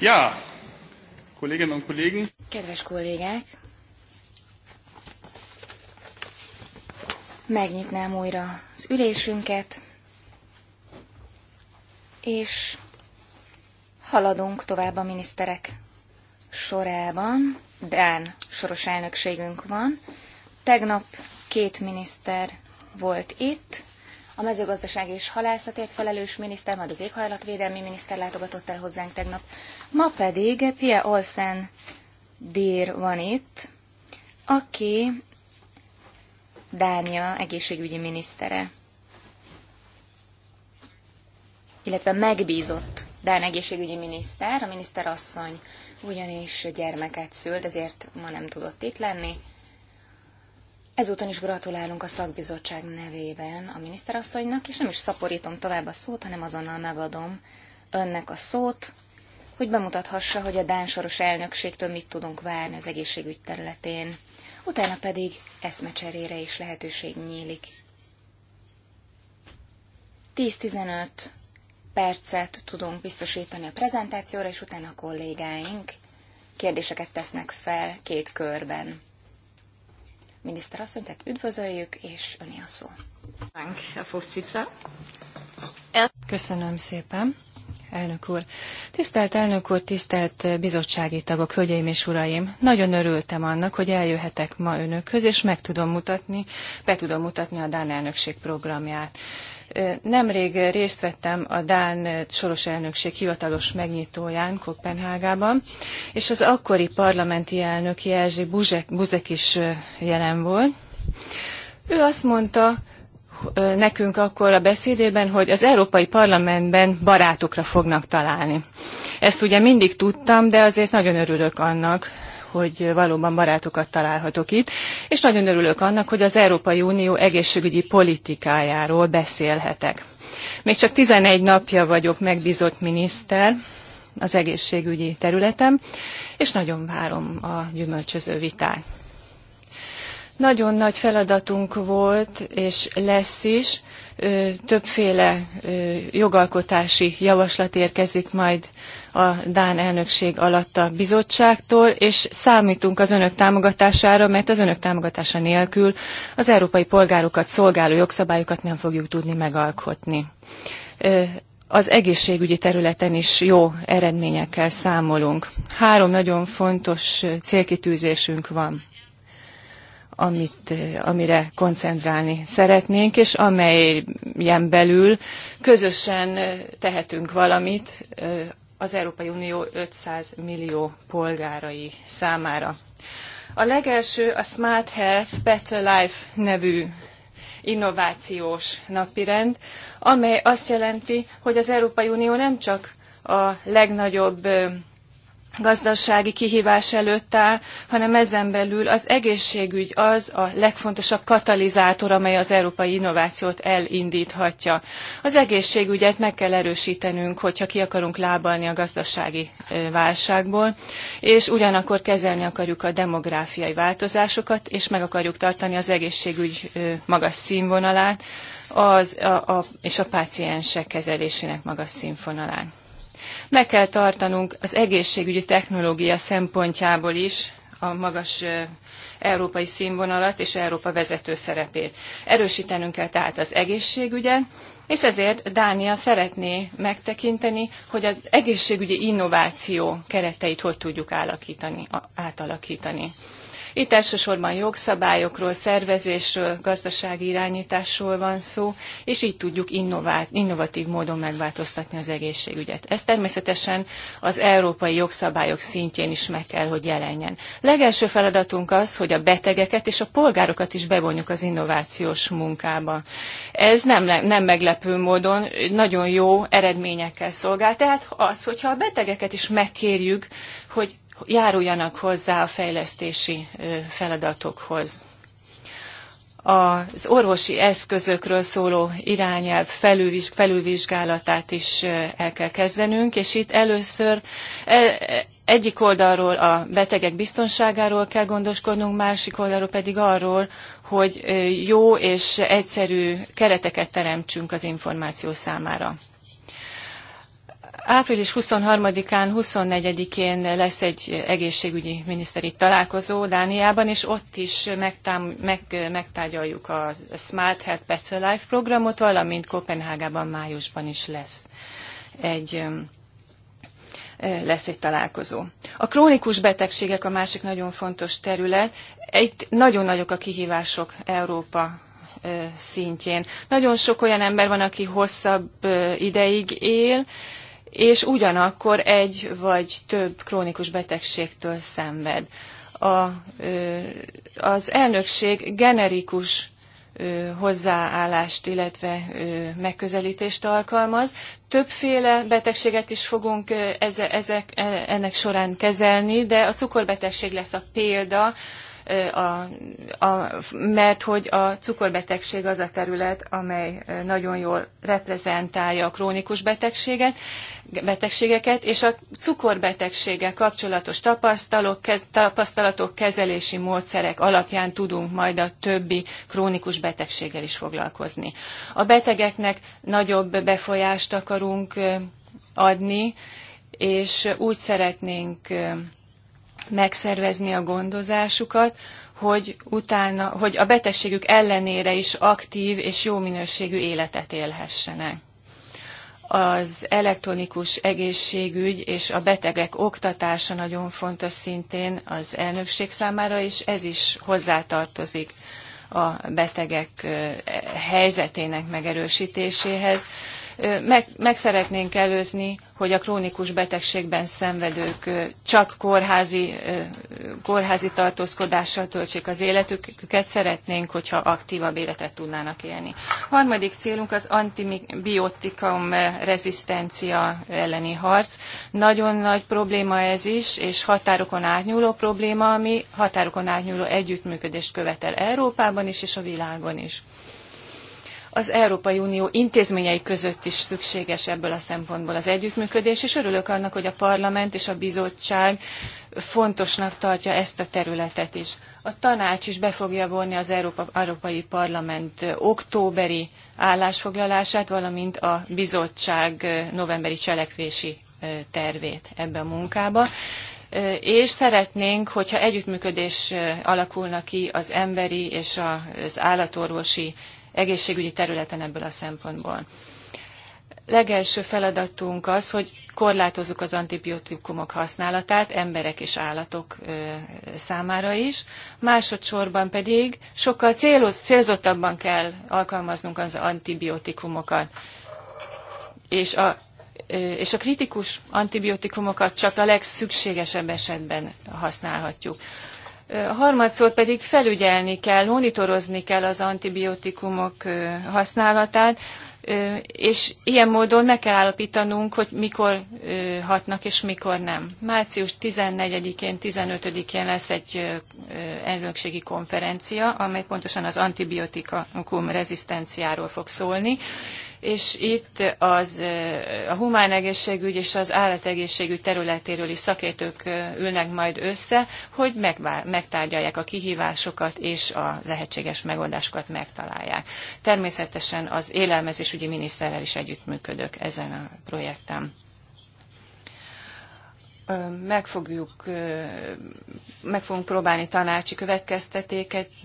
Ja, Kolleginnen und Kollegen. Kedves kollégák, megnyitnám újra az ülésünket, és haladunk tovább a miniszterek sorában. Dán soros elnökségünk van. Tegnap két miniszter volt itt, a mezőgazdaság és halászatért felelős miniszter, majd az éghajlatvédelmi miniszter látogatott el hozzánk tegnap. Ma pedig Pia Olsen Dír van itt, aki Dánia egészségügyi minisztere, illetve megbízott Dán egészségügyi miniszter, a miniszterasszony ugyanis gyermeket szült, ezért ma nem tudott itt lenni. Ezúton is gratulálunk a szakbizottság nevében a miniszterasszonynak, és nem is szaporítom tovább a szót, hanem azonnal megadom önnek a szót, hogy bemutathassa, hogy a Dán elnökségtől mit tudunk várni az egészségügy területén. Utána pedig eszmecserére is lehetőség nyílik. 10-15 percet tudunk biztosítani a prezentációra, és utána a kollégáink kérdéseket tesznek fel két körben miniszter asszony, üdvözöljük, és öné a szó. Köszönöm szépen. Elnök úr. Tisztelt elnök úr, tisztelt bizottsági tagok, hölgyeim és uraim! Nagyon örültem annak, hogy eljöhetek ma önökhöz, és meg tudom mutatni, be tudom mutatni a Dán elnökség programját. Nemrég részt vettem a Dán soros elnökség hivatalos megnyitóján Kopenhágában, és az akkori parlamenti elnök Jerzy Buzek, Buzek is jelen volt. Ő azt mondta, nekünk akkor a beszédében, hogy az Európai Parlamentben barátokra fognak találni. Ezt ugye mindig tudtam, de azért nagyon örülök annak, hogy valóban barátokat találhatok itt, és nagyon örülök annak, hogy az Európai Unió egészségügyi politikájáról beszélhetek. Még csak 11 napja vagyok megbízott miniszter az egészségügyi területem, és nagyon várom a gyümölcsöző vitát. Nagyon nagy feladatunk volt, és lesz is. Többféle jogalkotási javaslat érkezik majd a Dán elnökség alatt a bizottságtól, és számítunk az önök támogatására, mert az önök támogatása nélkül az európai polgárokat szolgáló jogszabályokat nem fogjuk tudni megalkotni az egészségügyi területen is jó eredményekkel számolunk. Három nagyon fontos célkitűzésünk van amit, amire koncentrálni szeretnénk, és amelyen belül közösen tehetünk valamit az Európai Unió 500 millió polgárai számára. A legelső a Smart Health Better Life nevű innovációs napirend, amely azt jelenti, hogy az Európai Unió nem csak a legnagyobb gazdasági kihívás előtt áll, hanem ezen belül az egészségügy az a legfontosabb katalizátor, amely az európai innovációt elindíthatja. Az egészségügyet meg kell erősítenünk, hogyha ki akarunk lábalni a gazdasági válságból, és ugyanakkor kezelni akarjuk a demográfiai változásokat, és meg akarjuk tartani az egészségügy magas színvonalát az, a, a, és a páciensek kezelésének magas színvonalát. Meg kell tartanunk az egészségügyi technológia szempontjából is a magas európai színvonalat és Európa vezető szerepét. Erősítenünk kell tehát az egészségügyet, és ezért Dánia szeretné megtekinteni, hogy az egészségügyi innováció kereteit hogy tudjuk átalakítani. Itt elsősorban jogszabályokról, szervezésről, gazdasági irányításról van szó, és így tudjuk innovált, innovatív módon megváltoztatni az egészségügyet. Ez természetesen az európai jogszabályok szintjén is meg kell, hogy jelenjen. Legelső feladatunk az, hogy a betegeket és a polgárokat is bevonjuk az innovációs munkába. Ez nem, nem meglepő módon nagyon jó eredményekkel szolgál. Tehát az, hogyha a betegeket is megkérjük, hogy járuljanak hozzá a fejlesztési feladatokhoz. Az orvosi eszközökről szóló irányelv felülvizs, felülvizsgálatát is el kell kezdenünk, és itt először e, e, egyik oldalról a betegek biztonságáról kell gondoskodnunk, másik oldalról pedig arról, hogy jó és egyszerű kereteket teremtsünk az információ számára. Április 23-án, 24-én lesz egy egészségügyi miniszteri találkozó Dániában, és ott is megtám, meg, megtárgyaljuk a Smart Health Better Life programot, valamint Kopenhágában májusban is lesz egy lesz egy találkozó. A krónikus betegségek a másik nagyon fontos terület. Itt nagyon nagyok a kihívások Európa szintjén. Nagyon sok olyan ember van, aki hosszabb ideig él, és ugyanakkor egy vagy több krónikus betegségtől szenved. A, az elnökség generikus hozzáállást, illetve megközelítést alkalmaz. Többféle betegséget is fogunk ezek, e, ennek során kezelni, de a cukorbetegség lesz a példa, a, a, mert hogy a cukorbetegség az a terület, amely nagyon jól reprezentálja a krónikus betegséget, betegségeket, és a cukorbetegséggel kapcsolatos tapasztalatok, kez, tapasztalatok, kezelési módszerek alapján tudunk majd a többi krónikus betegséggel is foglalkozni. A betegeknek nagyobb befolyást akarunk adni, és úgy szeretnénk megszervezni a gondozásukat, hogy utána, hogy a betegségük ellenére is aktív és jó minőségű életet élhessenek. Az elektronikus egészségügy és a betegek oktatása nagyon fontos szintén az elnökség számára, és ez is hozzátartozik a betegek eh, helyzetének megerősítéséhez meg, meg szeretnénk előzni, hogy a krónikus betegségben szenvedők csak kórházi, kórházi tartózkodással töltsék az életüket, szeretnénk, hogyha aktívabb életet tudnának élni. Harmadik célunk az antibiotikum rezisztencia elleni harc. Nagyon nagy probléma ez is, és határokon átnyúló probléma, ami határokon átnyúló együttműködést követel Európában is, és a világon is az Európai Unió intézményei között is szükséges ebből a szempontból az együttműködés, és örülök annak, hogy a parlament és a bizottság fontosnak tartja ezt a területet is. A tanács is be fogja vonni az Európa, Európai Parlament októberi állásfoglalását, valamint a bizottság novemberi cselekvési tervét ebbe a munkába és szeretnénk, hogyha együttműködés alakulna ki az emberi és az állatorvosi egészségügyi területen ebből a szempontból. Legelső feladatunk az, hogy korlátozzuk az antibiotikumok használatát emberek és állatok számára is, másodszorban pedig sokkal célzottabban kell alkalmaznunk az antibiotikumokat. És a és a kritikus antibiotikumokat csak a legszükségesebb esetben használhatjuk. Harmadszor pedig felügyelni kell, monitorozni kell az antibiotikumok használatát, és ilyen módon meg kell állapítanunk, hogy mikor hatnak és mikor nem. Március 14-én, 15-én lesz egy elnökségi konferencia, amely pontosan az antibiotikum rezisztenciáról fog szólni, és itt az, a humán egészségügy és az állategészségügy területéről is szakértők ülnek majd össze, hogy megtárgyalják a kihívásokat és a lehetséges megoldásokat megtalálják. Természetesen az élelmezésügyi miniszterrel is együttműködök ezen a projekten meg fogjuk, meg fogunk próbálni tanácsi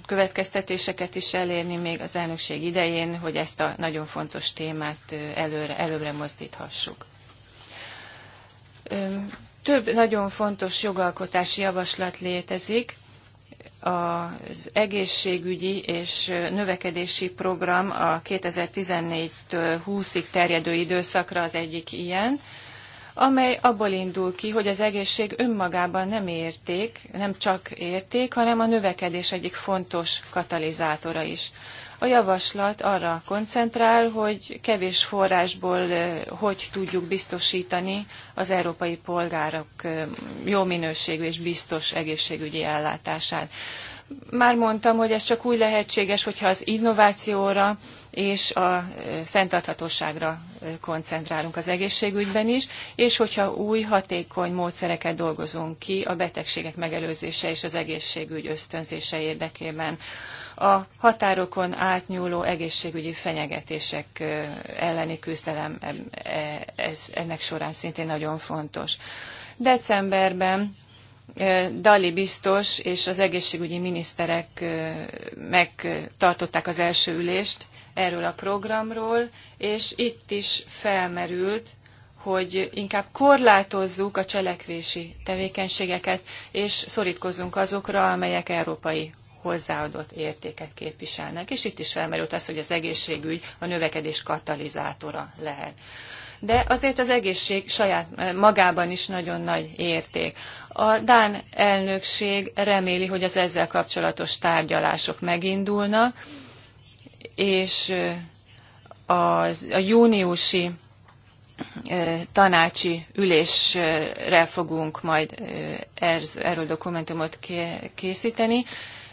következtetéseket is elérni még az elnökség idején, hogy ezt a nagyon fontos témát előre, előre mozdíthassuk. Több nagyon fontos jogalkotási javaslat létezik. Az egészségügyi és növekedési program a 2014 20-ig terjedő időszakra az egyik ilyen amely abból indul ki, hogy az egészség önmagában nem érték, nem csak érték, hanem a növekedés egyik fontos katalizátora is. A javaslat arra koncentrál, hogy kevés forrásból hogy tudjuk biztosítani az európai polgárok jó minőségű és biztos egészségügyi ellátását. Már mondtam, hogy ez csak úgy lehetséges, hogyha az innovációra, és a e, fenntarthatóságra e, koncentrálunk az egészségügyben is, és hogyha új hatékony módszereket dolgozunk ki a betegségek megelőzése és az egészségügy ösztönzése érdekében. A határokon átnyúló egészségügyi fenyegetések e, elleni küzdelem ez, ennek során szintén nagyon fontos. Decemberben Dali biztos és az egészségügyi miniszterek megtartották az első ülést, erről a programról, és itt is felmerült, hogy inkább korlátozzuk a cselekvési tevékenységeket, és szorítkozzunk azokra, amelyek európai hozzáadott értéket képviselnek. És itt is felmerült az, hogy az egészségügy a növekedés katalizátora lehet. De azért az egészség saját eh, magában is nagyon nagy érték. A Dán elnökség reméli, hogy az ezzel kapcsolatos tárgyalások megindulnak, és a júniusi tanácsi ülésre fogunk majd erről dokumentumot készíteni,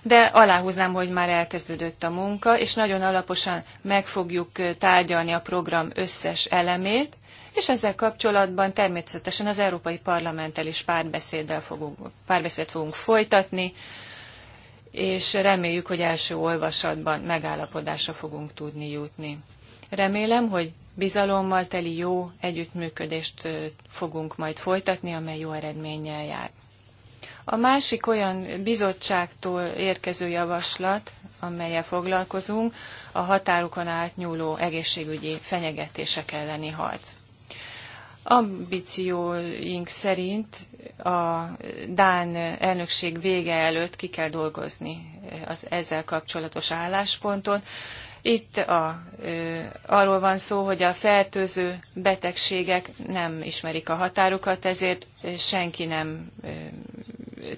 de aláhúznám, hogy már elkezdődött a munka, és nagyon alaposan meg fogjuk tárgyalni a program összes elemét, és ezzel kapcsolatban természetesen az Európai Parlamenttel is párbeszéddel fogunk, párbeszéd fogunk folytatni, és reméljük, hogy első olvasatban megállapodásra fogunk tudni jutni. Remélem, hogy bizalommal teli jó együttműködést fogunk majd folytatni, amely jó eredménnyel jár. A másik olyan bizottságtól érkező javaslat, amelyel foglalkozunk, a határokon átnyúló egészségügyi fenyegetések elleni harc. Ambícióink szerint a Dán elnökség vége előtt ki kell dolgozni az ezzel kapcsolatos álláspontot. Itt a, arról van szó, hogy a fertőző betegségek nem ismerik a határokat, ezért senki nem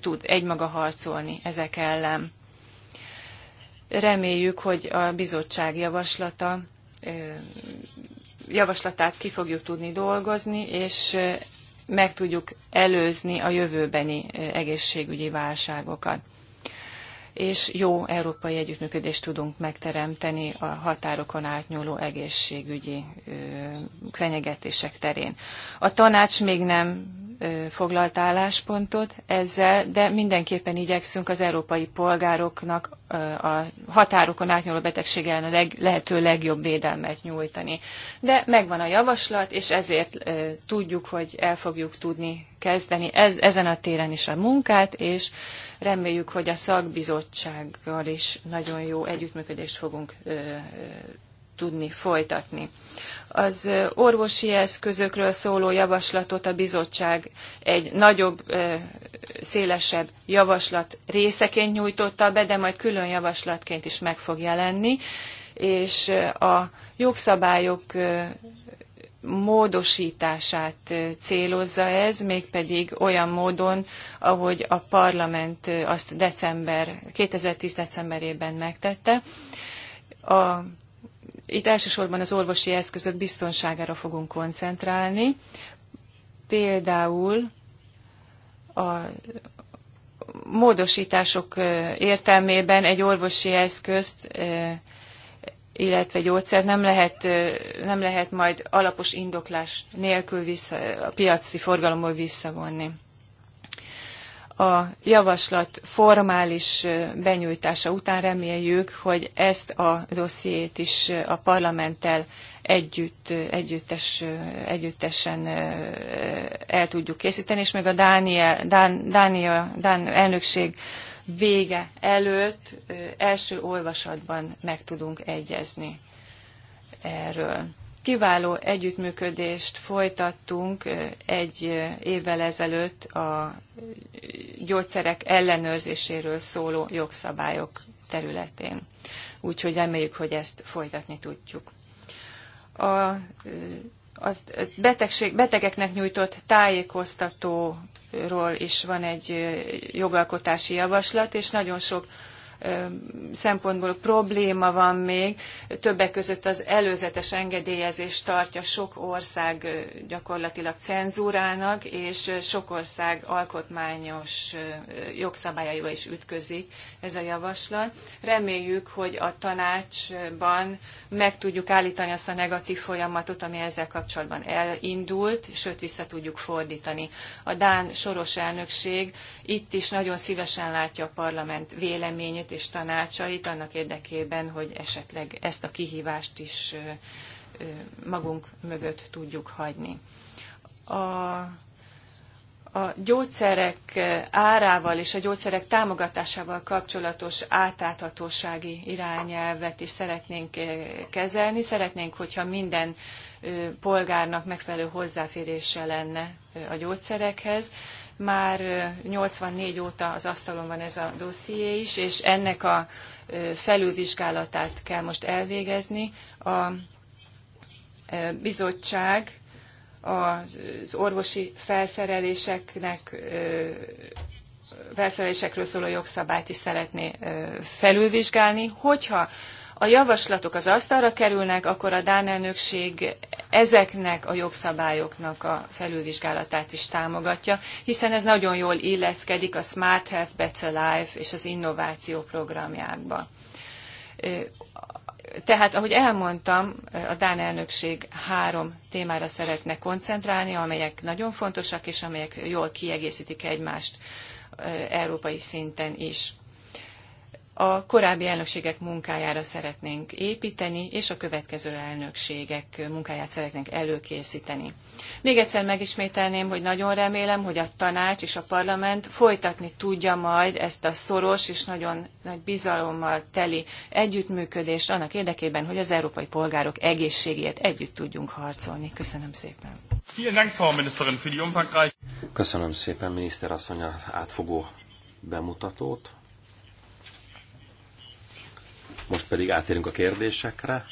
tud egymaga harcolni ezek ellen. Reméljük, hogy a bizottság javaslata javaslatát ki fogjuk tudni dolgozni, és meg tudjuk előzni a jövőbeni egészségügyi válságokat és jó európai együttműködést tudunk megteremteni a határokon átnyúló egészségügyi fenyegetések terén. A tanács még nem foglalt álláspontot ezzel, de mindenképpen igyekszünk az európai polgároknak a határokon átnyúló betegség ellen a leg, lehető legjobb védelmet nyújtani. De megvan a javaslat, és ezért tudjuk, hogy el fogjuk tudni kezdeni ez, ezen a téren is a munkát, és reméljük, hogy a szakbizottsággal is nagyon jó együttműködést fogunk tudni folytatni az orvosi eszközökről szóló javaslatot a bizottság egy nagyobb, szélesebb javaslat részeként nyújtotta be, de majd külön javaslatként is meg fog jelenni, és a jogszabályok módosítását célozza ez, mégpedig olyan módon, ahogy a parlament azt december, 2010 decemberében megtette. A itt elsősorban az orvosi eszközök biztonságára fogunk koncentrálni. Például a módosítások értelmében egy orvosi eszközt, illetve gyógyszert nem lehet, nem lehet majd alapos indoklás nélkül vissza, a piaci forgalomból visszavonni a javaslat formális benyújtása után reméljük, hogy ezt a dossziét is a parlamenttel együtt, együttes, együttesen el tudjuk készíteni, és még a Dániel, Dán, Dánia, Dán elnökség vége előtt első olvasatban meg tudunk egyezni erről. Kiváló együttműködést folytattunk egy évvel ezelőtt a gyógyszerek ellenőrzéséről szóló jogszabályok területén. Úgyhogy reméljük, hogy ezt folytatni tudjuk. A az betegség, betegeknek nyújtott tájékoztatóról is van egy jogalkotási javaslat, és nagyon sok szempontból probléma van még. Többek között az előzetes engedélyezés tartja sok ország gyakorlatilag cenzúrának, és sok ország alkotmányos jogszabályaiba is ütközik ez a javaslat. Reméljük, hogy a tanácsban meg tudjuk állítani azt a negatív folyamatot, ami ezzel kapcsolatban elindult, sőt vissza tudjuk fordítani. A Dán soros elnökség itt is nagyon szívesen látja a parlament véleményét és tanácsait annak érdekében, hogy esetleg ezt a kihívást is magunk mögött tudjuk hagyni. A a gyógyszerek árával és a gyógyszerek támogatásával kapcsolatos átláthatósági irányelvet is szeretnénk kezelni. Szeretnénk, hogyha minden polgárnak megfelelő hozzáférése lenne a gyógyszerekhez. Már 84 óta az asztalon van ez a dosszié is, és ennek a felülvizsgálatát kell most elvégezni. A bizottság az orvosi felszereléseknek felszerelésekről szóló jogszabályt is szeretné felülvizsgálni. Hogyha a javaslatok az asztalra kerülnek, akkor a Dán elnökség ezeknek a jogszabályoknak a felülvizsgálatát is támogatja, hiszen ez nagyon jól illeszkedik a Smart Health, Better Life és az innováció programjába. Tehát, ahogy elmondtam, a Dán elnökség három témára szeretne koncentrálni, amelyek nagyon fontosak, és amelyek jól kiegészítik egymást európai szinten is a korábbi elnökségek munkájára szeretnénk építeni, és a következő elnökségek munkáját szeretnénk előkészíteni. Még egyszer megismételném, hogy nagyon remélem, hogy a tanács és a parlament folytatni tudja majd ezt a szoros és nagyon nagy bizalommal teli együttműködést annak érdekében, hogy az európai polgárok egészségét együtt tudjunk harcolni. Köszönöm szépen. Köszönöm szépen, miniszter asszony, átfogó bemutatót most pedig átérünk a kérdésekre.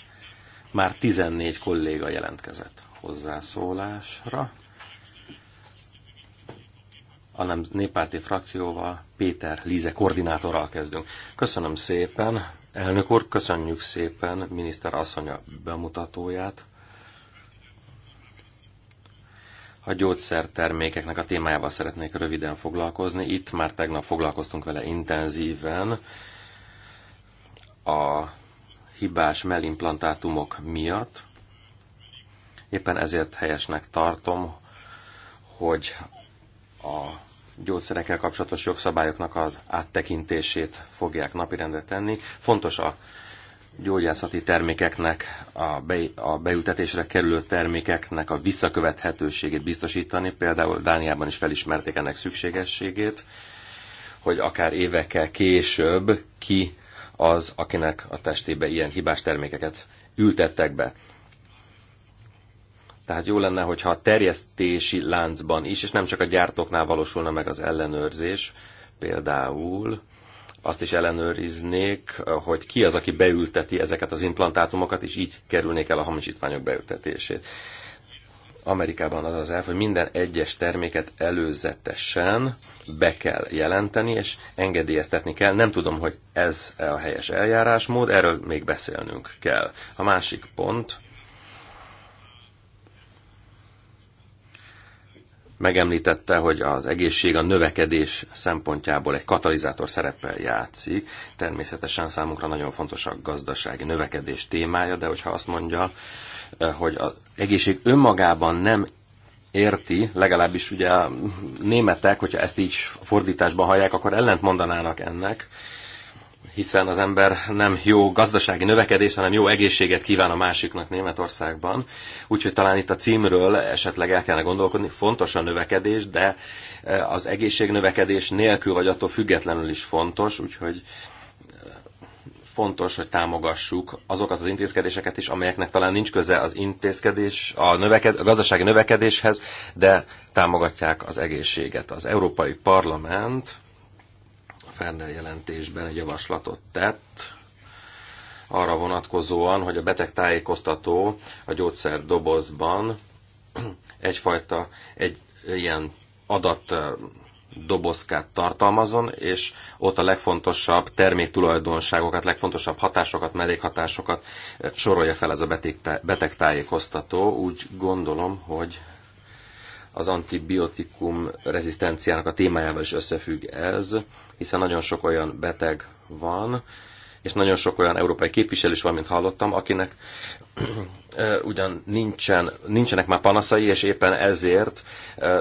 Már 14 kolléga jelentkezett hozzászólásra. A nem néppárti frakcióval Péter Líze koordinátorral kezdünk. Köszönöm szépen, elnök úr, köszönjük szépen miniszter asszonya bemutatóját. a gyógyszertermékeknek a témájával szeretnék röviden foglalkozni. Itt már tegnap foglalkoztunk vele intenzíven, a hibás mellimplantátumok miatt. Éppen ezért helyesnek tartom, hogy a gyógyszerekkel kapcsolatos jogszabályoknak az áttekintését fogják napirendre tenni. Fontos a gyógyászati termékeknek, a, be, a beültetésre kerülő termékeknek a visszakövethetőségét biztosítani. Például Dániában is felismerték ennek szükségességét, hogy akár évekkel később ki az, akinek a testébe ilyen hibás termékeket ültettek be. Tehát jó lenne, hogyha a terjesztési láncban is, és nem csak a gyártóknál valósulna meg az ellenőrzés, például azt is ellenőriznék, hogy ki az, aki beülteti ezeket az implantátumokat, és így kerülnék el a hamisítványok beültetését. Amerikában az az elv, hogy minden egyes terméket előzetesen be kell jelenteni, és engedélyeztetni kell. Nem tudom, hogy ez a helyes eljárásmód, erről még beszélnünk kell. A másik pont, megemlítette, hogy az egészség a növekedés szempontjából egy katalizátor szereppel játszik. Természetesen számunkra nagyon fontos a gazdasági növekedés témája, de hogyha azt mondja, eh, hogy az egészség önmagában nem érti, legalábbis ugye a németek, hogyha ezt így fordításban hallják, akkor ellent mondanának ennek, hiszen az ember nem jó gazdasági növekedés, hanem jó egészséget kíván a másiknak Németországban. Úgyhogy talán itt a címről esetleg el kellene gondolkodni, fontos a növekedés, de eh, az egészségnövekedés nélkül vagy attól függetlenül is fontos, úgyhogy fontos, hogy támogassuk azokat az intézkedéseket is, amelyeknek talán nincs köze az intézkedés, a, növeked, a gazdasági növekedéshez, de támogatják az egészséget. Az Európai Parlament a Fernel jelentésben egy javaslatot tett, arra vonatkozóan, hogy a beteg tájékoztató a gyógyszer dobozban egyfajta egy ilyen adat dobozkát tartalmazon, és ott a legfontosabb terméktulajdonságokat, legfontosabb hatásokat, mellékhatásokat sorolja fel ez a betegtájékoztató. Úgy gondolom, hogy az antibiotikum rezisztenciának a témájával is összefügg ez, hiszen nagyon sok olyan beteg van, és nagyon sok olyan európai képviselő is van, mint hallottam, akinek ugyan nincsen, nincsenek már panaszai, és éppen ezért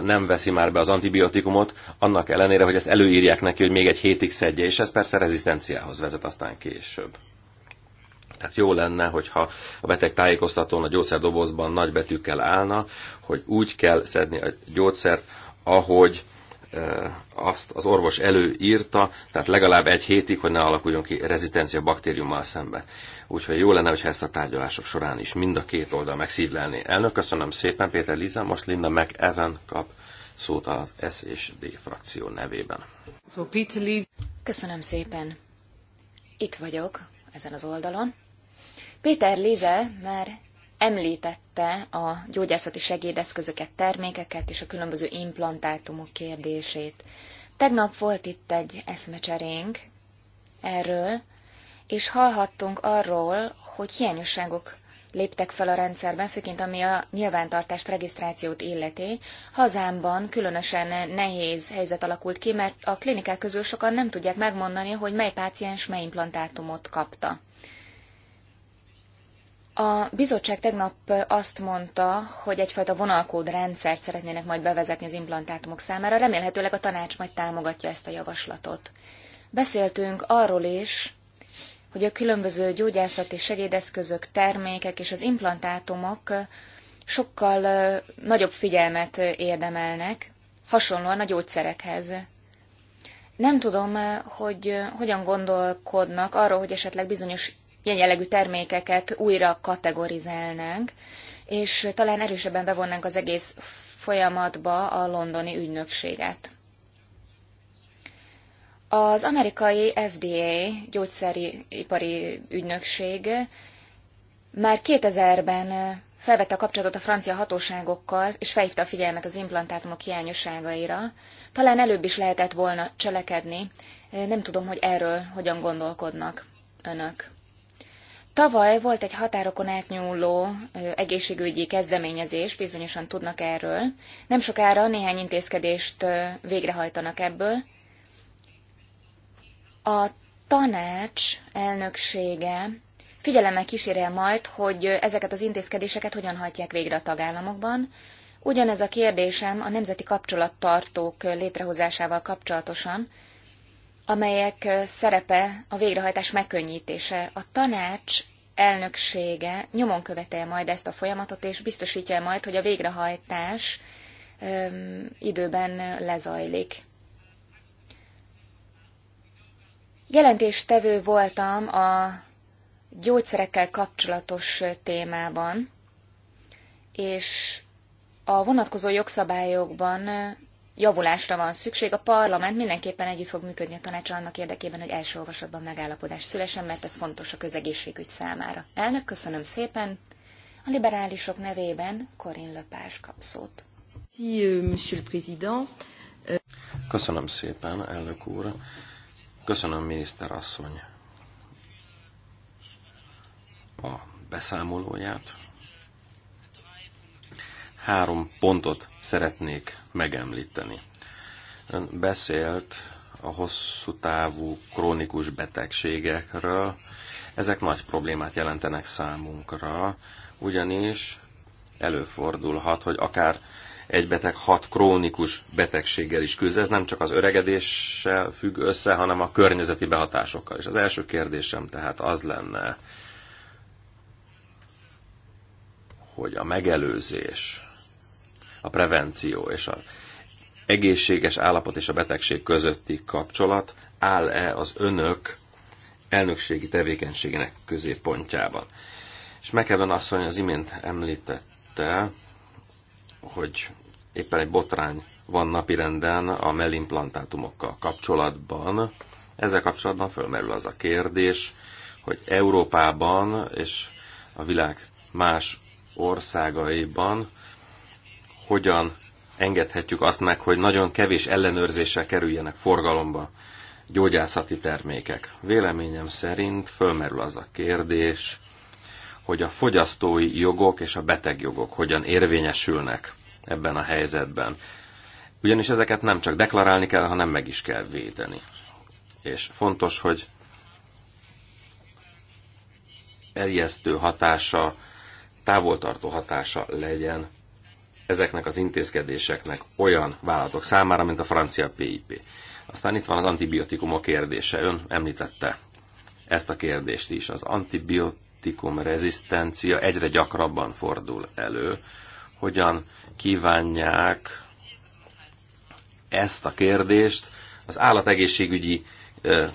nem veszi már be az antibiotikumot, annak ellenére, hogy ezt előírják neki, hogy még egy hétig szedje, és ez persze rezisztenciához vezet aztán később. Tehát jó lenne, hogyha a beteg tájékoztatón a gyógyszerdobozban nagy betűkkel állna, hogy úgy kell szedni a gyógyszert, ahogy Eh, azt az orvos előírta, tehát legalább egy hétig, hogy ne alakuljon ki rezisztencia baktériummal szemben. Úgyhogy jó lenne, hogyha ezt a tárgyalások során is mind a két oldal megszívlelni. Elnök, köszönöm szépen, Péter Liza, most Linda Evan kap szót az S és D frakció nevében. Köszönöm szépen. Itt vagyok, ezen az oldalon. Péter Lize már említette a gyógyászati segédeszközöket, termékeket és a különböző implantátumok kérdését. Tegnap volt itt egy eszmecserénk erről, és hallhattunk arról, hogy hiányosságok léptek fel a rendszerben, főként ami a nyilvántartást, regisztrációt illeti. Hazámban különösen nehéz helyzet alakult ki, mert a klinikák közül sokan nem tudják megmondani, hogy mely páciens mely implantátumot kapta. A bizottság tegnap azt mondta, hogy egyfajta vonalkód szeretnének majd bevezetni az implantátumok számára, remélhetőleg a tanács majd támogatja ezt a javaslatot. Beszéltünk arról is, hogy a különböző gyógyászati segédeszközök, termékek és az implantátumok sokkal nagyobb figyelmet érdemelnek, hasonlóan a gyógyszerekhez. Nem tudom, hogy hogyan gondolkodnak arról, hogy esetleg bizonyos ilyen jellegű termékeket újra kategorizálnánk, és talán erősebben bevonnánk az egész folyamatba a londoni ügynökséget. Az amerikai FDA, gyógyszeripari ügynökség már 2000-ben felvette a kapcsolatot a francia hatóságokkal, és felhívta a figyelmet az implantátumok hiányosságaira. Talán előbb is lehetett volna cselekedni, nem tudom, hogy erről hogyan gondolkodnak önök. Tavaly volt egy határokon átnyúló egészségügyi kezdeményezés, bizonyosan tudnak erről. Nem sokára néhány intézkedést végrehajtanak ebből. A tanács elnöksége figyelemmel kísérje majd, hogy ezeket az intézkedéseket hogyan hajtják végre a tagállamokban. Ugyanez a kérdésem a nemzeti kapcsolattartók létrehozásával kapcsolatosan, amelyek szerepe a végrehajtás megkönnyítése. A tanács elnöksége nyomon követel majd ezt a folyamatot, és biztosítja majd, hogy a végrehajtás öm, időben lezajlik. Jelentéstevő voltam a gyógyszerekkel kapcsolatos témában, és a vonatkozó jogszabályokban javulásra van szükség. A parlament mindenképpen együtt fog működni a tanács annak érdekében, hogy első olvasatban megállapodás szülesen, mert ez fontos a közegészségügy számára. Elnök, köszönöm szépen. A liberálisok nevében Corinne Lepás kap szót. Euh, euh, köszönöm szépen, elnök úr. Köszönöm, miniszter asszony, a beszámolóját. Három pontot szeretnék megemlíteni. Ön beszélt a hosszú távú krónikus betegségekről. Ezek nagy problémát jelentenek számunkra, ugyanis előfordulhat, hogy akár egy beteg hat krónikus betegséggel is küzd. Ez nem csak az öregedéssel függ össze, hanem a környezeti behatásokkal is. Az első kérdésem tehát az lenne, hogy a megelőzés a prevenció és a egészséges állapot és a betegség közötti kapcsolat áll-e az önök elnökségi tevékenységének középpontjában. És Mekeven asszony az imént említette, hogy éppen egy botrány van napirenden a mellimplantátumokkal kapcsolatban. Ezzel kapcsolatban fölmerül az a kérdés, hogy Európában és a világ más országaiban hogyan engedhetjük azt meg, hogy nagyon kevés ellenőrzéssel kerüljenek forgalomba gyógyászati termékek. Véleményem szerint fölmerül az a kérdés, hogy a fogyasztói jogok és a betegjogok hogyan érvényesülnek ebben a helyzetben. Ugyanis ezeket nem csak deklarálni kell, hanem meg is kell védeni. És fontos, hogy erjesztő hatása, távoltartó hatása legyen ezeknek az intézkedéseknek olyan vállalatok számára, mint a francia PIP. Aztán itt van az antibiotikumok kérdése. Ön említette ezt a kérdést is. Az antibiotikum rezisztencia egyre gyakrabban fordul elő. Hogyan kívánják ezt a kérdést az állategészségügyi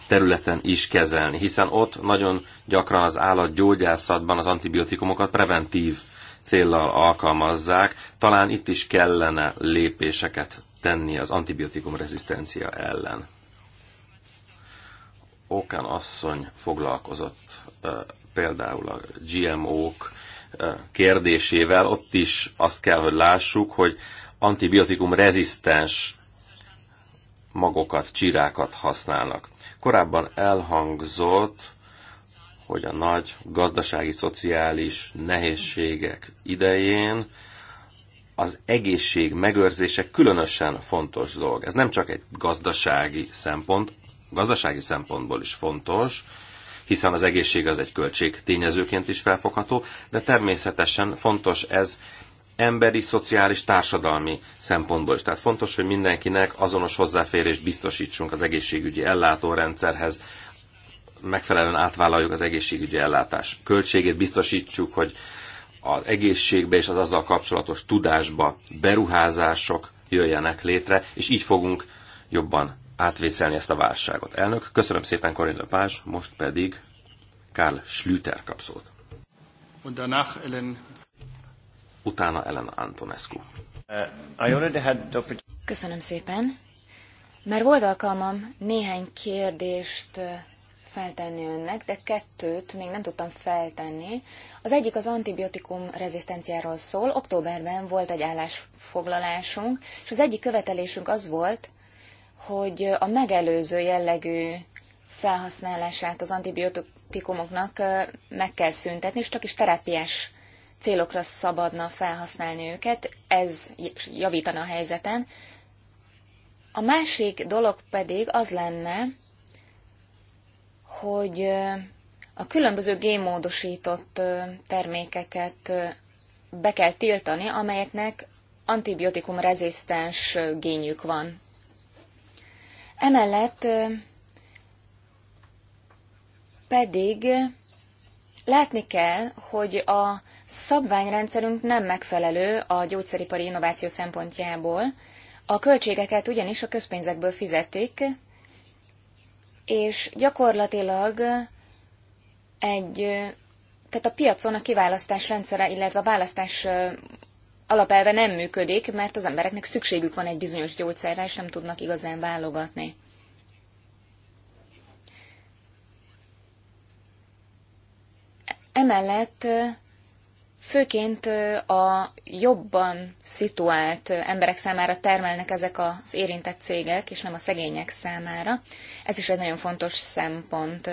területen is kezelni, hiszen ott nagyon gyakran az állatgyógyászatban az antibiotikumokat preventív céllal alkalmazzák. Talán itt is kellene lépéseket tenni az antibiotikum rezisztencia ellen. Okán asszony foglalkozott például a GMO-k kérdésével, ott is azt kell, hogy lássuk, hogy antibiotikum rezisztens magokat, csirákat használnak. Korábban elhangzott, hogy a nagy gazdasági, szociális nehézségek idején az egészség megőrzése különösen fontos dolog. Ez nem csak egy gazdasági szempont, gazdasági szempontból is fontos, hiszen az egészség az egy költség tényezőként is felfogható, de természetesen fontos ez emberi, szociális, társadalmi szempontból is. Tehát fontos, hogy mindenkinek azonos hozzáférést biztosítsunk az egészségügyi ellátórendszerhez, megfelelően átvállaljuk az egészségügyi ellátás költségét, biztosítsuk, hogy az egészségbe és az azzal kapcsolatos tudásba beruházások jöjjenek létre, és így fogunk jobban átvészelni ezt a válságot. Elnök, köszönöm szépen Karin Lepázs, most pedig Karl Schlüter kap szót. Ellen... Utána Ellen Antonescu. Uh, köszönöm szépen. mert volt alkalmam néhány kérdést uh, feltenni önnek, de kettőt még nem tudtam feltenni. Az egyik az antibiotikum rezisztenciáról szól. Októberben volt egy állásfoglalásunk, és az egyik követelésünk az volt, hogy a megelőző jellegű felhasználását az antibiotikumoknak meg kell szüntetni, és csak is terápiás célokra szabadna felhasználni őket. Ez javítana a helyzeten. A másik dolog pedig az lenne, hogy a különböző gémódosított termékeket be kell tiltani, amelyeknek antibiotikum rezisztens génjük van. Emellett pedig látni kell, hogy a szabványrendszerünk nem megfelelő a gyógyszeripari innováció szempontjából, a költségeket ugyanis a közpénzekből fizetik, és gyakorlatilag egy, tehát a piacon a kiválasztás rendszere, illetve a választás alapelve nem működik, mert az embereknek szükségük van egy bizonyos gyógyszerre, és nem tudnak igazán válogatni. Emellett Főként a jobban szituált emberek számára termelnek ezek az érintett cégek, és nem a szegények számára. Ez is egy nagyon fontos szempont.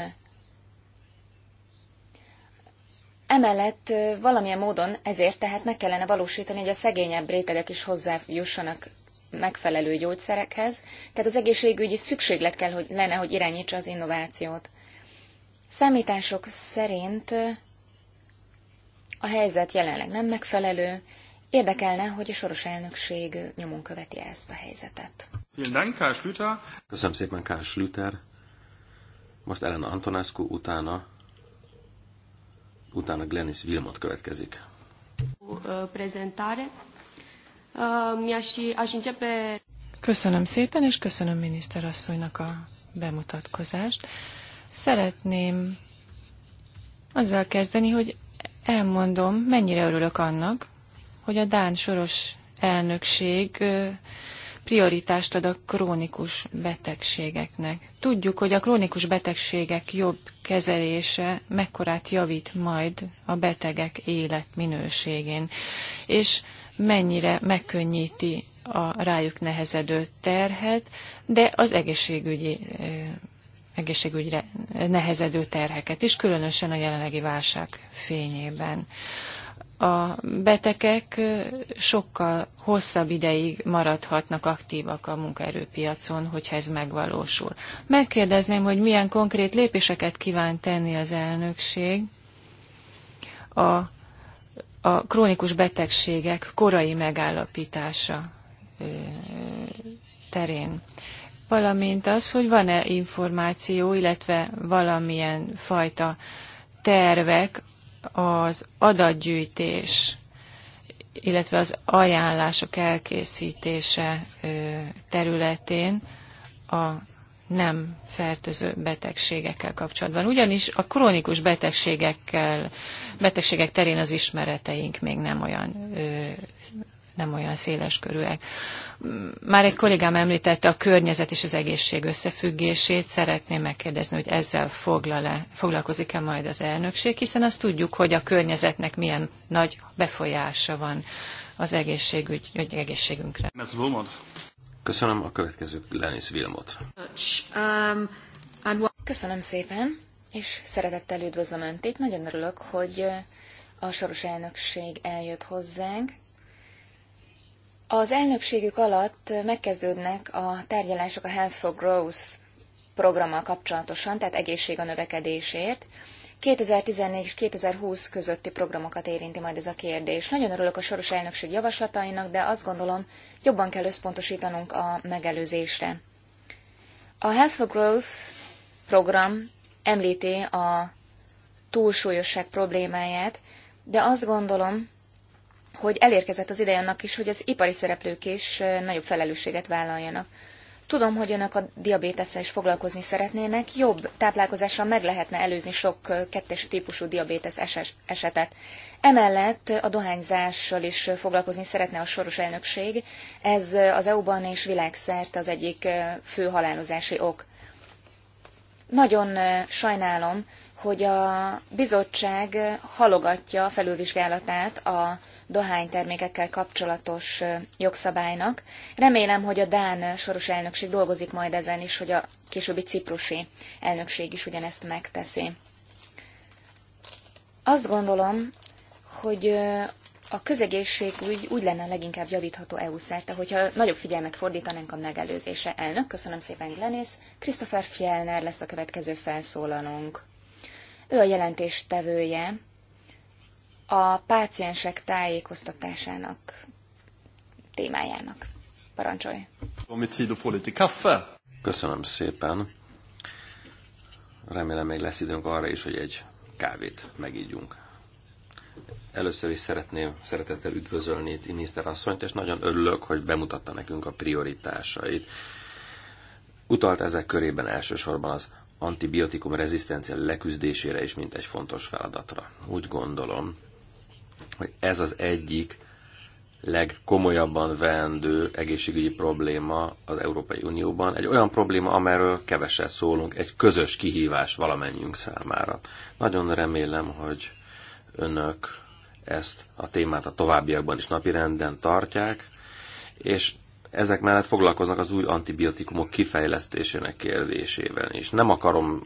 Emellett valamilyen módon ezért tehát meg kellene valósítani, hogy a szegényebb rétegek is hozzájussanak megfelelő gyógyszerekhez, tehát az egészségügyi szükséglet kell, hogy lenne, hogy irányítsa az innovációt. Számítások szerint a helyzet jelenleg nem megfelelő, Érdekelne, hogy a soros elnökség nyomon követi -e ezt a helyzetet. Köszönöm szépen, Kár Schlüter. Most Elena Antonescu, utána, utána Glenis Vilmot következik. Prezentare. Köszönöm szépen, és köszönöm miniszterasszonynak a bemutatkozást. Szeretném azzal kezdeni, hogy elmondom, mennyire örülök annak, hogy a Dán soros elnökség prioritást ad a krónikus betegségeknek. Tudjuk, hogy a krónikus betegségek jobb kezelése mekkorát javít majd a betegek életminőségén, és mennyire megkönnyíti a rájuk nehezedő terhet, de az egészségügyi egészségügyre nehezedő terheket is, különösen a jelenlegi válság fényében. A betegek sokkal hosszabb ideig maradhatnak aktívak a munkaerőpiacon, hogyha ez megvalósul. Megkérdezném, hogy milyen konkrét lépéseket kíván tenni az elnökség a, a krónikus betegségek korai megállapítása terén valamint az, hogy van-e információ, illetve valamilyen fajta tervek az adatgyűjtés, illetve az ajánlások elkészítése területén a nem fertőző betegségekkel kapcsolatban. Ugyanis a krónikus betegségekkel, betegségek terén az ismereteink még nem olyan ö, nem olyan széles körűek. Már egy kollégám említette a környezet és az egészség összefüggését. Szeretném megkérdezni, hogy ezzel foglal-e, foglalkozik-e majd az elnökség, hiszen azt tudjuk, hogy a környezetnek milyen nagy befolyása van az egészségügy, vagy egészségünkre. Köszönöm a következő Lenis Vilmot. Köszönöm szépen, és szeretettel üdvözlöm Öntét. Nagyon örülök, hogy a soros elnökség eljött hozzánk. Az elnökségük alatt megkezdődnek a tárgyalások a Health for Growth programmal kapcsolatosan, tehát egészség a növekedésért. 2014 és 2020 közötti programokat érinti majd ez a kérdés. Nagyon örülök a soros elnökség javaslatainak, de azt gondolom, jobban kell összpontosítanunk a megelőzésre. A Health for Growth program említi a túlsúlyosság problémáját, de azt gondolom, hogy elérkezett az ideje annak is, hogy az ipari szereplők is nagyobb felelősséget vállaljanak. Tudom, hogy önök a diabétesszel is foglalkozni szeretnének, jobb táplálkozással meg lehetne előzni sok kettes típusú diabétesz esetet. Emellett a dohányzással is foglalkozni szeretne a soros elnökség, ez az EU-ban és világszerte az egyik fő halálozási ok. Nagyon sajnálom, hogy a bizottság halogatja a felülvizsgálatát a dohánytermékekkel kapcsolatos jogszabálynak. Remélem, hogy a Dán soros elnökség dolgozik majd ezen is, hogy a későbbi ciprusi elnökség is ugyanezt megteszi. Azt gondolom, hogy a közegészségügy úgy lenne a leginkább javítható EU szerte, hogyha nagyobb figyelmet fordítanánk a megelőzésre. Elnök, köszönöm szépen Glenis. Christopher Fjellner lesz a következő felszólalónk. Ő a jelentéstevője a páciensek tájékoztatásának témájának. Parancsolj! Köszönöm szépen! Remélem még lesz időnk arra is, hogy egy kávét megígyunk. Először is szeretném szeretettel üdvözölni itt miniszterasszonyt, és nagyon örülök, hogy bemutatta nekünk a prioritásait. Utalt ezek körében elsősorban az antibiotikum rezisztencia leküzdésére is, mint egy fontos feladatra. Úgy gondolom, hogy ez az egyik legkomolyabban vendő egészségügyi probléma az Európai Unióban. Egy olyan probléma, amelyről keveset szólunk, egy közös kihívás valamennyünk számára. Nagyon remélem, hogy önök ezt a témát a továbbiakban is napirenden tartják, és ezek mellett foglalkoznak az új antibiotikumok kifejlesztésének kérdésével is. Nem akarom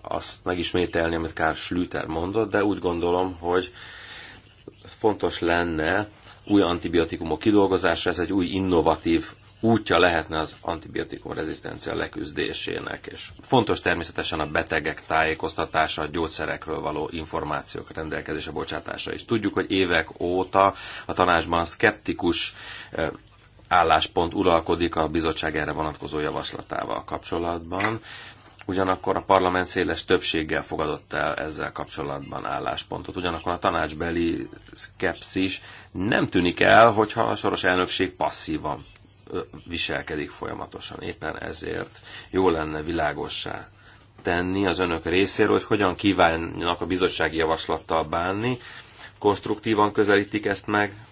azt megismételni, amit Kár Schlüter mondott, de úgy gondolom, hogy fontos lenne új antibiotikumok kidolgozása, ez egy új innovatív útja lehetne az antibiotikum rezisztencia leküzdésének, és fontos természetesen a betegek tájékoztatása, a gyógyszerekről való információk rendelkezése, bocsátása is. Tudjuk, hogy évek óta a tanácsban szkeptikus eh, álláspont uralkodik a bizottság erre vonatkozó javaslatával kapcsolatban. Ugyanakkor a parlament széles többséggel fogadott el ezzel kapcsolatban álláspontot. Ugyanakkor a tanácsbeli szkepszis nem tűnik el, hogyha a soros elnökség passzívan viselkedik folyamatosan. Éppen ezért jó lenne világossá tenni az önök részéről, hogy hogyan kívánnak a bizottsági javaslattal bánni, konstruktívan közelítik ezt meg.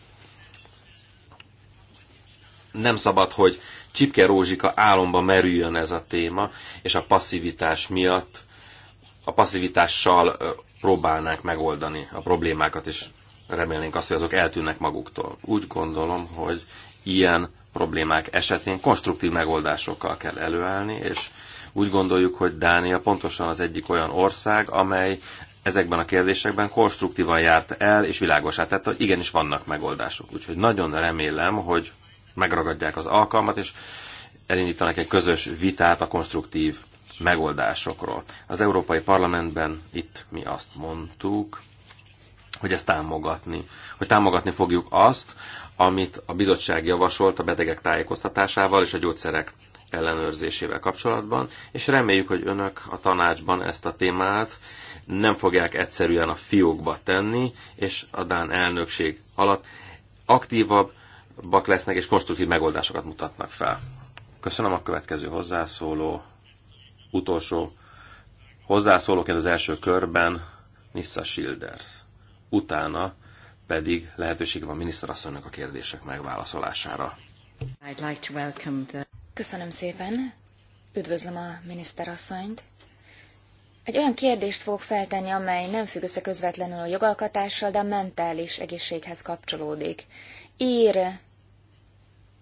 Nem szabad, hogy csipke rózsika álomba merüljön ez a téma, és a passzivitás miatt, a passzivitással próbálnánk megoldani a problémákat, és remélnénk azt, hogy azok eltűnnek maguktól. Úgy gondolom, hogy ilyen problémák esetén konstruktív megoldásokkal kell előállni, és úgy gondoljuk, hogy Dánia pontosan az egyik olyan ország, amely ezekben a kérdésekben konstruktívan járt el, és világosá tette, hogy igenis vannak megoldások. Úgyhogy nagyon remélem, hogy megragadják az alkalmat, és elindítanak egy közös vitát a konstruktív megoldásokról. Az Európai Parlamentben itt mi azt mondtuk, hogy ezt támogatni, hogy támogatni fogjuk azt, amit a bizottság javasolt a betegek tájékoztatásával és a gyógyszerek ellenőrzésével kapcsolatban, és reméljük, hogy önök a tanácsban ezt a témát nem fogják egyszerűen a fiókba tenni, és a Dán elnökség alatt aktívabb, bak lesznek és konstruktív megoldásokat mutatnak fel. Köszönöm a következő hozzászóló, utolsó hozzászólóként az első körben Nissa Schilders. Utána pedig lehetőség van miniszterasszonynak a kérdések megválaszolására. Like the... Köszönöm szépen. Üdvözlöm a miniszterasszonyt. Egy olyan kérdést fogok feltenni, amely nem függ össze közvetlenül a jogalkatással, de a mentális egészséghez kapcsolódik. Ír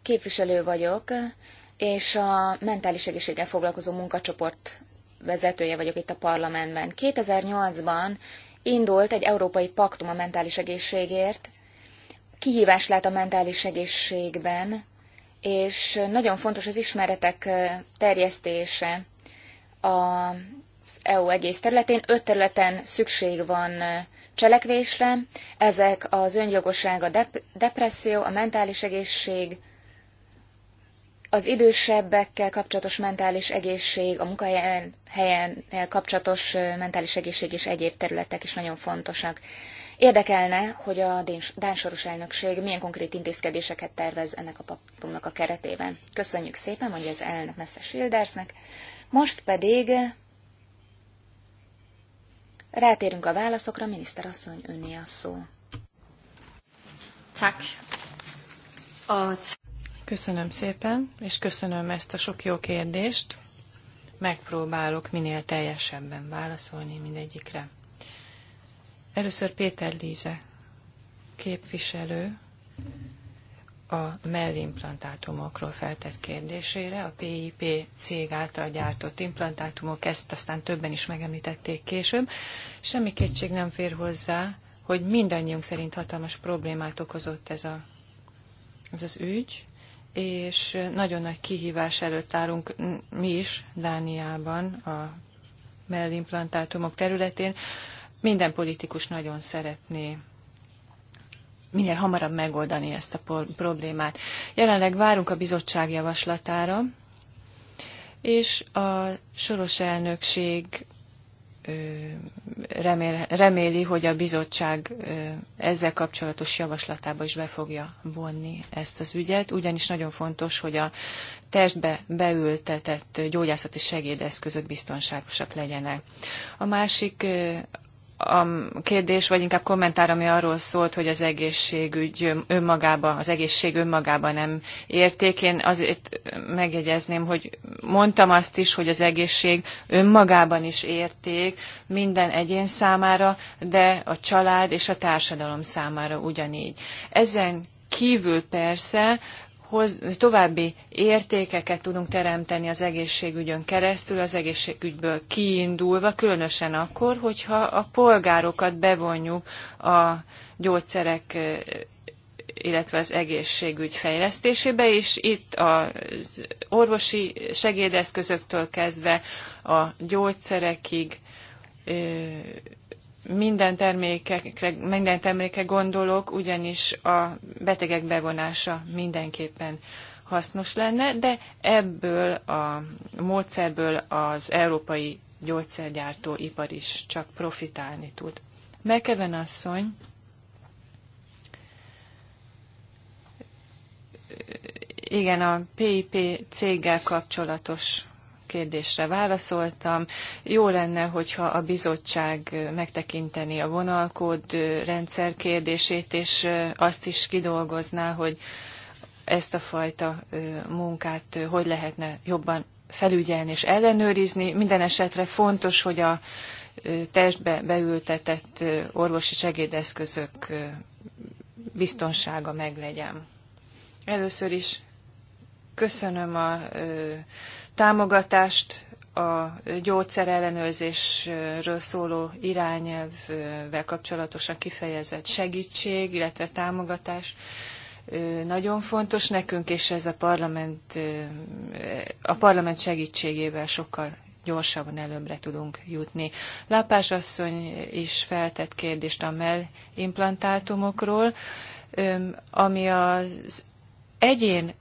képviselő vagyok, és a mentális egészséggel foglalkozó munkacsoport vezetője vagyok itt a parlamentben. 2008-ban indult egy európai paktum a mentális egészségért, kihívás lehet a mentális egészségben, és nagyon fontos az ismeretek terjesztése az EU egész területén. Öt területen szükség van cselekvésre, ezek az öngyilkosság, a depresszió, a mentális egészség, az idősebbekkel kapcsolatos mentális egészség, a munkahelyen helyen eh, kapcsolatos eh, mentális egészség és egyéb területek is nagyon fontosak. Érdekelne, hogy a Dánsoros elnökség milyen konkrét intézkedéseket tervez ennek a paktumnak a keretében. Köszönjük szépen, mondja az elnök Messes Sildersnek. Most pedig rátérünk a válaszokra, miniszterasszony önné a szó. Tak. A Köszönöm szépen, és köszönöm ezt a sok jó kérdést. Megpróbálok minél teljesebben válaszolni mindegyikre. Először Péter Líze, képviselő, a mellimplantátumokról feltett kérdésére. A PIP cég által gyártott implantátumok, ezt aztán többen is megemlítették később. Semmi kétség nem fér hozzá, hogy mindannyiunk szerint hatalmas problémát okozott ez, a, ez az ügy és nagyon nagy kihívás előtt állunk mi is Dániában a mellimplantátumok területén. Minden politikus nagyon szeretné minél hamarabb megoldani ezt a problémát. Jelenleg várunk a bizottság javaslatára, és a soros elnökség remél, reméli, hogy a bizottság ezzel kapcsolatos javaslatába is be fogja vonni ezt az ügyet, ugyanis nagyon fontos, hogy a testbe beültetett gyógyászati segédeszközök biztonságosak legyenek. A másik a kérdés, vagy inkább kommentár, ami arról szólt, hogy az egészségügy önmagában, az egészség önmagában nem érték. Én azért megjegyezném, hogy mondtam azt is, hogy az egészség önmagában is érték minden egyén számára, de a család és a társadalom számára ugyanígy. Ezen kívül persze hoz, további értékeket tudunk teremteni az egészségügyön keresztül, az egészségügyből kiindulva, különösen akkor, hogyha a polgárokat bevonjuk a gyógyszerek illetve az egészségügy fejlesztésébe, és itt az orvosi segédeszközöktől kezdve a gyógyszerekig minden termékekre, minden termékekre gondolok, ugyanis a betegek bevonása mindenképpen hasznos lenne, de ebből a módszerből az európai gyógyszergyártóipar is csak profitálni tud. Mekeven asszony igen, a PIP céggel kapcsolatos kérdésre válaszoltam. Jó lenne, hogyha a bizottság megtekinteni a vonalkód rendszer kérdését, és azt is kidolgozná, hogy ezt a fajta munkát hogy lehetne jobban felügyelni és ellenőrizni. Minden esetre fontos, hogy a testbe beültetett orvosi segédeszközök biztonsága meglegyen. Először is köszönöm a támogatást a gyógyszerellenőrzésről szóló irányelvvel kapcsolatosan kifejezett segítség, illetve támogatás nagyon fontos nekünk, és ez a parlament, a parlament segítségével sokkal gyorsabban előbbre tudunk jutni. Lápás asszony is feltett kérdést a mellimplantátumokról, ami az egyén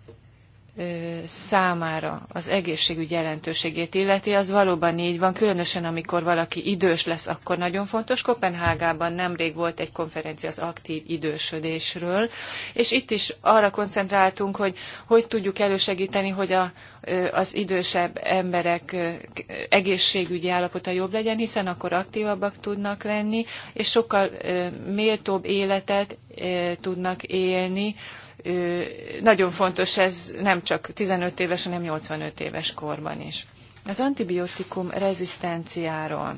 számára az egészségügy jelentőségét illeti, az valóban így van, különösen amikor valaki idős lesz, akkor nagyon fontos. Kopenhágában nemrég volt egy konferencia az aktív idősödésről, és itt is arra koncentráltunk, hogy hogy tudjuk elősegíteni, hogy a, az idősebb emberek egészségügyi állapota jobb legyen, hiszen akkor aktívabbak tudnak lenni, és sokkal méltóbb életet tudnak élni, nagyon fontos ez nem csak 15 éves, hanem 85 éves korban is. Az antibiotikum rezisztenciáról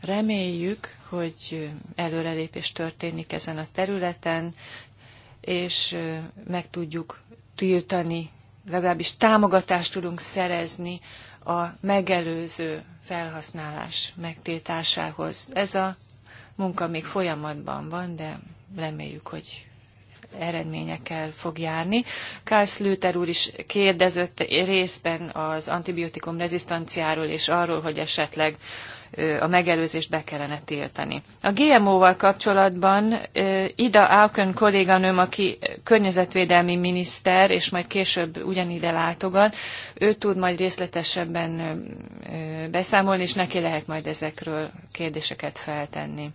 reméljük, hogy előrelépés történik ezen a területen, és meg tudjuk tiltani, legalábbis támogatást tudunk szerezni a megelőző felhasználás megtiltásához. Ez a munka még folyamatban van, de reméljük, hogy eredményekkel fog járni. Kálsz Lüter úr is kérdezett részben az antibiotikum rezisztanciáról és arról, hogy esetleg a megelőzést be kellene tiltani. A GMO-val kapcsolatban Ida Auken kolléganőm, aki környezetvédelmi miniszter, és majd később ugyanide látogat, ő tud majd részletesebben beszámolni, és neki lehet majd ezekről kérdéseket feltenni.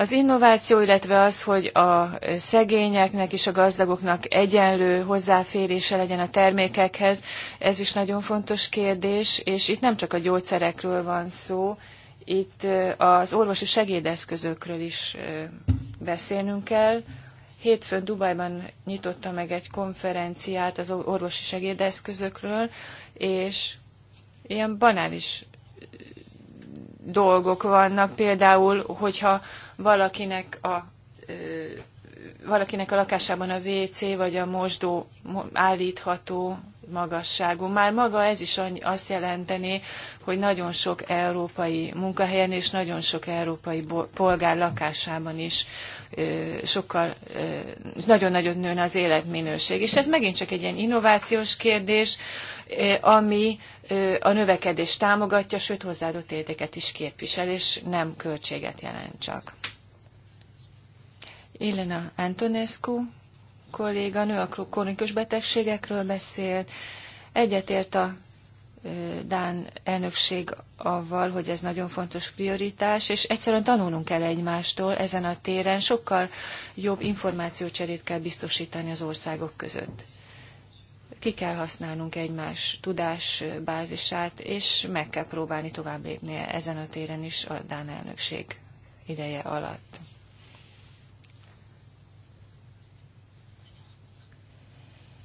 Az innováció, illetve az, hogy a szegényeknek és a gazdagoknak egyenlő hozzáférése legyen a termékekhez, ez is nagyon fontos kérdés, és itt nem csak a gyógyszerekről van szó, itt az orvosi segédeszközökről is beszélnünk kell. Hétfőn Dubajban nyitotta meg egy konferenciát az orvosi segédeszközökről, és ilyen banális dolgok vannak, például, hogyha valakinek a valakinek a lakásában a WC vagy a mosdó állítható magasságú. Már maga ez is azt jelenteni, hogy nagyon sok európai munkahelyen és nagyon sok európai polgár lakásában is sokkal, nagyon nagyot nőne az életminőség. És ez megint csak egy ilyen innovációs kérdés, ami a növekedést támogatja, sőt hozzáadott értéket is képvisel, és nem költséget jelent csak. Elena Antonescu kolléganő a krónikus betegségekről beszélt. Egyetért a Dán elnökség avval, hogy ez nagyon fontos prioritás, és egyszerűen tanulnunk kell egymástól ezen a téren, sokkal jobb információcserét kell biztosítani az országok között. Ki kell használnunk egymás tudásbázisát, és meg kell próbálni tovább lépni ezen a téren is a Dán elnökség ideje alatt.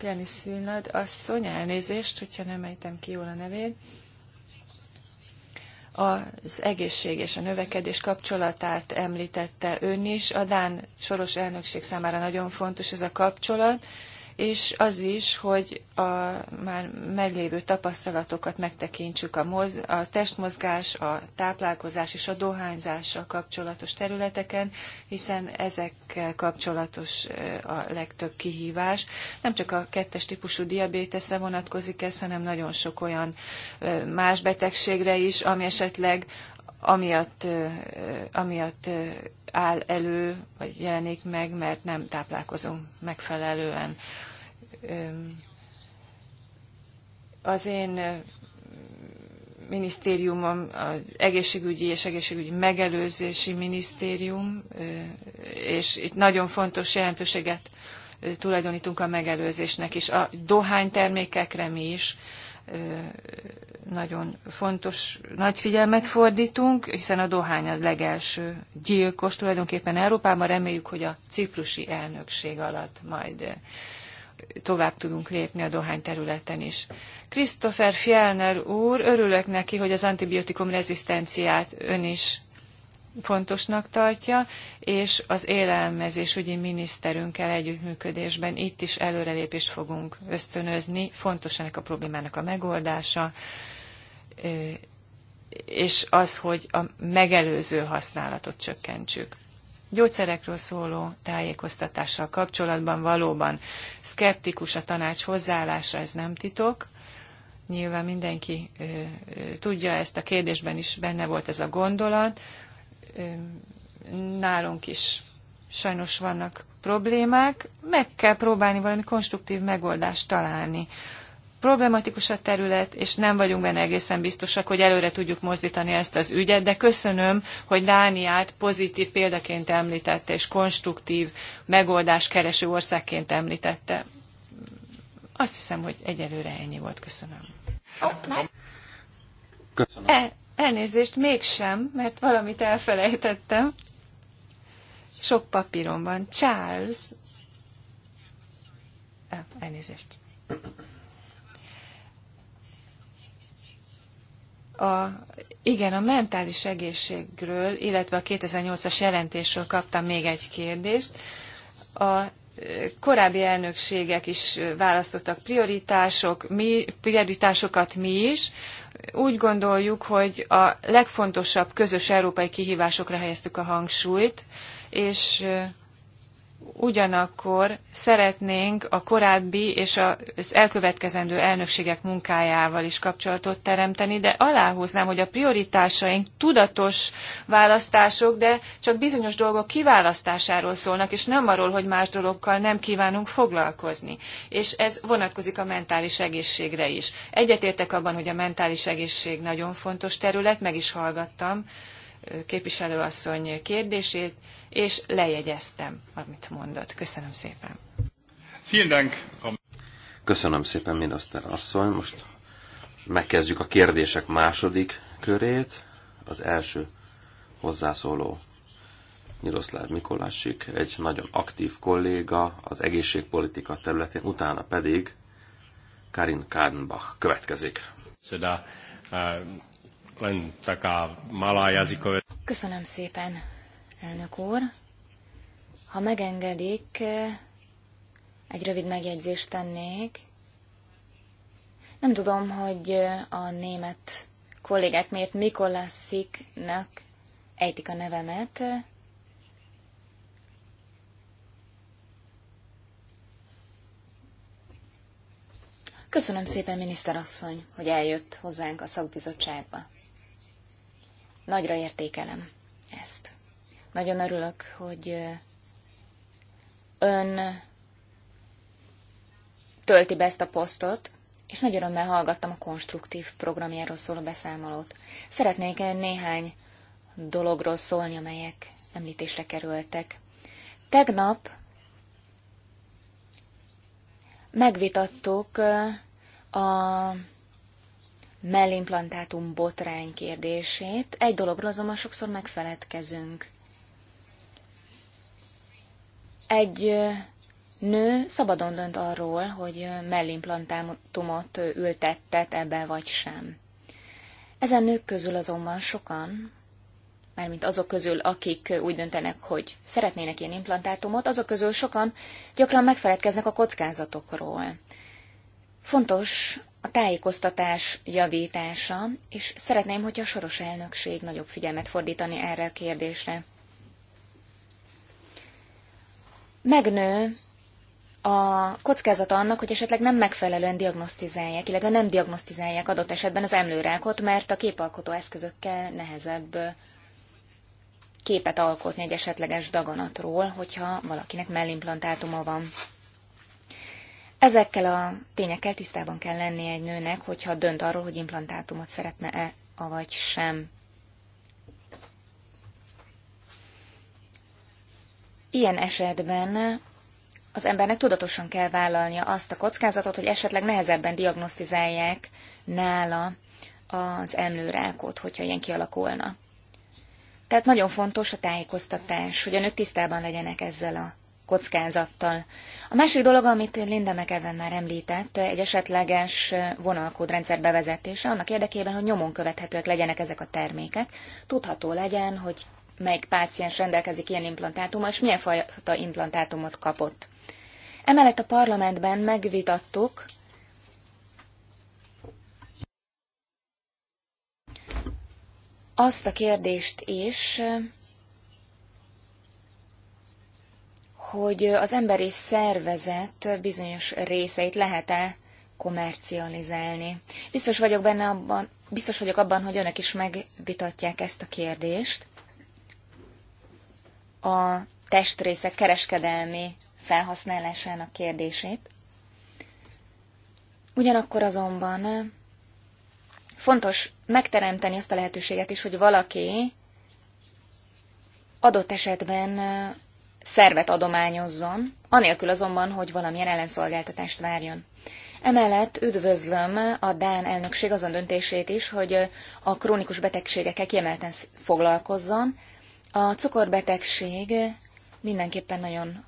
Jani Szűnad asszony, elnézést, hogyha nem ejtem ki jól a nevét, az egészség és a növekedés kapcsolatát említette ön is. A Dán soros elnökség számára nagyon fontos ez a kapcsolat és az is, hogy a már meglévő tapasztalatokat megtekintsük a, moz, a testmozgás, a táplálkozás és a dohányzással kapcsolatos területeken, hiszen ezekkel kapcsolatos a legtöbb kihívás. Nem csak a kettes típusú diabéteszre vonatkozik ez, hanem nagyon sok olyan más betegségre is, ami esetleg amiatt, amiatt áll elő, vagy jelenik meg, mert nem táplálkozunk megfelelően. Az én minisztériumom, az egészségügyi és egészségügyi megelőzési minisztérium, és itt nagyon fontos jelentőséget tulajdonítunk a megelőzésnek is. A dohánytermékekre mi is nagyon fontos, nagy figyelmet fordítunk, hiszen a dohány az legelső gyilkos tulajdonképpen Európában. Reméljük, hogy a ciprusi elnökség alatt majd tovább tudunk lépni a dohány területen is. Christopher Fjellner úr, örülök neki, hogy az antibiotikum rezisztenciát ön is fontosnak tartja, és az élelmezésügyi miniszterünkkel együttműködésben itt is előrelépést fogunk ösztönözni. Fontos ennek a problémának a megoldása, és az, hogy a megelőző használatot csökkentsük gyógyszerekről szóló tájékoztatással kapcsolatban valóban szkeptikus a tanács hozzáállása, ez nem titok. Nyilván mindenki ö, ö, tudja ezt a kérdésben is, benne volt ez a gondolat nálunk is sajnos vannak problémák, meg kell próbálni valami konstruktív megoldást találni. Problematikus a terület, és nem vagyunk benne egészen biztosak, hogy előre tudjuk mozdítani ezt az ügyet, de köszönöm, hogy Dániát pozitív példaként említette, és konstruktív megoldás kereső országként említette. Azt hiszem, hogy egyelőre ennyi volt. Köszönöm. Oh, köszönöm. E Elnézést mégsem, mert valamit elfelejtettem. Sok papírom van. Charles. Elnézést. A, igen, a mentális egészségről, illetve a 2008-as jelentésről kaptam még egy kérdést. A korábbi elnökségek is választottak prioritások, mi, prioritásokat mi is. Úgy gondoljuk, hogy a legfontosabb közös európai kihívásokra helyeztük a hangsúlyt, és ugyanakkor szeretnénk a korábbi és az elkövetkezendő elnökségek munkájával is kapcsolatot teremteni, de aláhúznám, hogy a prioritásaink tudatos választások, de csak bizonyos dolgok kiválasztásáról szólnak, és nem arról, hogy más dolgokkal nem kívánunk foglalkozni. És ez vonatkozik a mentális egészségre is. Egyetértek abban, hogy a mentális egészség nagyon fontos terület, meg is hallgattam képviselőasszony kérdését, és lejegyeztem, amit mondott. Köszönöm szépen. Köszönöm szépen, miniszter asszony. Most megkezdjük a kérdések második körét. Az első hozzászóló Miroszláv Mikolásik, egy nagyon aktív kolléga az egészségpolitika területén, utána pedig Karin Kárnbach következik. Köszönöm szépen, elnök úr. Ha megengedik, egy rövid megjegyzést tennék. Nem tudom, hogy a német kollégák miért Mikolásziknak ejtik a nevemet. Köszönöm szépen, miniszterasszony, hogy eljött hozzánk a szakbizottságba. Nagyra értékelem ezt. Nagyon örülök, hogy ön tölti be ezt a posztot, és nagy örömmel hallgattam a konstruktív programjáról szóló beszámolót. Szeretnék néhány dologról szólni, amelyek említésre kerültek. Tegnap megvitattuk a mellimplantátum botrány kérdését. Egy dologról azonban sokszor megfeledkezünk. Egy nő szabadon dönt arról, hogy mellimplantátumot ültettet ebbe vagy sem. Ezen nők közül azonban sokan, mármint azok közül, akik úgy döntenek, hogy szeretnének ilyen implantátumot, azok közül sokan gyakran megfeledkeznek a kockázatokról. Fontos a tájékoztatás javítása, és szeretném, hogy a soros elnökség nagyobb figyelmet fordítani erre a kérdésre. Megnő a kockázata annak, hogy esetleg nem megfelelően diagnosztizálják, illetve nem diagnosztizálják adott esetben az emlőrákot, mert a képalkotó eszközökkel nehezebb képet alkotni egy esetleges daganatról, hogyha valakinek mellimplantátuma van. Ezekkel a tényekkel tisztában kell lennie egy nőnek, hogyha dönt arról, hogy implantátumot szeretne-e, avagy sem. Ilyen esetben az embernek tudatosan kell vállalnia azt a kockázatot, hogy esetleg nehezebben diagnosztizálják nála az emlőrákot, hogyha ilyen kialakulna. Tehát nagyon fontos a tájékoztatás, hogy a nők tisztában legyenek ezzel a kockázattal. A másik dolog, amit Linda McEwen már említett, egy esetleges vonalkódrendszer bevezetése, annak érdekében, hogy nyomon követhetőek legyenek ezek a termékek, tudható legyen, hogy melyik páciens rendelkezik ilyen implantátummal, és milyen fajta implantátumot kapott. Emellett a parlamentben megvitattuk azt a kérdést is, hogy az emberi szervezet bizonyos részeit lehet-e komercializálni. Biztos vagyok benne abban, biztos vagyok abban, hogy önök is megvitatják ezt a kérdést. A testrészek kereskedelmi felhasználásának kérdését. Ugyanakkor azonban fontos megteremteni azt a lehetőséget is, hogy valaki adott esetben szervet adományozzon, anélkül azonban, hogy valamilyen ellenszolgáltatást várjon. Emellett üdvözlöm a Dán elnökség azon döntését is, hogy a krónikus betegségekkel kiemelten foglalkozzon. A cukorbetegség mindenképpen nagyon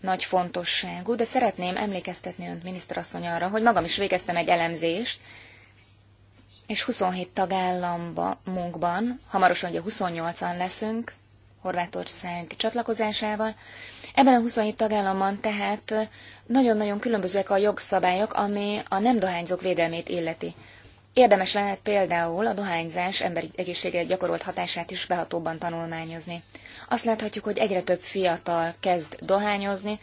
nagy fontosságú, de szeretném emlékeztetni önt, miniszterasszony, arra, hogy magam is végeztem egy elemzést, és 27 tagállamban, munkban, hamarosan ugye 28-an leszünk, Horvátország csatlakozásával. Ebben a 27 tagállamban tehát nagyon-nagyon különbözőek a jogszabályok, ami a nem dohányzók védelmét illeti. Érdemes lehet például a dohányzás emberi egészségre gyakorolt hatását is behatóban tanulmányozni. Azt láthatjuk, hogy egyre több fiatal kezd dohányozni,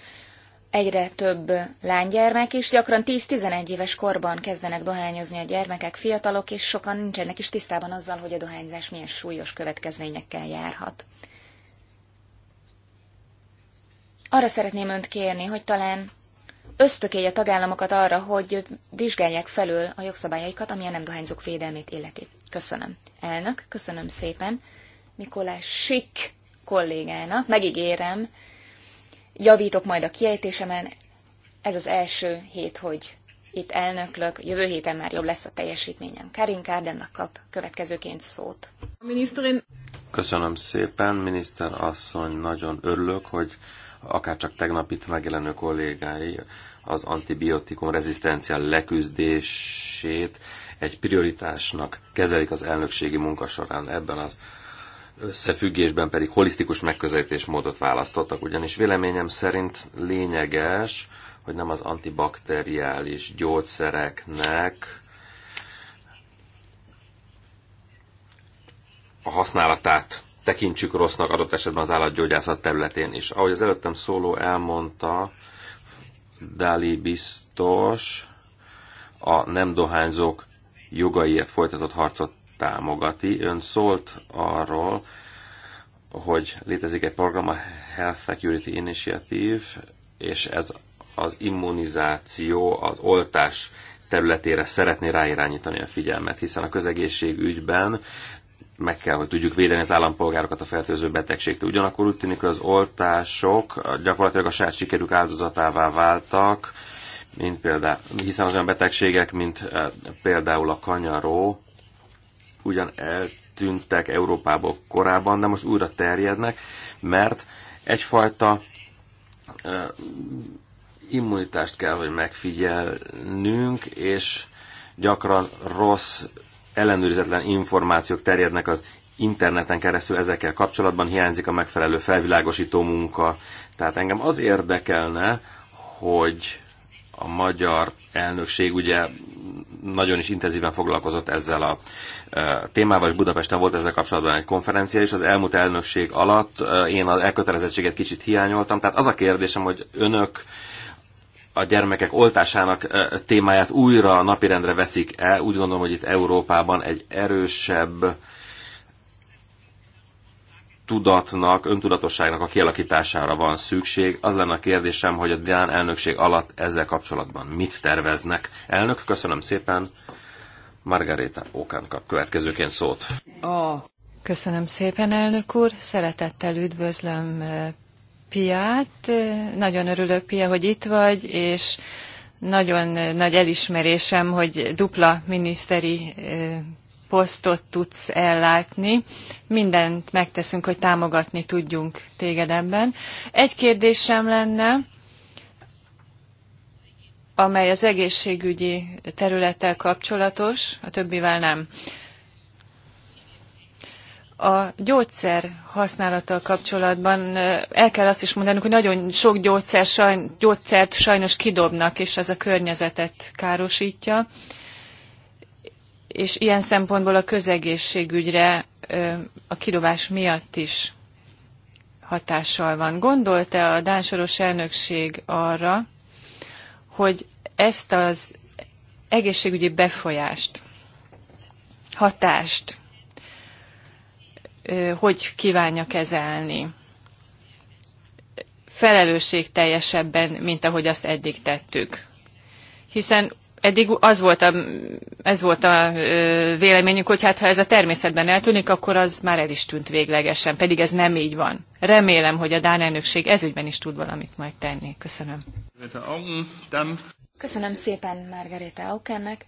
egyre több lánygyermek is, gyakran 10-11 éves korban kezdenek dohányozni a gyermekek, fiatalok, és sokan nincsenek is tisztában azzal, hogy a dohányzás milyen súlyos következményekkel járhat. Arra szeretném önt kérni, hogy talán ösztökélje a tagállamokat arra, hogy vizsgálják felül a jogszabályaikat, ami a nem dohányzók védelmét illeti. Köszönöm. Elnök, köszönöm szépen. Mikolás Sik kollégának, megígérem, javítok majd a kiejtésemen. Ez az első hét, hogy itt elnöklök, jövő héten már jobb lesz a teljesítményem. Karin Kárdennak kap következőként szót. Miniszterin... Köszönöm szépen, miniszter asszony, nagyon örülök, hogy akár csak tegnap itt megjelenő kollégái az antibiotikum rezisztencia leküzdését egy prioritásnak kezelik az elnökségi munka során. Ebben az összefüggésben pedig holisztikus megközelítésmódot választottak, ugyanis véleményem szerint lényeges, hogy nem az antibakteriális gyógyszereknek a használatát tekintsük rossznak adott esetben az állatgyógyászat területén is. Ahogy az előttem szóló elmondta, Dali biztos a nem dohányzók jogaiért folytatott harcot támogati. Ön szólt arról, hogy létezik egy program, a Health Security Initiative, és ez az immunizáció, az oltás területére szeretné ráirányítani a figyelmet, hiszen a közegészségügyben meg kell, hogy tudjuk védeni az állampolgárokat a fertőző betegségtől. Ugyanakkor úgy tűnik, hogy az oltások gyakorlatilag a saját sikerük áldozatává váltak, mint például, hiszen az olyan betegségek, mint eh, például a kanyaró, ugyan eltűntek Európából korábban, de most újra terjednek, mert egyfajta eh, immunitást kell, hogy megfigyelnünk, és gyakran rossz ellenőrizetlen információk terjednek az interneten keresztül ezekkel kapcsolatban, hiányzik a megfelelő felvilágosító munka. Tehát engem az érdekelne, hogy a magyar elnökség ugye nagyon is intenzíven foglalkozott ezzel a e, témával, és Budapesten volt ezzel kapcsolatban egy konferencia, és az elmúlt elnökség alatt e, én az elkötelezettséget kicsit hiányoltam. Tehát az a kérdésem, hogy önök a gyermekek oltásának témáját újra a napirendre veszik el. Úgy gondolom, hogy itt Európában egy erősebb tudatnak, öntudatosságnak a kialakítására van szükség. Az lenne a kérdésem, hogy a Dán elnökség alatt ezzel kapcsolatban mit terveznek. Elnök, köszönöm szépen. Margaréta Okán kap következőként szót. Köszönöm szépen, elnök úr. Szeretettel üdvözlöm Piát. Nagyon örülök, Pia, hogy itt vagy, és nagyon nagy elismerésem, hogy dupla miniszteri posztot tudsz ellátni. Mindent megteszünk, hogy támogatni tudjunk téged ebben. Egy kérdésem lenne, amely az egészségügyi területtel kapcsolatos, a többivel nem a gyógyszer használattal kapcsolatban el kell azt is mondanunk, hogy nagyon sok gyógyszer, saj gyógyszert sajnos kidobnak, és ez a környezetet károsítja. És ilyen szempontból a közegészségügyre a kidobás miatt is hatással van. Gondolta a dánsoros elnökség arra, hogy ezt az egészségügyi befolyást, hatást hogy kívánja kezelni felelősség teljesebben, mint ahogy azt eddig tettük. Hiszen eddig az volt a, ez volt a véleményünk, hogy hát ha ez a természetben eltűnik, akkor az már el is tűnt véglegesen, pedig ez nem így van. Remélem, hogy a Dán elnökség ezügyben is tud valamit majd tenni. Köszönöm. Köszönöm szépen Margareta Aukennek.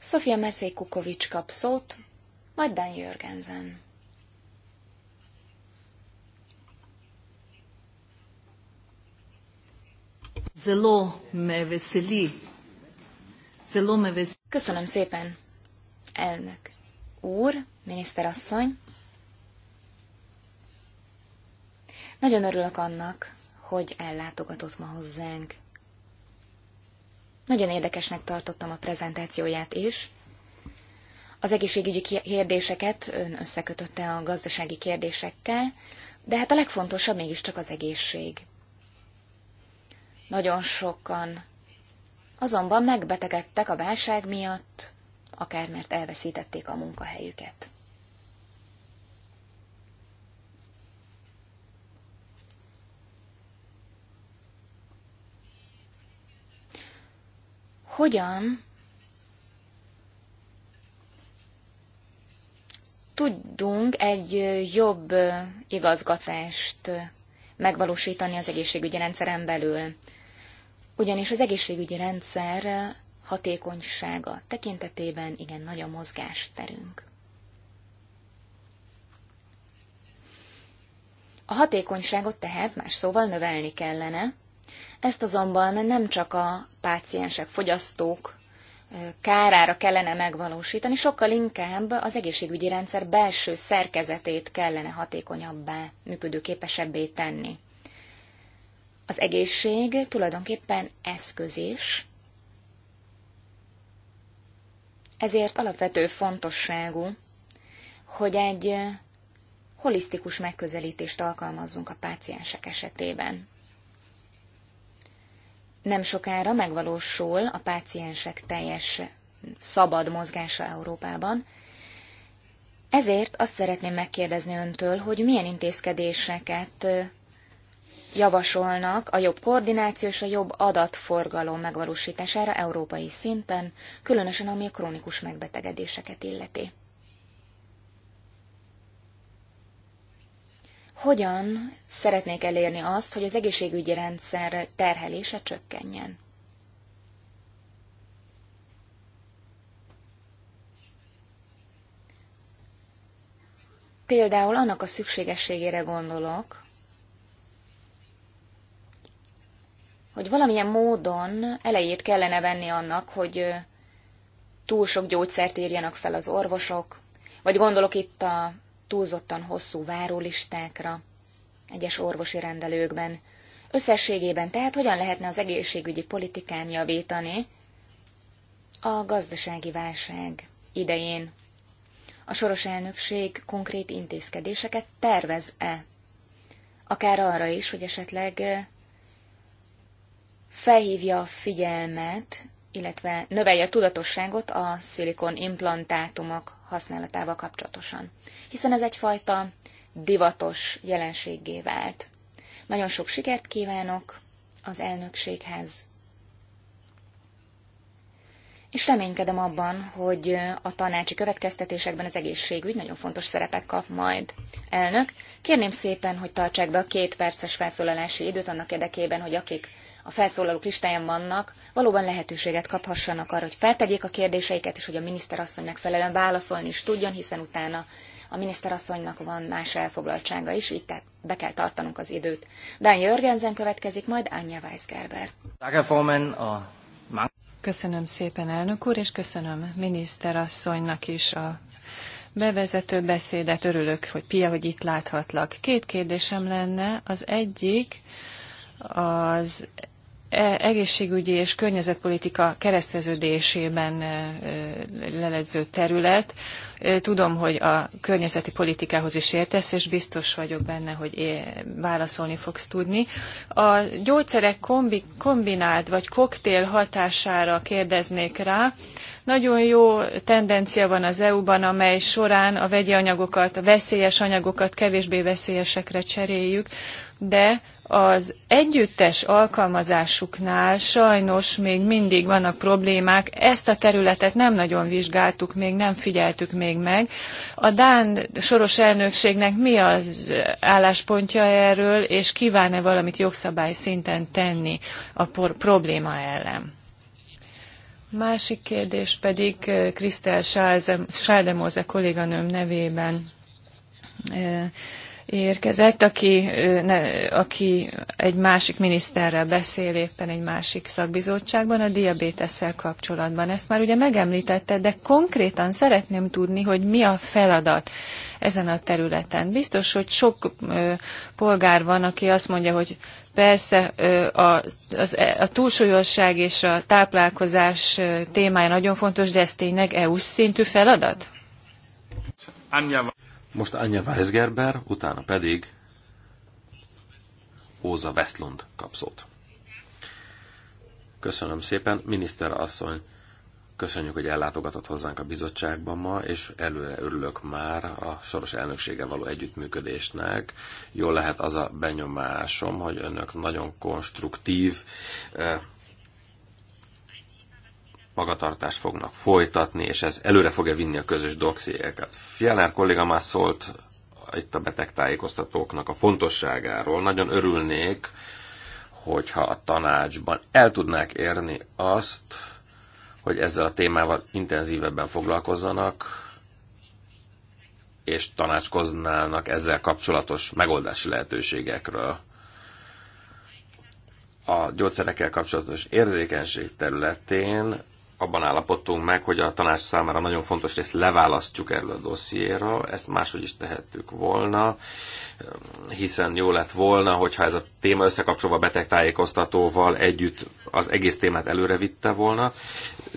Sofia Merszély Kukovics kap szót, majd Dan Jörgensen. Zelo me veseli. Zelo me veseli. Köszönöm szépen, elnök úr, miniszterasszony. Nagyon örülök annak, hogy ellátogatott ma hozzánk. Nagyon érdekesnek tartottam a prezentációját is, az egészségügyi kérdéseket ön összekötötte a gazdasági kérdésekkel, de hát a legfontosabb mégiscsak az egészség. Nagyon sokan azonban megbetegedtek a válság miatt, akár mert elveszítették a munkahelyüket. Hogyan tudunk egy jobb igazgatást megvalósítani az egészségügyi rendszeren belül. Ugyanis az egészségügyi rendszer hatékonysága tekintetében igen nagy a mozgásterünk. A hatékonyságot tehát más szóval növelni kellene, ezt azonban nem csak a páciensek, fogyasztók kárára kellene megvalósítani, sokkal inkább az egészségügyi rendszer belső szerkezetét kellene hatékonyabbá, működőképesebbé tenni. Az egészség tulajdonképpen eszköz is, ezért alapvető fontosságú, hogy egy holisztikus megközelítést alkalmazzunk a páciensek esetében nem sokára megvalósul a páciensek teljes szabad mozgása Európában. Ezért azt szeretném megkérdezni öntől, hogy milyen intézkedéseket javasolnak a jobb koordináció és a jobb adatforgalom megvalósítására európai szinten, különösen ami a krónikus megbetegedéseket illeti. hogyan szeretnék elérni azt, hogy az egészségügyi rendszer terhelése csökkenjen. Például annak a szükségességére gondolok, hogy valamilyen módon elejét kellene venni annak, hogy túl sok gyógyszert írjanak fel az orvosok, vagy gondolok itt a túlzottan hosszú várólistákra, egyes orvosi rendelőkben. Összességében tehát hogyan lehetne az egészségügyi politikán javítani a gazdasági válság idején? A soros elnökség konkrét intézkedéseket tervez-e? Akár arra is, hogy esetleg eh, felhívja a figyelmet illetve növelje a tudatosságot a szilikon implantátumok használatával kapcsolatosan. Hiszen ez egyfajta divatos jelenséggé vált. Nagyon sok sikert kívánok az elnökséghez, és reménykedem abban, hogy a tanácsi következtetésekben az egészségügy nagyon fontos szerepet kap majd. Elnök, kérném szépen, hogy tartsák be a két perces felszólalási időt annak érdekében, hogy akik a felszólalók listáján vannak, valóban lehetőséget kaphassanak arra, hogy feltegyék a kérdéseiket, és hogy a miniszterasszony megfelelően válaszolni is tudjon, hiszen utána a miniszterasszonynak van más elfoglaltsága is, így tehát be kell tartanunk az időt. Dán Jörgensen következik, majd Anja Weisgerber. Köszönöm szépen, elnök úr, és köszönöm miniszterasszonynak is a bevezető beszédet. Örülök, hogy Pia, hogy itt láthatlak. Két kérdésem lenne. Az egyik az E, egészségügyi és környezetpolitika kereszteződésében e, e, lelező terület. Tudom, hogy a környezeti politikához is értesz, és biztos vagyok benne, hogy válaszolni fogsz tudni. A gyógyszerek kombi, kombinált vagy koktél hatására kérdeznék rá. Nagyon jó tendencia van az EU-ban, amely során a vegyi anyagokat, a veszélyes anyagokat kevésbé veszélyesekre cseréljük, de az együttes alkalmazásuknál sajnos még mindig vannak problémák, ezt a területet nem nagyon vizsgáltuk, még nem figyeltük még meg. A Dán soros elnökségnek mi az álláspontja erről, és kíván-e valamit jogszabály szinten tenni a probléma ellen? Másik kérdés pedig Krisztel eh, Sáldemóze kolléganőm nevében eh, érkezett, aki, ne, aki egy másik miniszterrel beszél éppen egy másik szakbizottságban a diabétesszel kapcsolatban. Ezt már ugye megemlítette, de konkrétan szeretném tudni, hogy mi a feladat ezen a területen. Biztos, hogy sok ö, polgár van, aki azt mondja, hogy persze a, az, e, a túlsúlyosság és a táplálkozás témája nagyon fontos, de ez tényleg eu szintű feladat? Most Anya Weisgerber, utána pedig Óza Westlund kap szót. Köszönöm szépen, miniszter asszony, köszönjük, hogy ellátogatott hozzánk a bizottságban ma, és előre örülök már a soros elnöksége való együttműködésnek. Jól lehet az a benyomásom, hogy önök nagyon konstruktív eh, magatartást fognak folytatni, és ez előre fogja vinni a közös doxiéket. Fjellner kolléga már szólt itt a betegtájékoztatóknak a fontosságáról. Nagyon örülnék, hogyha a tanácsban el tudnák érni azt, hogy ezzel a témával intenzívebben foglalkozzanak, és tanácskoznának ezzel kapcsolatos megoldási lehetőségekről. A gyógyszerekkel kapcsolatos érzékenység területén abban állapodtunk meg, hogy a tanács számára nagyon fontos részt leválasztjuk erről a dossziéről, ezt máshogy is tehettük volna, hiszen jó lett volna, hogyha ez a téma összekapcsolva tájékoztatóval együtt az egész témát előre vitte volna,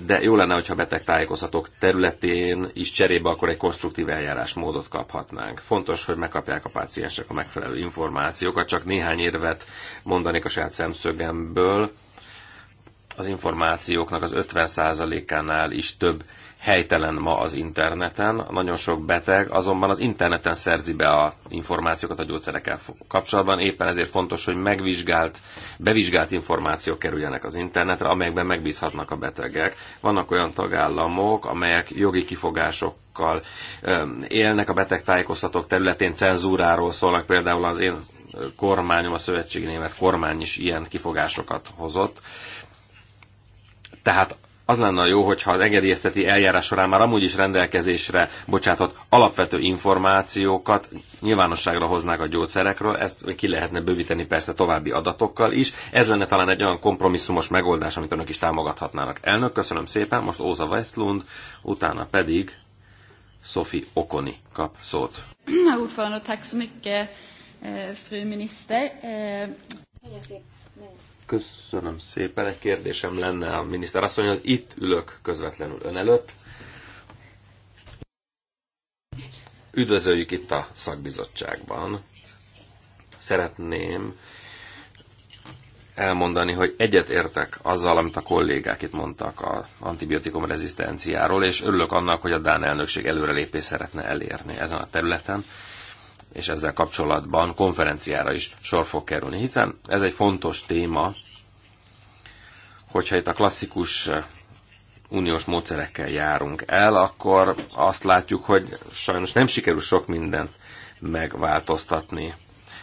de jó lenne, hogyha tájékoztatók területén is cserébe akkor egy konstruktív eljárásmódot kaphatnánk. Fontos, hogy megkapják a páciensek a megfelelő információkat, csak néhány érvet mondanék a saját szemszögemből, az információknak az 50%-ánál is több helytelen ma az interneten. Nagyon sok beteg azonban az interneten szerzi be a információkat a gyógyszerekkel kapcsolatban. Éppen ezért fontos, hogy megvizsgált, bevizsgált információk kerüljenek az internetre, amelyekben megbízhatnak a betegek. Vannak olyan tagállamok, amelyek jogi kifogások élnek a betegtájékoztatók területén, cenzúráról szólnak például az én kormányom, a szövetségi német kormány is ilyen kifogásokat hozott. Tehát az lenne jó, hogyha az engedélyezteti eljárás során már amúgy is rendelkezésre bocsátott alapvető információkat nyilvánosságra hoznák a gyógyszerekről, ezt ki lehetne bővíteni persze további adatokkal is. Ez lenne talán egy olyan kompromisszumos megoldás, amit önök is támogathatnának. Elnök, köszönöm szépen, most Óza Westlund, utána pedig Sofi Okoni kap szót. Ordförande, tack så mycket, fru minister. Nagyon Köszönöm szépen. Egy kérdésem lenne a miniszter hogy Itt ülök közvetlenül ön előtt. Üdvözöljük itt a szakbizottságban. Szeretném elmondani, hogy egyetértek azzal, amit a kollégák itt mondtak az antibiotikum rezisztenciáról, és örülök annak, hogy a Dán elnökség előrelépés szeretne elérni ezen a területen és ezzel kapcsolatban konferenciára is sor fog kerülni, hiszen ez egy fontos téma, hogyha itt a klasszikus uniós módszerekkel járunk el, akkor azt látjuk, hogy sajnos nem sikerül sok mindent megváltoztatni.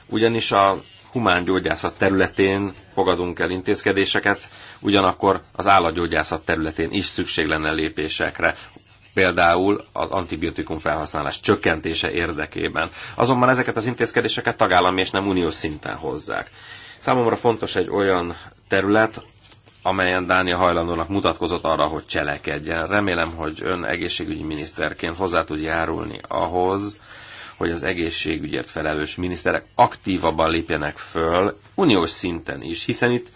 Ugyanis a humán gyógyászat területén fogadunk el intézkedéseket, ugyanakkor az állatgyógyászat területén is szükség lenne lépésekre például az antibiotikum felhasználás csökkentése érdekében. Azonban ezeket az intézkedéseket tagállami és nem uniós szinten hozzák. Számomra fontos egy olyan terület, amelyen Dánia hajlandónak mutatkozott arra, hogy cselekedjen. Remélem, hogy ön egészségügyi miniszterként hozzá tud járulni ahhoz, hogy az egészségügyért felelős miniszterek aktívabban lépjenek föl, uniós szinten is, hiszen itt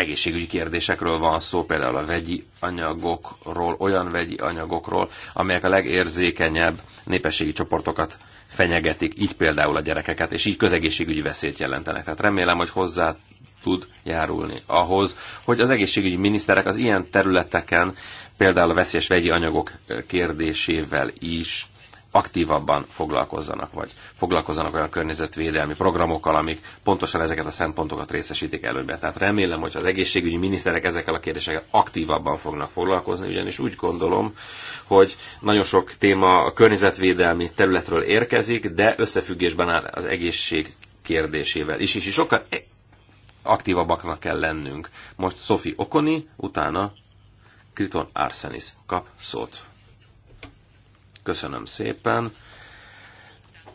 egészségügyi kérdésekről van szó, például a vegyi anyagokról, olyan vegyi anyagokról, amelyek a legérzékenyebb népességi csoportokat fenyegetik, így például a gyerekeket, és így közegészségügyi veszélyt jelentenek. Tehát remélem, hogy hozzá tud járulni ahhoz, hogy az egészségügyi miniszterek az ilyen területeken, például a veszélyes vegyi anyagok kérdésével is aktívabban foglalkozzanak, vagy foglalkozzanak olyan környezetvédelmi programokkal, amik pontosan ezeket a szempontokat részesítik előbe. Tehát remélem, hogy az egészségügyi miniszterek ezekkel a kérdésekkel aktívabban fognak foglalkozni, ugyanis úgy gondolom, hogy nagyon sok téma a környezetvédelmi területről érkezik, de összefüggésben áll az egészség kérdésével is, és sokkal e- aktívabbaknak kell lennünk. Most Sophie Okoni, utána Kriton Arsenis kap szót. Köszönöm szépen.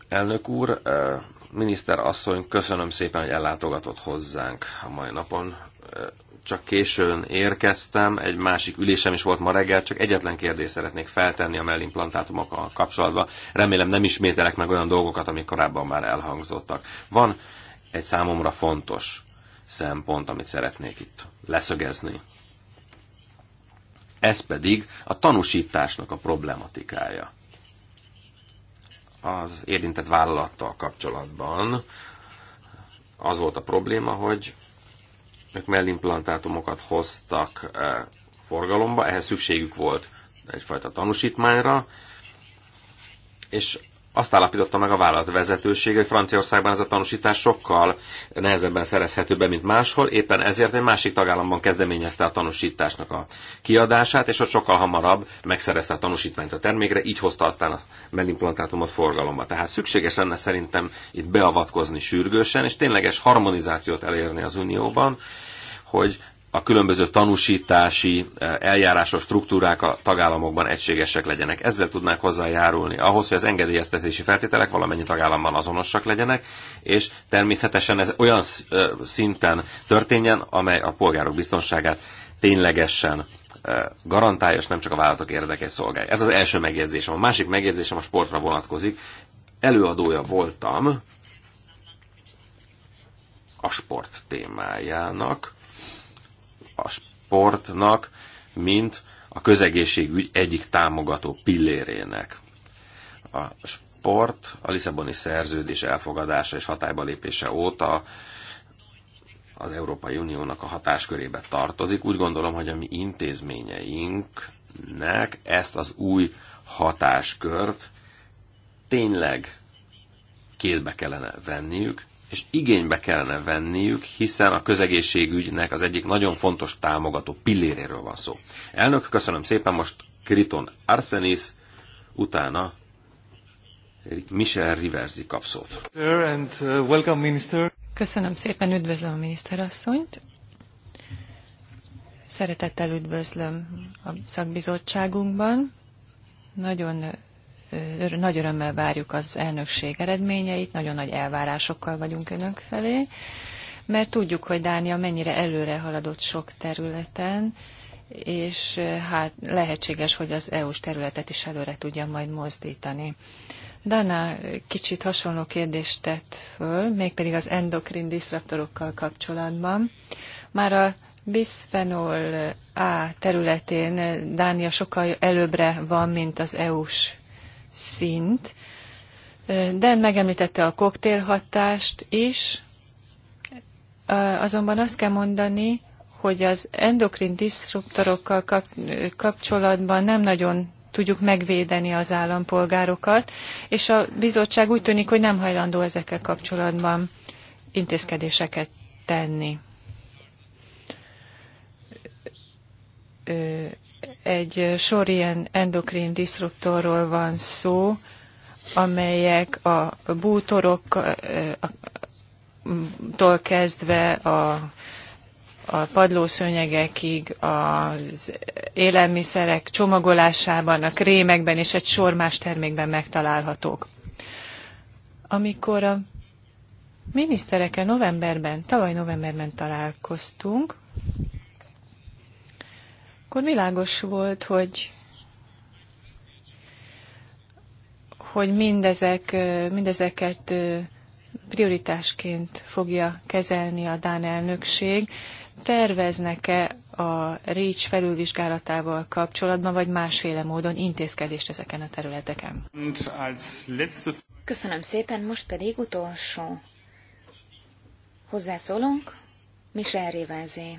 Elnök úr, eh, miniszter asszony, köszönöm szépen, hogy ellátogatott hozzánk a mai napon. Eh, csak későn érkeztem, egy másik ülésem is volt ma reggel, csak egyetlen kérdést szeretnék feltenni a mellimplantátumokkal kapcsolatban. Remélem nem ismételek meg olyan dolgokat, amik korábban már elhangzottak. Van egy számomra fontos szempont, amit szeretnék itt leszögezni. Ez pedig a tanúsításnak a problematikája. Az érintett vállalattal kapcsolatban az volt a probléma, hogy ők mellimplantátumokat hoztak eh, forgalomba, ehhez szükségük volt egyfajta tanúsítmányra, és azt állapította meg a vállalat vezetősége, hogy Franciaországban ez a tanúsítás sokkal nehezebben szerezhető be, mint máshol, éppen ezért egy másik tagállamban kezdeményezte a tanúsításnak a kiadását, és ott sokkal hamarabb megszerezte a tanúsítványt a termékre, így hozta aztán a melimplantátumot forgalomba. Tehát szükséges lenne szerintem itt beavatkozni sürgősen, és tényleges harmonizációt elérni az Unióban, hogy a különböző tanúsítási eh, eljárásos struktúrák a tagállamokban egységesek legyenek. Ezzel tudnánk hozzájárulni ahhoz, hogy az engedélyeztetési feltételek valamennyi tagállamban azonosak legyenek, és természetesen ez olyan eh, szinten történjen, amely a polgárok biztonságát ténylegesen eh, garantálja, és nem csak a vállalatok érdekes szolgálja. Ez az első megjegyzésem. A másik megjegyzésem a sportra vonatkozik. Előadója voltam a sport témájának a sportnak, mint a közegészségügy egyik támogató pillérének. A sport a Lisszaboni szerződés elfogadása és hatályba lépése óta az Európai Uniónak a hatáskörébe tartozik. Úgy gondolom, hogy a mi intézményeinknek ezt az új hatáskört tényleg kézbe kellene venniük, és igénybe kellene venniük, hiszen a közegészségügynek az egyik nagyon fontos támogató pilléréről van szó. Elnök, köszönöm szépen, most Kriton Arsenis, utána Michel Riverzi kap szót. Uh, köszönöm szépen, üdvözlöm a miniszterasszonyt. Szeretettel üdvözlöm a szakbizottságunkban. Nagyon nagy örömmel várjuk az elnökség eredményeit, nagyon nagy elvárásokkal vagyunk önök felé, mert tudjuk, hogy Dánia mennyire előre haladott sok területen, és hát lehetséges, hogy az EU-s területet is előre tudja majd mozdítani. Dana kicsit hasonló kérdést tett föl, mégpedig az endokrin diszraptorokkal kapcsolatban. Már a bisphenol A területén Dánia sokkal előbbre van, mint az EU-s szint, de megemlítette a koktélhatást is, azonban azt kell mondani, hogy az endokrin diszruptorokkal kapcsolatban nem nagyon tudjuk megvédeni az állampolgárokat, és a bizottság úgy tűnik, hogy nem hajlandó ezekkel kapcsolatban intézkedéseket tenni egy sor ilyen endokrin diszruptorról van szó, amelyek a bútoroktól kezdve a, a padlószőnyegekig, az élelmiszerek csomagolásában, a krémekben és egy sor más termékben megtalálhatók. Amikor a miniszterekkel novemberben, tavaly novemberben találkoztunk, akkor világos volt, hogy hogy mindezek, mindezeket prioritásként fogja kezelni a Dán elnökség. Terveznek-e a REACH felülvizsgálatával kapcsolatban, vagy másféle módon intézkedést ezeken a területeken? Köszönöm szépen, most pedig utolsó hozzászólunk, Michel Rivázé.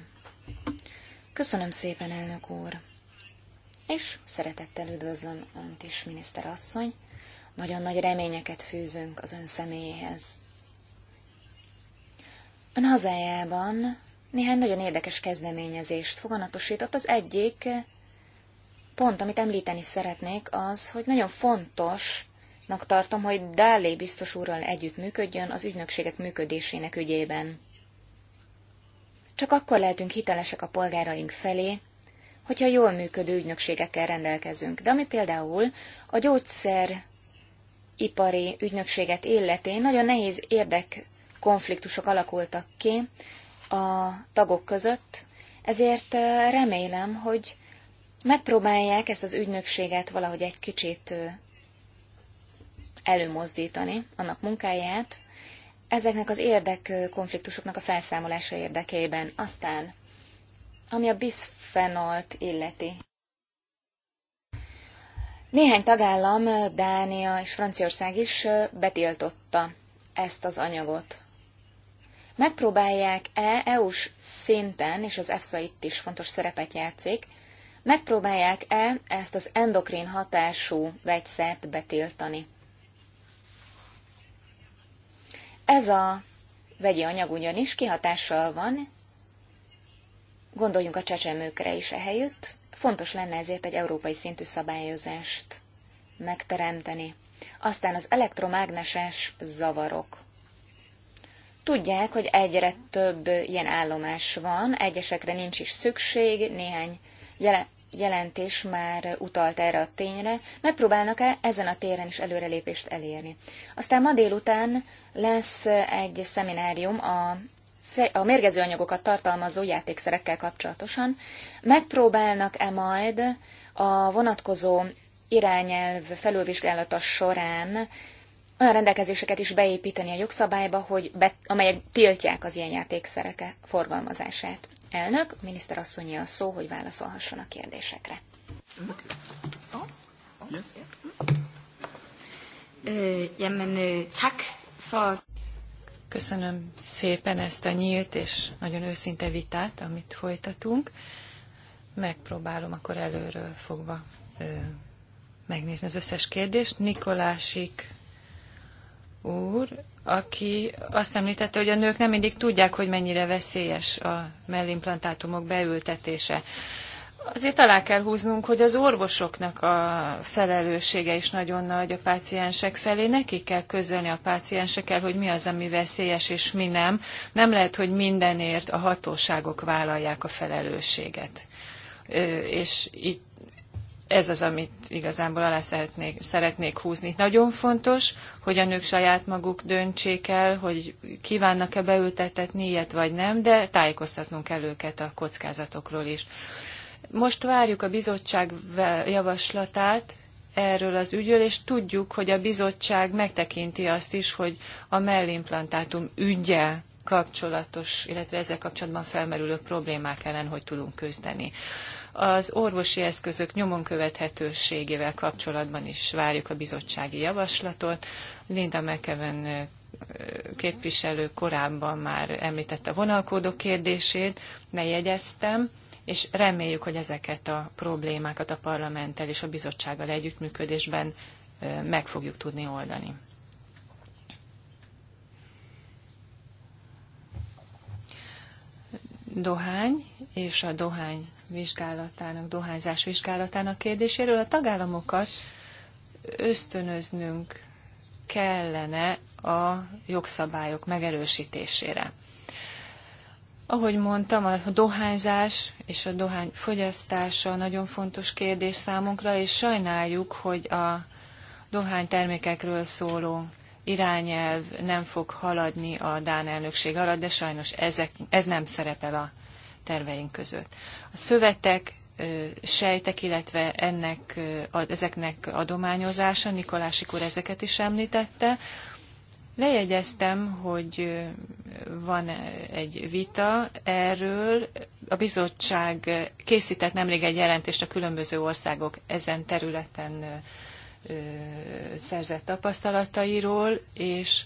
Köszönöm szépen, elnök úr! És szeretettel üdvözlöm Önt is, miniszter asszony. Nagyon nagy reményeket fűzünk az Ön személyéhez. Ön hazájában néhány nagyon érdekes kezdeményezést foganatosított. Az egyik pont, amit említeni szeretnék, az, hogy nagyon fontosnak tartom, hogy Dálé biztos úrral együtt működjön az ügynökségek működésének ügyében. Csak akkor lehetünk hitelesek a polgáraink felé, hogyha jól működő ügynökségekkel rendelkezünk. De ami például a ipari ügynökséget illetén nagyon nehéz érdekkonfliktusok alakultak ki a tagok között, ezért remélem, hogy megpróbálják ezt az ügynökséget valahogy egy kicsit előmozdítani, annak munkáját, ezeknek az érdekkonfliktusoknak a felszámolása érdekében. Aztán, ami a bisfenolt illeti. Néhány tagállam, Dánia és Franciaország is betiltotta ezt az anyagot. Megpróbálják-e EU-s szinten, és az EFSA itt is fontos szerepet játszik, megpróbálják-e ezt az endokrin hatású vegyszert betiltani? Ez a vegyi anyag ugyanis kihatással van, gondoljunk a csecsemőkre is ehelyütt, fontos lenne ezért egy európai szintű szabályozást megteremteni. Aztán az elektromágneses zavarok. Tudják, hogy egyre több ilyen állomás van, egyesekre nincs is szükség, néhány jelen, jelentés már utalt erre a tényre, megpróbálnak-e ezen a téren is előrelépést elérni. Aztán ma délután lesz egy szeminárium a a mérgező anyagokat tartalmazó játékszerekkel kapcsolatosan. Megpróbálnak-e majd a vonatkozó irányelv felülvizsgálata során olyan rendelkezéseket is beépíteni a jogszabályba, hogy be, amelyek tiltják az ilyen játékszerek forgalmazását. Elnök, a miniszter asszonyi a szó, hogy válaszolhasson a kérdésekre. Eh, eh, Köszönöm szépen ezt a nyílt és nagyon őszinte vitát, amit folytatunk. Megpróbálom akkor előről fogva eh, megnézni az összes kérdést. Nikolásik úr aki azt említette, hogy a nők nem mindig tudják, hogy mennyire veszélyes a mellimplantátumok beültetése. Azért alá kell húznunk, hogy az orvosoknak a felelőssége is nagyon nagy a páciensek felé. Nekik kell közölni a páciensekkel, hogy mi az, ami veszélyes és mi nem. Nem lehet, hogy mindenért a hatóságok vállalják a felelősséget. És itt ez az, amit igazából alá szeretnék, szeretnék húzni. Nagyon fontos, hogy a nők saját maguk döntsék el, hogy kívánnak-e beültetetni ilyet vagy nem, de tájékoztatnunk kell őket a kockázatokról is. Most várjuk a bizottság javaslatát erről az ügyről, és tudjuk, hogy a bizottság megtekinti azt is, hogy a mellimplantátum ügye kapcsolatos, illetve ezzel kapcsolatban felmerülő problémák ellen hogy tudunk küzdeni. Az orvosi eszközök nyomon követhetőségével kapcsolatban is várjuk a bizottsági javaslatot. Linda McEwen képviselő korábban már említette a vonalkódó kérdését, ne jegyeztem, és reméljük, hogy ezeket a problémákat a parlamenttel és a bizottsággal együttműködésben meg fogjuk tudni oldani. Dohány és a dohány vizsgálatának, dohányzás vizsgálatának kérdéséről. A tagállamokat ösztönöznünk kellene a jogszabályok megerősítésére. Ahogy mondtam, a dohányzás és a dohány fogyasztása nagyon fontos kérdés számunkra, és sajnáljuk, hogy a dohánytermékekről szóló irányelv nem fog haladni a Dán elnökség alatt, de sajnos ezek, ez nem szerepel a terveink között. A szövetek, sejtek, illetve ennek, ezeknek adományozása, Nikolásik úr ezeket is említette. Lejegyeztem, hogy van egy vita erről. A bizottság készített nemrég egy jelentést a különböző országok ezen területen szerzett tapasztalatairól, és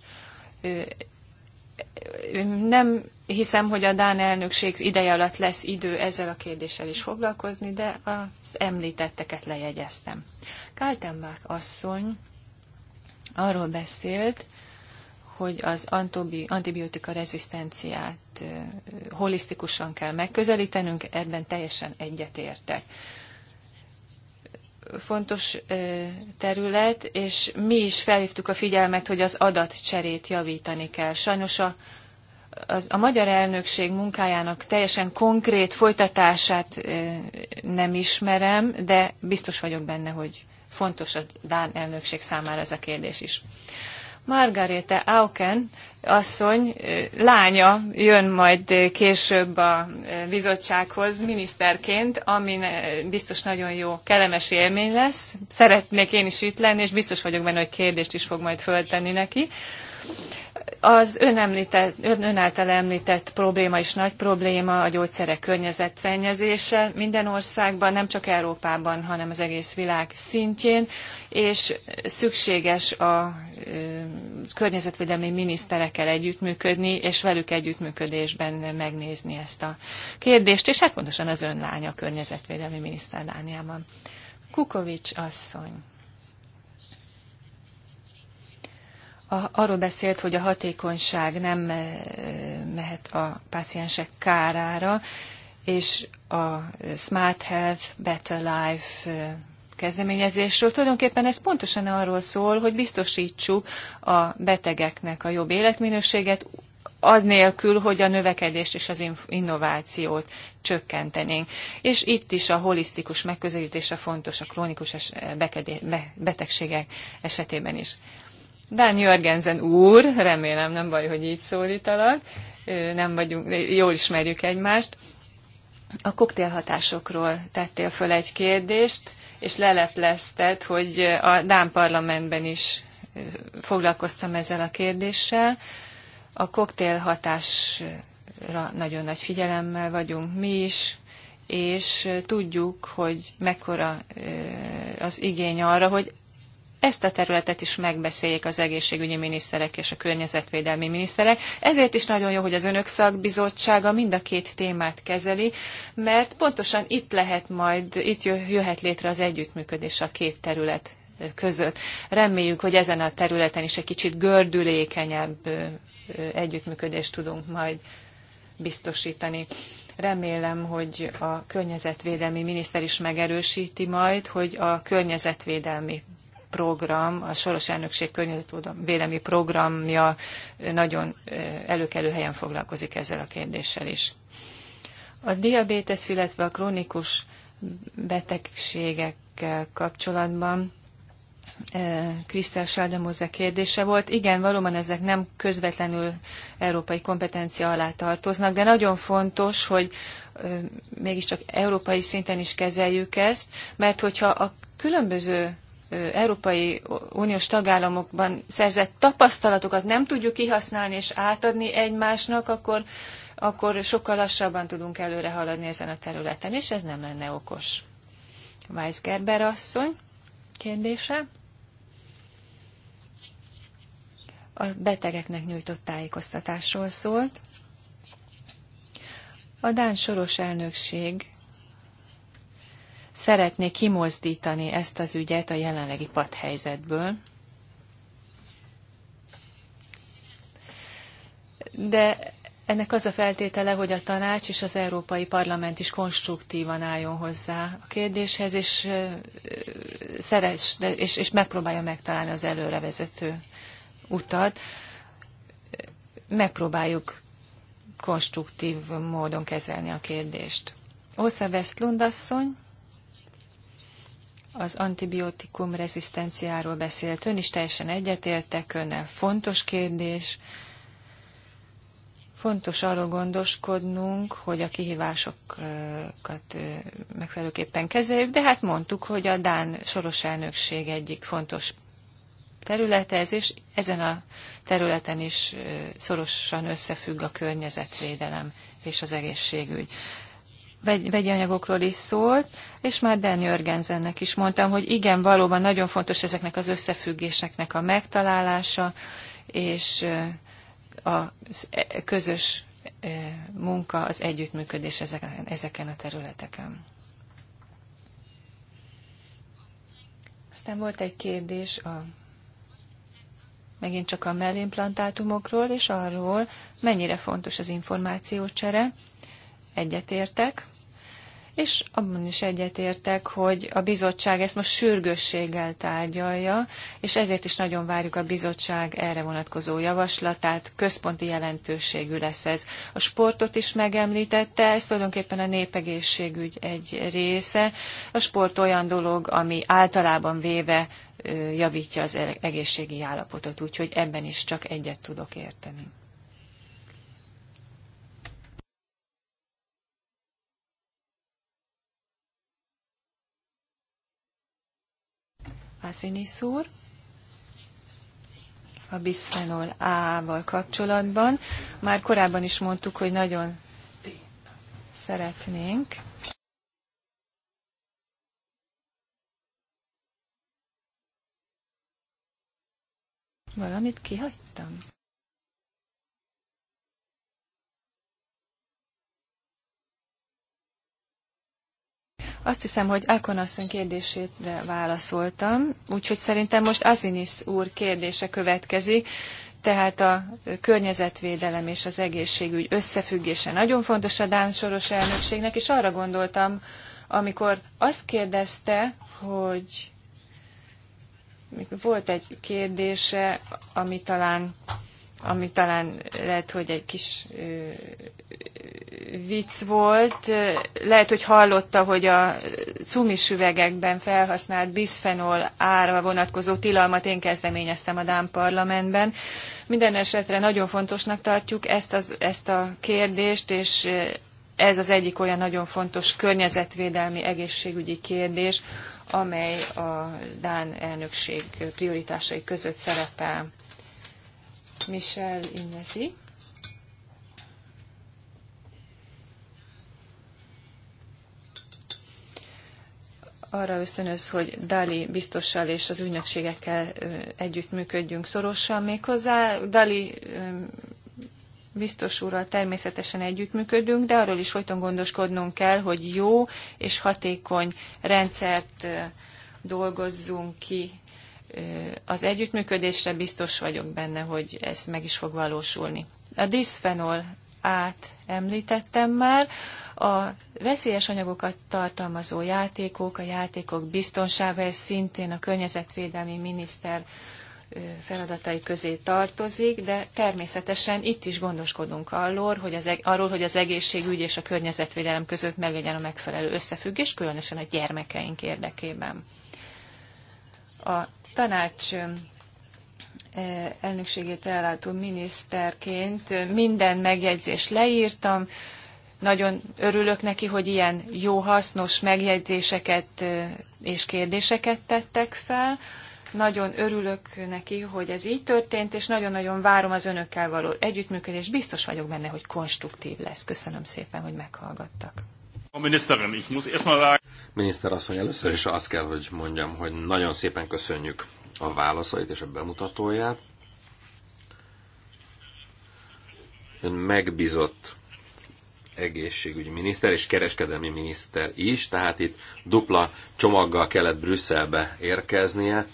nem hiszem, hogy a Dán elnökség ideje alatt lesz idő ezzel a kérdéssel is foglalkozni, de az említetteket lejegyeztem. Kaltenbach asszony arról beszélt, hogy az antibiotika rezisztenciát holisztikusan kell megközelítenünk, ebben teljesen egyetértek fontos terület, és mi is felhívtuk a figyelmet, hogy az adatcserét javítani kell. Sajnos a, az, a magyar elnökség munkájának teljesen konkrét folytatását nem ismerem, de biztos vagyok benne, hogy fontos a Dán elnökség számára ez a kérdés is. Margarete Auken asszony lánya jön majd később a bizottsághoz miniszterként, ami biztos nagyon jó, kellemes élmény lesz. Szeretnék én is itt lenni, és biztos vagyok benne, hogy kérdést is fog majd föltenni neki. Az ön, említett, ön, ön által említett probléma is nagy probléma, a gyógyszerek környezetszennyezése minden országban, nem csak Európában, hanem az egész világ szintjén, és szükséges a környezetvédelmi miniszterekkel együttműködni, és velük együttműködésben megnézni ezt a kérdést, és hát pontosan az ön lánya a környezetvédelmi miniszter lányában. Kukovics asszony. a, arról beszélt, hogy a hatékonyság nem mehet a páciensek kárára, és a Smart Health, Better Life kezdeményezésről. Tulajdonképpen ez pontosan arról szól, hogy biztosítsuk a betegeknek a jobb életminőséget, az nélkül, hogy a növekedést és az innovációt csökkentenénk. És itt is a holisztikus megközelítése fontos a krónikus betegségek esetében is. Dán Jörgensen úr, remélem nem baj, hogy így szólítalak, nem vagyunk, jól ismerjük egymást. A koktélhatásokról tettél föl egy kérdést, és leleplezted, hogy a Dán parlamentben is foglalkoztam ezzel a kérdéssel. A koktélhatásra nagyon nagy figyelemmel vagyunk mi is, és tudjuk, hogy mekkora az igény arra, hogy ezt a területet is megbeszéljék az egészségügyi miniszterek és a környezetvédelmi miniszterek. Ezért is nagyon jó, hogy az önök szakbizottsága mind a két témát kezeli, mert pontosan itt lehet majd, itt jöhet létre az együttműködés a két terület között. Reméljük, hogy ezen a területen is egy kicsit gördülékenyebb együttműködést tudunk majd biztosítani. Remélem, hogy a környezetvédelmi miniszter is megerősíti majd, hogy a környezetvédelmi program, a Soros Elnökség környezetvédelmi programja nagyon előkelő helyen foglalkozik ezzel a kérdéssel is. A diabétesz, illetve a krónikus betegségekkel kapcsolatban Krisztel Saldamoze kérdése volt. Igen, valóban ezek nem közvetlenül európai kompetencia alá tartoznak, de nagyon fontos, hogy mégiscsak európai szinten is kezeljük ezt, mert hogyha a különböző Európai Uniós tagállamokban szerzett tapasztalatokat nem tudjuk kihasználni és átadni egymásnak, akkor, akkor sokkal lassabban tudunk előre haladni ezen a területen, és ez nem lenne okos. Weisgerber asszony kérdése. A betegeknek nyújtott tájékoztatásról szólt. A Dán soros elnökség szeretné kimozdítani ezt az ügyet a jelenlegi padhelyzetből. De ennek az a feltétele, hogy a tanács és az Európai Parlament is konstruktívan álljon hozzá a kérdéshez, és, szeres, és, és megpróbálja megtalálni az előrevezető utat. Megpróbáljuk konstruktív módon kezelni a kérdést. Ósza Westlund asszony az antibiotikum rezisztenciáról beszélt. Ön is teljesen egyetértek, önnel fontos kérdés. Fontos arról gondoskodnunk, hogy a kihívásokat megfelelőképpen kezeljük, de hát mondtuk, hogy a Dán soros elnökség egyik fontos területe ez, és ezen a területen is szorosan összefügg a környezetvédelem és az egészségügy vegyi anyagokról is szólt, és már Dan Jörgenzennek is mondtam, hogy igen, valóban nagyon fontos ezeknek az összefüggéseknek a megtalálása, és a e, közös munka, az együttműködés ezeken, ezeken a területeken. Aztán volt egy kérdés a, megint csak a mellimplantátumokról, és arról, mennyire fontos az információcsere. Egyetértek és abban is egyetértek, hogy a bizottság ezt most sürgősséggel tárgyalja, és ezért is nagyon várjuk a bizottság erre vonatkozó javaslatát, központi jelentőségű lesz ez. A sportot is megemlítette, ez tulajdonképpen a népegészségügy egy része. A sport olyan dolog, ami általában véve javítja az egészségi állapotot, úgyhogy ebben is csak egyet tudok érteni. Vázinisz a bisphenol A-val kapcsolatban. Már korábban is mondtuk, hogy nagyon szeretnénk. Valamit kihagytam? Azt hiszem, hogy Akon asszony kérdésére válaszoltam, úgyhogy szerintem most Azinis úr kérdése következik. Tehát a környezetvédelem és az egészségügy összefüggése nagyon fontos a Dán soros elnökségnek, és arra gondoltam, amikor azt kérdezte, hogy volt egy kérdése, ami talán ami talán lehet, hogy egy kis ö, vicc volt. Lehet, hogy hallotta, hogy a cumis üvegekben felhasznált biszfenol ára vonatkozó tilalmat én kezdeményeztem a Dán parlamentben. Minden esetre nagyon fontosnak tartjuk ezt, az, ezt a kérdést, és ez az egyik olyan nagyon fontos környezetvédelmi egészségügyi kérdés, amely a Dán elnökség prioritásai között szerepel. Michel Innesi. arra ösztönöz, hogy Dali biztossal és az ügynökségekkel együttműködjünk szorosan méghozzá. Dali biztos úrral természetesen együttműködünk, de arról is folyton gondoskodnunk kell, hogy jó és hatékony rendszert dolgozzunk ki az együttműködésre biztos vagyok benne, hogy ez meg is fog valósulni. A diszfenol át említettem már. A veszélyes anyagokat tartalmazó játékok, a játékok biztonsága, ez szintén a környezetvédelmi miniszter feladatai közé tartozik, de természetesen itt is gondoskodunk arról, hogy az, arról, hogy az egészségügy és a környezetvédelem között meglegyen a megfelelő összefüggés, különösen a gyermekeink érdekében. A tanács elnökségét ellátó miniszterként minden megjegyzést leírtam. Nagyon örülök neki, hogy ilyen jó, hasznos megjegyzéseket és kérdéseket tettek fel. Nagyon örülök neki, hogy ez így történt, és nagyon-nagyon várom az önökkel való együttműködést. Biztos vagyok benne, hogy konstruktív lesz. Köszönöm szépen, hogy meghallgattak. A miniszterin, ich muss erstmal sagen... Miniszter asszony, először is azt kell, hogy mondjam, hogy nagyon szépen köszönjük a válaszait és a bemutatóját. Ön megbízott egészségügyi miniszter és kereskedelmi miniszter is, tehát itt dupla csomaggal kellett Brüsszelbe érkeznie.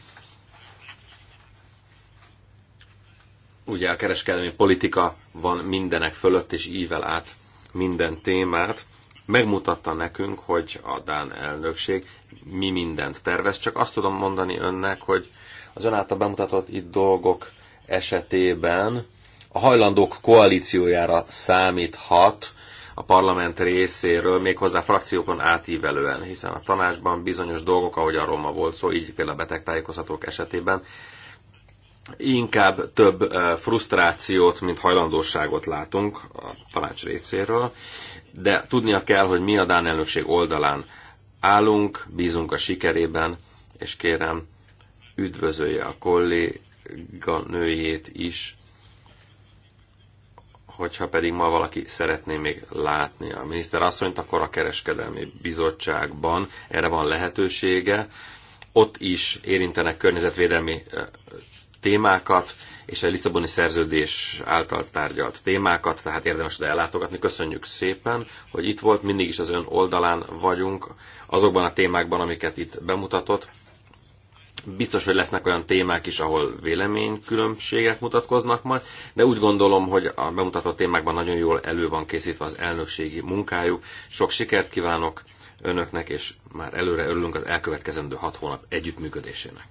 Ugye a kereskedelmi politika van mindenek fölött, és ível át minden témát megmutatta nekünk, hogy a Dán elnökség mi mindent tervez. Csak azt tudom mondani önnek, hogy az ön által bemutatott itt dolgok esetében a hajlandók koalíciójára számíthat a parlament részéről, méghozzá frakciókon átívelően, hiszen a tanácsban bizonyos dolgok, ahogy arról ma volt szó, így például a betegtájékozhatók esetében, inkább több eh, frusztrációt, mint hajlandóságot látunk a tanács részéről, de tudnia kell, hogy mi a Dán elnökség oldalán állunk, bízunk a sikerében, és kérem, üdvözölje a nőjét is, hogyha pedig ma valaki szeretné még látni a miniszter asszonyt, akkor a kereskedelmi bizottságban erre van lehetősége. Ott is érintenek környezetvédelmi eh, témákat, és a Lisszaboni szerződés által tárgyalt témákat, tehát érdemes ide ellátogatni. Köszönjük szépen, hogy itt volt, mindig is az ön oldalán vagyunk, azokban a témákban, amiket itt bemutatott. Biztos, hogy lesznek olyan témák is, ahol véleménykülönbségek mutatkoznak majd, de úgy gondolom, hogy a bemutatott témákban nagyon jól elő van készítve az elnökségi munkájuk. Sok sikert kívánok önöknek, és már előre örülünk az elkövetkezendő hat hónap együttműködésének.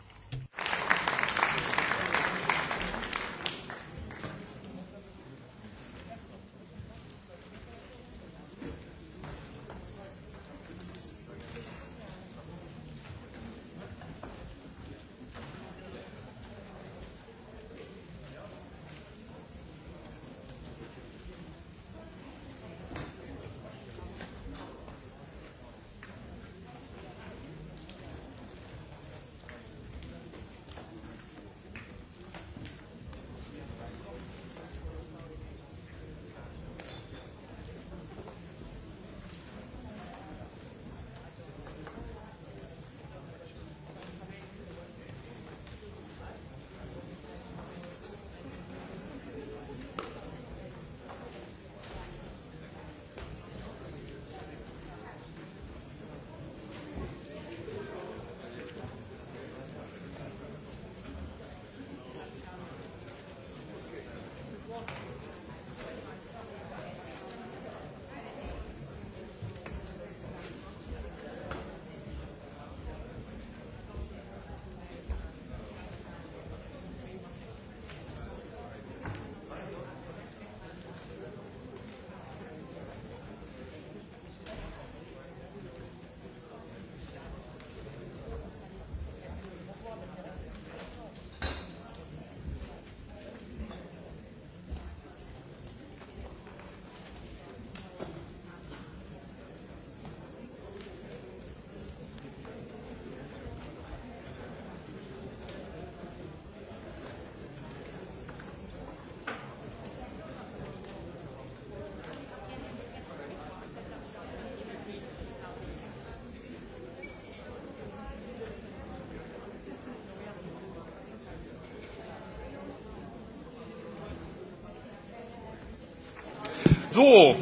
So,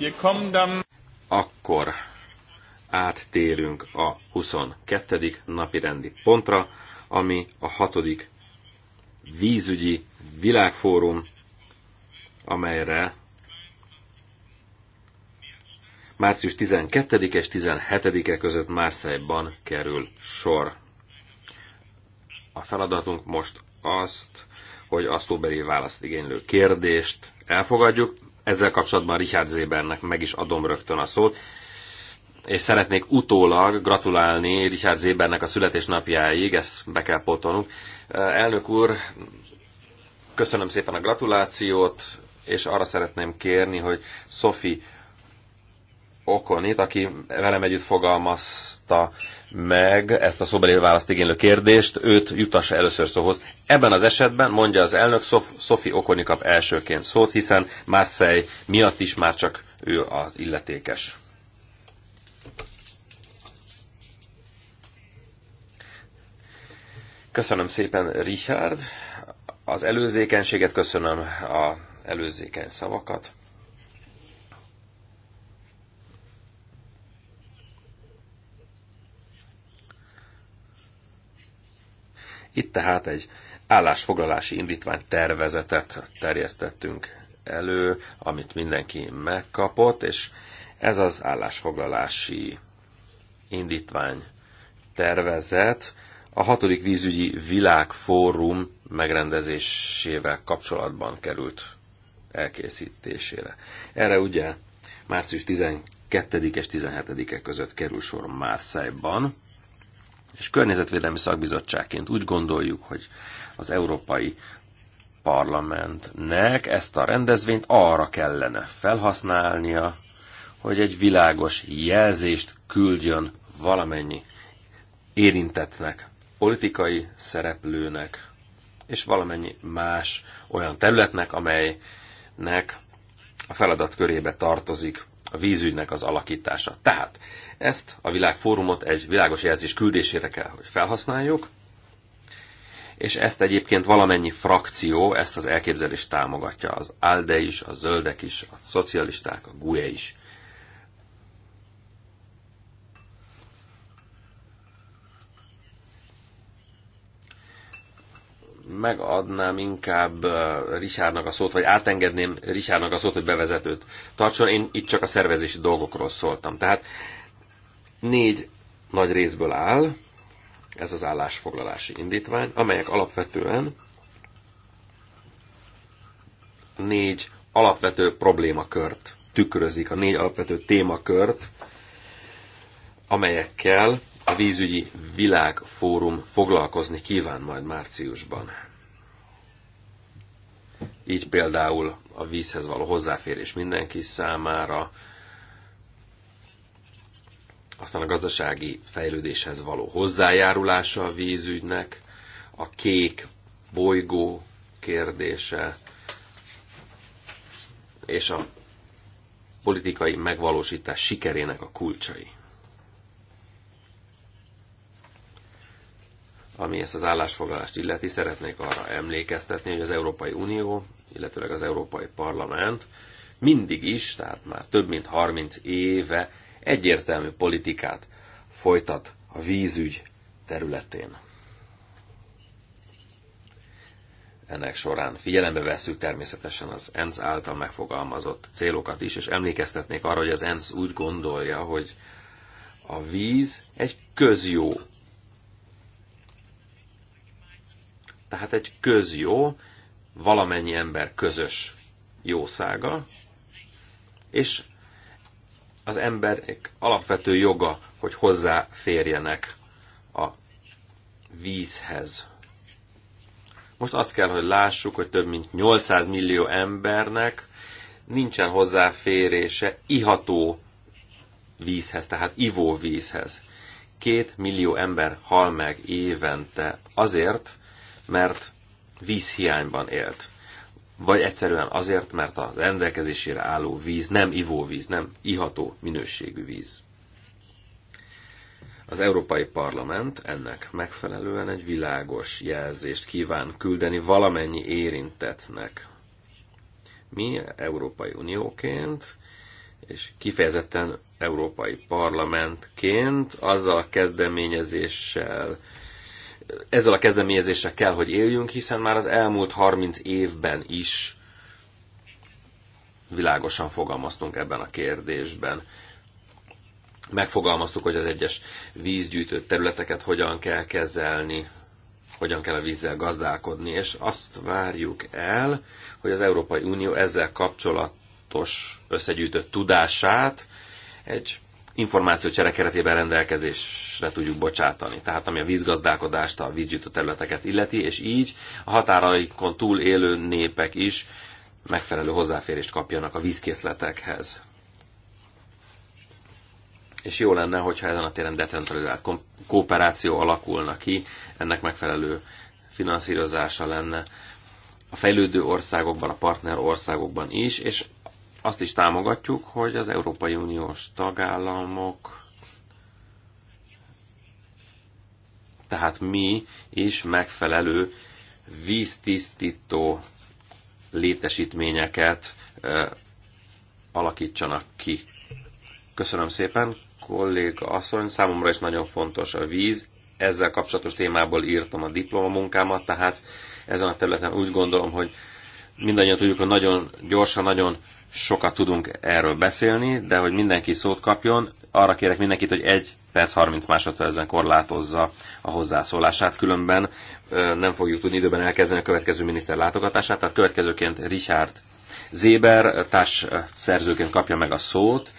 wir kommen dann... Akkor áttérünk a 22. napi rendi pontra, ami a hatodik vízügyi világfórum, amelyre március 12 és 17-e között Márszájban kerül sor. A feladatunk most azt, hogy a szóbeli választ igénylő kérdést elfogadjuk, ezzel kapcsolatban Richard Zébernek meg is adom rögtön a szót, és szeretnék utólag gratulálni Richard Zébernek a születésnapjáig, ezt be kell pótolnunk. Eh, elnök úr, köszönöm szépen a gratulációt, és arra szeretném kérni, hogy Sophie Okonit, aki velem együtt fogalmazta meg ezt a szóbeli választ igénylő kérdést, őt jutassa először szóhoz. Ebben az esetben, mondja az elnök, Szofi Okoni kap elsőként szót, hiszen Marseille miatt is már csak ő az illetékes. Köszönöm szépen, Richard. Az előzékenységet köszönöm, a előzékeny szavakat. Itt tehát egy állásfoglalási indítvány tervezetet terjesztettünk elő, amit mindenki megkapott, és ez az állásfoglalási indítvány tervezet a hatodik vízügyi világfórum megrendezésével kapcsolatban került elkészítésére. Erre ugye március 12 és 17-e között kerül sor Márszájban. És környezetvédelmi szakbizottságként úgy gondoljuk, hogy az Európai Parlamentnek ezt a rendezvényt arra kellene felhasználnia, hogy egy világos jelzést küldjön valamennyi érintetnek, politikai szereplőnek, és valamennyi más olyan területnek, amelynek a feladat körébe tartozik a vízügynek az alakítása. Tehát ezt a világfórumot egy világos jelzés küldésére kell, hogy felhasználjuk, és ezt egyébként valamennyi frakció, ezt az elképzelést támogatja, az ALDE is, a Zöldek is, a Szocialisták, a GUE is. megadnám inkább uh, Richardnak a szót, vagy átengedném Richardnak a szót, hogy bevezetőt tartson. Én itt csak a szervezési dolgokról szóltam. Tehát négy nagy részből áll ez az állásfoglalási indítvány, amelyek alapvetően négy alapvető problémakört tükrözik, a négy alapvető témakört, amelyekkel a vízügyi világfórum foglalkozni kíván majd márciusban. Így például a vízhez való hozzáférés mindenki számára, aztán a gazdasági fejlődéshez való hozzájárulása a vízügynek, a kék bolygó kérdése, és a politikai megvalósítás sikerének a kulcsai. ami ezt az állásfoglalást illeti, szeretnék arra emlékeztetni, hogy az Európai Unió, illetőleg az Európai Parlament mindig is, tehát már több mint 30 éve egyértelmű politikát folytat a vízügy területén. Ennek során figyelembe veszük természetesen az ENSZ által megfogalmazott célokat is, és emlékeztetnék arra, hogy az ENSZ úgy gondolja, hogy a víz egy közjó Tehát egy közjó, valamennyi ember közös jószága, és az emberek alapvető joga, hogy hozzáférjenek a vízhez. Most azt kell, hogy lássuk, hogy több mint 800 millió embernek nincsen hozzáférése iható vízhez, tehát ivóvízhez. Két millió ember hal meg évente azért, mert vízhiányban élt. Vagy egyszerűen azért, mert a rendelkezésére álló víz nem ivóvíz, nem iható minőségű víz. Az Európai Parlament ennek megfelelően egy világos jelzést kíván küldeni valamennyi érintetnek. Mi Európai Unióként és kifejezetten Európai Parlamentként azzal a kezdeményezéssel ezzel a kezdeményezéssel kell, hogy éljünk, hiszen már az elmúlt 30 évben is világosan fogalmaztunk ebben a kérdésben. Megfogalmaztuk, hogy az egyes vízgyűjtő területeket hogyan kell kezelni, hogyan kell a vízzel gazdálkodni, és azt várjuk el, hogy az Európai Unió ezzel kapcsolatos összegyűjtött tudását egy információcsere keretében rendelkezésre tudjuk bocsátani. Tehát ami a vízgazdálkodást, a vízgyűjtő területeket illeti, és így a határaikon túl élő népek is megfelelő hozzáférést kapjanak a vízkészletekhez. És jó lenne, hogyha ezen a téren decentralizált kooperáció alakulna ki, ennek megfelelő finanszírozása lenne a fejlődő országokban, a partner országokban is, és azt is támogatjuk, hogy az Európai Uniós tagállamok, tehát mi is megfelelő víztisztító létesítményeket alakítsanak ki. Köszönöm szépen, kolléga asszony, számomra is nagyon fontos a víz, ezzel kapcsolatos témából írtam a diplomamunkámat, tehát ezen a területen úgy gondolom, hogy mindannyian tudjuk, hogy nagyon gyorsan, nagyon sokat tudunk erről beszélni, de hogy mindenki szót kapjon, arra kérek mindenkit, hogy egy perc 30 másodpercben korlátozza a hozzászólását, különben nem fogjuk tudni időben elkezdeni a következő miniszter látogatását, tehát következőként Richard Zéber társ szerzőként kapja meg a szót.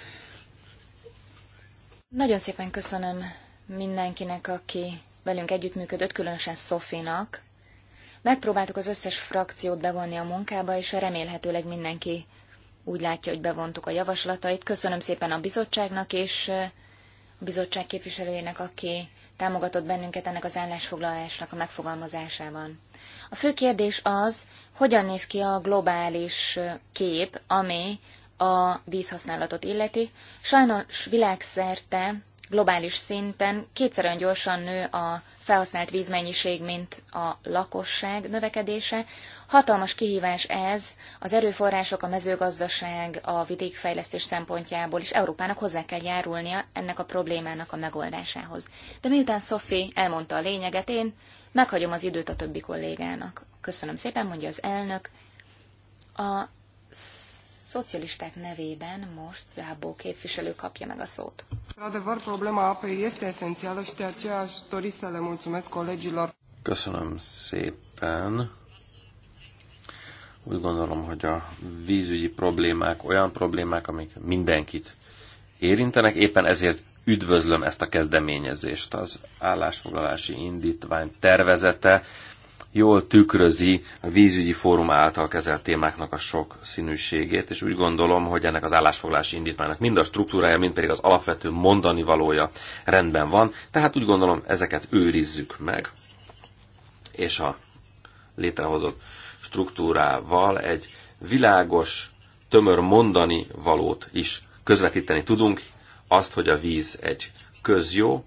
Nagyon szépen köszönöm mindenkinek, aki velünk együttműködött, különösen Szofinak. Megpróbáltuk az összes frakciót bevonni a munkába, és remélhetőleg mindenki úgy látja, hogy bevontuk a javaslatait. Köszönöm szépen a bizottságnak és a bizottság képviselőjének, aki támogatott bennünket ennek az állásfoglalásnak a megfogalmazásában. A fő kérdés az, hogyan néz ki a globális kép, ami a vízhasználatot illeti. Sajnos világszerte globális szinten kétszer olyan gyorsan nő a felhasznált vízmennyiség, mint a lakosság növekedése. Hatalmas kihívás ez, az erőforrások, a mezőgazdaság, a vidékfejlesztés szempontjából is Európának hozzá kell járulnia ennek a problémának a megoldásához. De miután Sophie elmondta a lényeget, én meghagyom az időt a többi kollégának. Köszönöm szépen, mondja az elnök. A szocialisták nevében most Zábó képviselő kapja meg a szót. Într-adevăr, problema apei este esențială și de aceea aș dori să le mulțumesc colegilor. Köszönöm szépen. Úgy gondolom, hogy a vízügyi problémák olyan problémák, amik mindenkit érintenek, éppen ezért üdvözlöm ezt a kezdeményezést. Az állásfoglalási indítvány tervezete jól tükrözi a vízügyi fórum által kezelt témáknak a sok színűségét, és úgy gondolom, hogy ennek az állásfoglalási indítványnak mind a struktúrája, mind pedig az alapvető mondani valója rendben van, tehát úgy gondolom, ezeket őrizzük meg, és a létrehozott struktúrával egy világos, tömör mondani valót is közvetíteni tudunk, azt, hogy a víz egy közjó,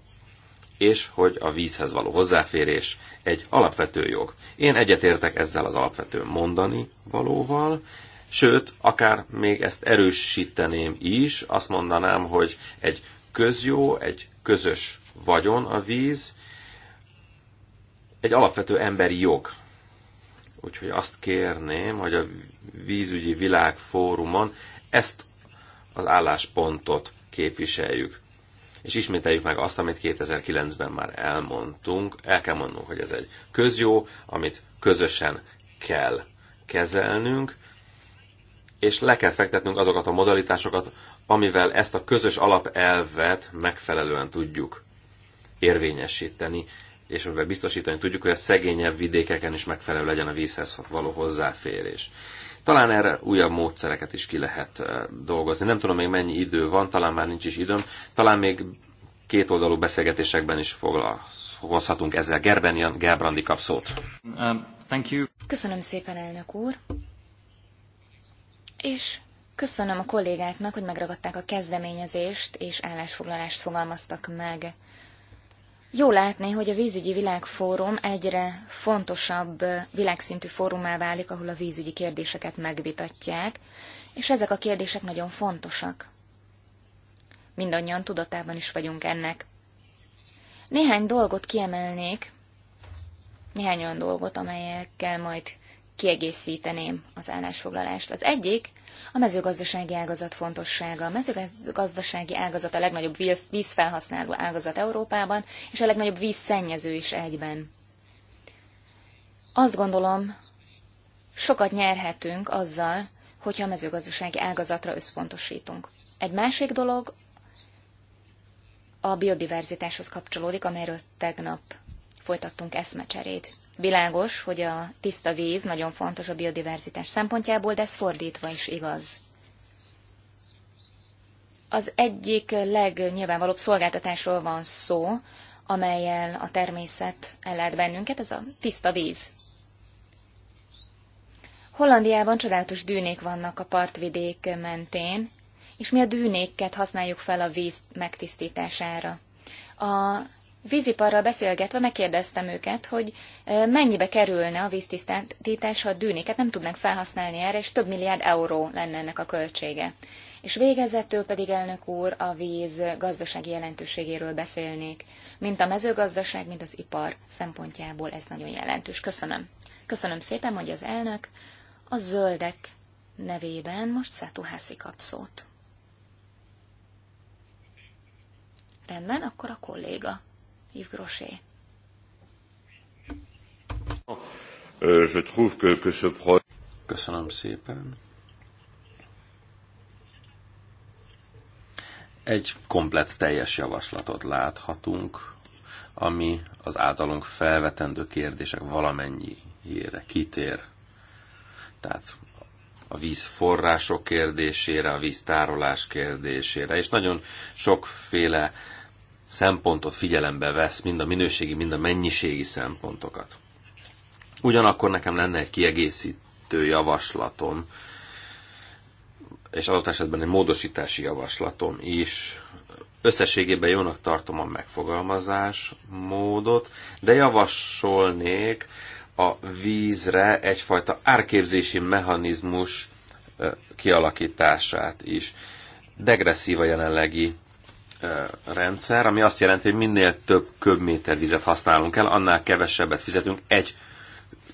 és hogy a vízhez való hozzáférés egy alapvető jog. Én egyetértek ezzel az alapvető mondani valóval, sőt, akár még ezt erősíteném is, azt mondanám, hogy egy közjó, egy közös vagyon a víz, egy alapvető emberi jog. Úgyhogy azt kérném, hogy a vízügyi világfórumon ezt az álláspontot képviseljük és ismételjük meg azt, amit 2009-ben már elmondtunk. El kell mondnunk, hogy ez egy közjó, amit közösen kell kezelnünk, és le kell fektetnünk azokat a modalitásokat, amivel ezt a közös alapelvet megfelelően tudjuk érvényesíteni, és amivel biztosítani tudjuk, hogy a szegényebb vidékeken is megfelelő legyen a vízhez való hozzáférés. Talán erre újabb módszereket is ki lehet dolgozni. Nem tudom még mennyi idő van, talán már nincs is időm, talán még két oldalú beszélgetésekben is foglalkozhatunk ezzel. Gerben Jan Gerbrandi kap szót. Um, thank you. Köszönöm szépen, elnök úr. És köszönöm a kollégáknak, hogy megragadták a kezdeményezést, és állásfoglalást fogalmaztak meg jó látni, hogy a vízügyi világfórum egyre fontosabb világszintű fórumá válik, ahol a vízügyi kérdéseket megvitatják, és ezek a kérdések nagyon fontosak. Mindannyian tudatában is vagyunk ennek. Néhány dolgot kiemelnék, néhány olyan dolgot, amelyekkel majd kiegészíteném az állásfoglalást. Az egyik a mezőgazdasági ágazat fontossága. A mezőgazdasági ágazat a legnagyobb vízfelhasználó ágazat Európában, és a legnagyobb vízszennyező is egyben. Azt gondolom, sokat nyerhetünk azzal, hogyha a mezőgazdasági ágazatra összpontosítunk. Egy másik dolog a biodiverzitáshoz kapcsolódik, amelyről tegnap folytattunk eszmecserét. Világos, hogy a tiszta víz nagyon fontos a biodiverzitás szempontjából, de ez fordítva is igaz. Az egyik legnyilvánvalóbb szolgáltatásról van szó, amelyel a természet ellát bennünket, ez a tiszta víz. Hollandiában csodálatos dűnék vannak a partvidék mentén, és mi a dűnéket használjuk fel a víz megtisztítására. A víziparral beszélgetve megkérdeztem őket, hogy mennyibe kerülne a víztisztítás, ha a dűnéket nem tudnánk felhasználni erre, és több milliárd euró lenne ennek a költsége. És végezetül pedig, elnök úr, a víz gazdasági jelentőségéről beszélnék. Mint a mezőgazdaság, mint az ipar szempontjából ez nagyon jelentős. Köszönöm. Köszönöm szépen, mondja az elnök a zöldek nevében most Szátú Hászi kap szót. Rendben, akkor a kolléga. Yves Grosé. Köszönöm szépen. Egy komplet teljes javaslatot láthatunk, ami az általunk felvetendő kérdések valamennyiére kitér. Tehát a víz források kérdésére, a víztárolás kérdésére, és nagyon sokféle szempontot figyelembe vesz, mind a minőségi, mind a mennyiségi szempontokat. Ugyanakkor nekem lenne egy kiegészítő javaslatom, és adott esetben egy módosítási javaslatom is. Összességében jónak tartom a megfogalmazás módot, de javasolnék a vízre egyfajta árképzési mechanizmus kialakítását is. Degresszív a jelenlegi rendszer, ami azt jelenti, hogy minél több köbméter vizet használunk el, annál kevesebbet fizetünk egy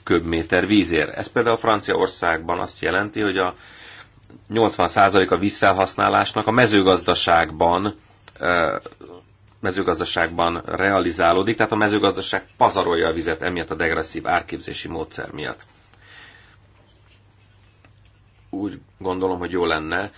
köbméter vízért. Ez például Franciaországban azt jelenti, hogy a 80% a vízfelhasználásnak a mezőgazdaságban mezőgazdaságban realizálódik, tehát a mezőgazdaság pazarolja a vizet emiatt a degresszív árképzési módszer miatt. Úgy gondolom, hogy jó lenne,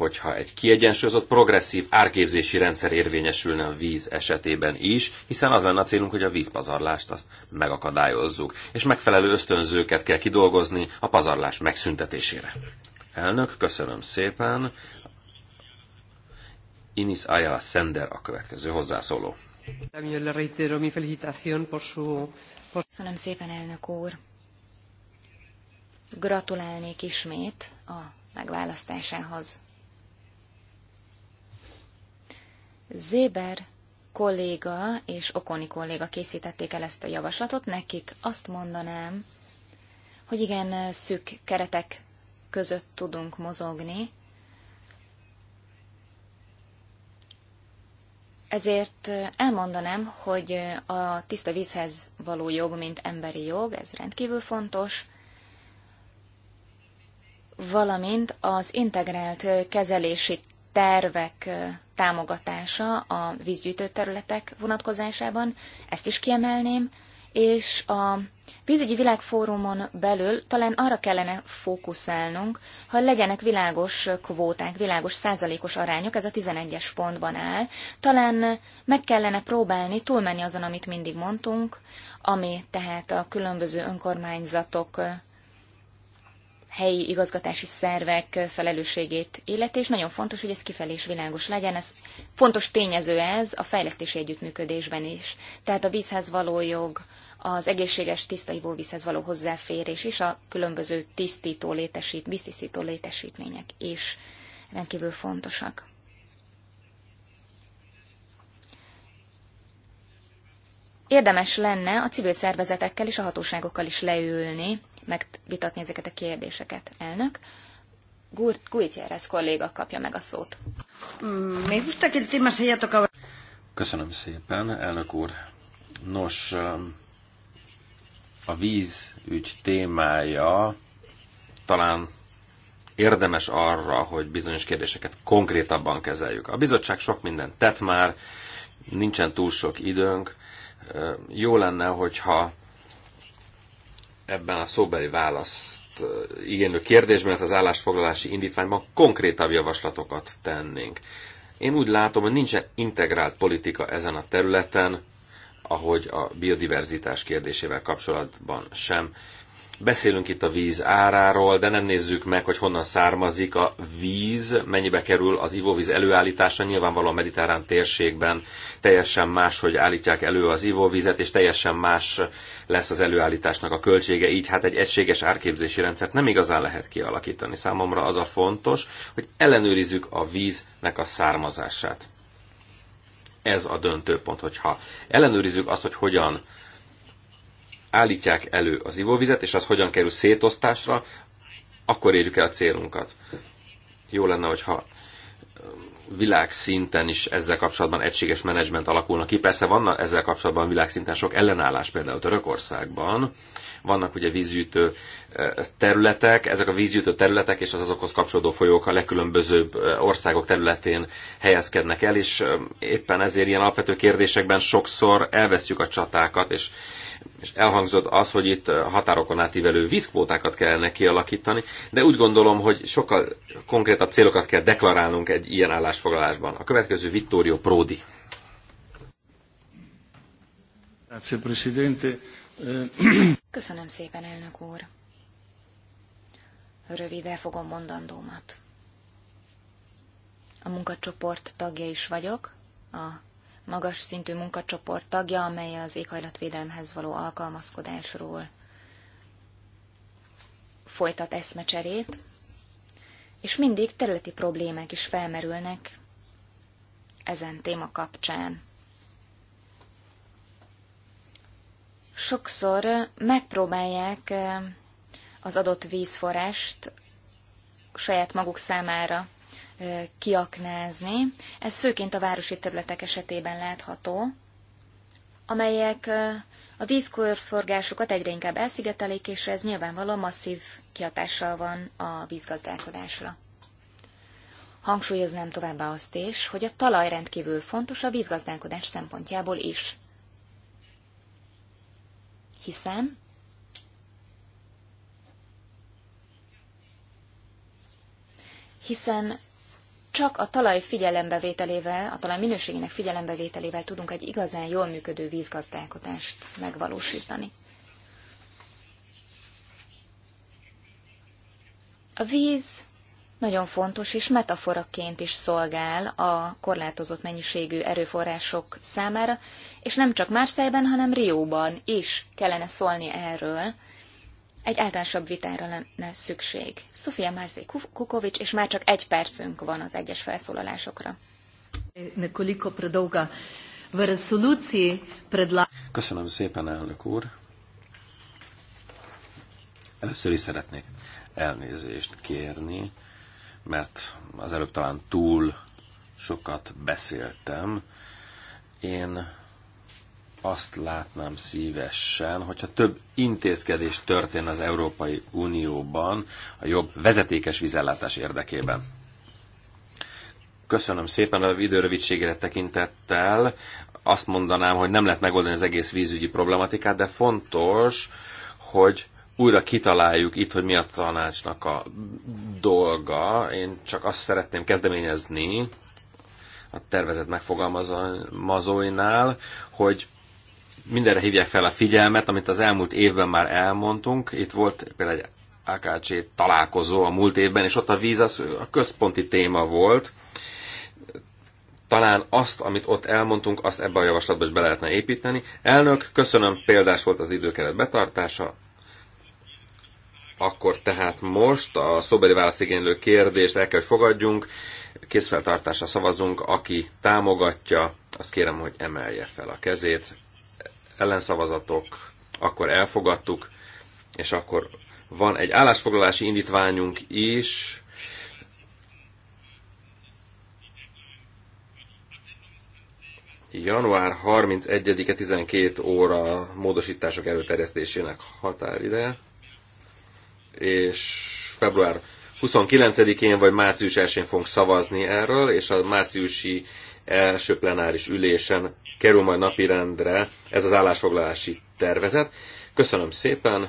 hogyha egy kiegyensúlyozott, progresszív árképzési rendszer érvényesülne a víz esetében is, hiszen az lenne a célunk, hogy a vízpazarlást azt megakadályozzuk, és megfelelő ösztönzőket kell kidolgozni a pazarlás megszüntetésére. Elnök, köszönöm szépen. Inis Ayala Sender a következő hozzászóló. Köszönöm szépen, elnök úr. Gratulálnék ismét a megválasztásához. Zéber kolléga és Okoni kolléga készítették el ezt a javaslatot, nekik azt mondanám, hogy igen, szűk keretek között tudunk mozogni, Ezért elmondanám, hogy a tiszta vízhez való jog, mint emberi jog, ez rendkívül fontos, valamint az integrált kezelési tervek támogatása a vízgyűjtő területek vonatkozásában, ezt is kiemelném, és a vízügyi világfórumon belül talán arra kellene fókuszálnunk, hogy legyenek világos kvóták, világos százalékos arányok, ez a 11-es pontban áll. Talán meg kellene próbálni túlmenni azon, amit mindig mondtunk, ami tehát a különböző önkormányzatok helyi igazgatási szervek felelősségét illeti, és nagyon fontos, hogy ez kifelé is világos legyen. Ez fontos tényező ez a fejlesztési együttműködésben is. Tehát a vízhez való jog, az egészséges tiszta ivóvízhez való hozzáférés és a különböző tisztító létesít, víztisztító létesítmények is rendkívül fontosak. Érdemes lenne a civil szervezetekkel és a hatóságokkal is leülni, megvitatni ezeket a kérdéseket. Elnök, Gutierrez kolléga kapja meg a szót. Mm, Köszönöm szépen, elnök úr. Nos, um, a vízügy témája talán érdemes arra, hogy bizonyos kérdéseket konkrétabban kezeljük. A bizottság sok mindent tett már, nincsen túl sok időnk. Jó lenne, hogyha ebben a szóbeli választ igénylő kérdésben, az állásfoglalási indítványban konkrétabb javaslatokat tennénk. Én úgy látom, hogy nincsen integrált politika ezen a területen, ahogy a biodiverzitás kérdésével kapcsolatban sem. Beszélünk itt a víz áráról, de nem nézzük meg, hogy honnan származik a víz, mennyibe kerül az ivóvíz előállítása. Nyilvánvalóan a mediterrán térségben teljesen más, hogy állítják elő az ivóvizet, és teljesen más lesz az előállításnak a költsége. Így hát egy egységes árképzési rendszert nem igazán lehet kialakítani. Számomra az a fontos, hogy ellenőrizzük a víznek a származását. Ez a döntőpont, hogyha ellenőrizzük azt, hogy hogyan állítják elő az ivóvizet, és az hogyan kerül szétosztásra, akkor érjük el a célunkat. Jó lenne, hogyha um, világszinten is ezzel kapcsolatban egységes menedzsment alakulna ki. Persze vannak ezzel kapcsolatban világszinten sok ellenállás, például Törökországban. Vannak ugye vízgyűjtő területek, ezek a vízgyűjtő területek és az azokhoz kapcsolódó folyók a legkülönbözőbb országok területén helyezkednek el, és éppen ezért ilyen alapvető kérdésekben sokszor elvesztjük a csatákat, és és elhangzott az, hogy itt határokon átívelő vízkvótákat kellene kialakítani, de úgy gondolom, hogy sokkal konkrétabb célokat kell deklarálnunk egy ilyen állásfoglalásban. A következő Vittorio Prodi. Köszönöm szépen, elnök úr. Rövidre fogom mondandómat. A munkacsoport tagja is vagyok, a magas szintű munkacsoport tagja, amely az éghajlatvédelemhez való alkalmazkodásról folytat eszmecserét, és mindig területi problémák is felmerülnek ezen téma kapcsán. Sokszor megpróbálják eh, az adott vízforrást saját maguk számára kiaknázni. Ez főként a városi területek esetében látható, amelyek a vízkörforgásokat egyre inkább elszigetelik, és ez nyilvánvaló masszív kihatással van a vízgazdálkodásra. Hangsúlyoznám továbbá azt is, hogy a talaj rendkívül fontos a vízgazdálkodás szempontjából is. Hiszen hiszen csak a talaj figyelembevételével, a talaj minőségének figyelembevételével tudunk egy igazán jól működő vízgazdálkodást megvalósítani. A víz nagyon fontos és metaforaként is szolgál a korlátozott mennyiségű erőforrások számára, és nem csak Márszájban, hanem Rióban is kellene szólni erről, egy általánosabb vitára lenne szükség. Sofia Mászé Kukovics, és már csak egy percünk van az egyes felszólalásokra. Köszönöm szépen, elnök úr. Először is szeretnék elnézést kérni, mert az előbb talán túl sokat beszéltem. Én azt látnám szívesen, hogyha több intézkedés történne az Európai Unióban a jobb vezetékes vízellátás érdekében. Köszönöm szépen a időrövidségére tekintettel. Azt mondanám, hogy nem lehet megoldani az egész vízügyi problematikát, de fontos, hogy újra kitaláljuk itt, hogy mi a tanácsnak a dolga. Én csak azt szeretném kezdeményezni a tervezet megfogalmazóinál, hogy mindenre hívják fel a figyelmet, amit az elmúlt évben már elmondtunk. Itt volt például egy AKC találkozó a múlt évben, és ott a víz az a központi téma volt. Talán azt, amit ott elmondtunk, azt ebbe a javaslatba is be lehetne építeni. Elnök, köszönöm, példás volt az időkeret betartása. Akkor tehát most a szóbeli választigénylő kérdést el kell, hogy fogadjunk. Készfeltartásra szavazunk, aki támogatja, azt kérem, hogy emelje fel a kezét ellenszavazatok, akkor elfogadtuk, és akkor van egy állásfoglalási indítványunk is, január 31-e 12 óra módosítások előterjesztésének határide, és február 29-én vagy március 1-én fogunk szavazni erről, és a márciusi első plenáris ülésen kerül majd napirendre ez az állásfoglalási tervezet. Köszönöm szépen,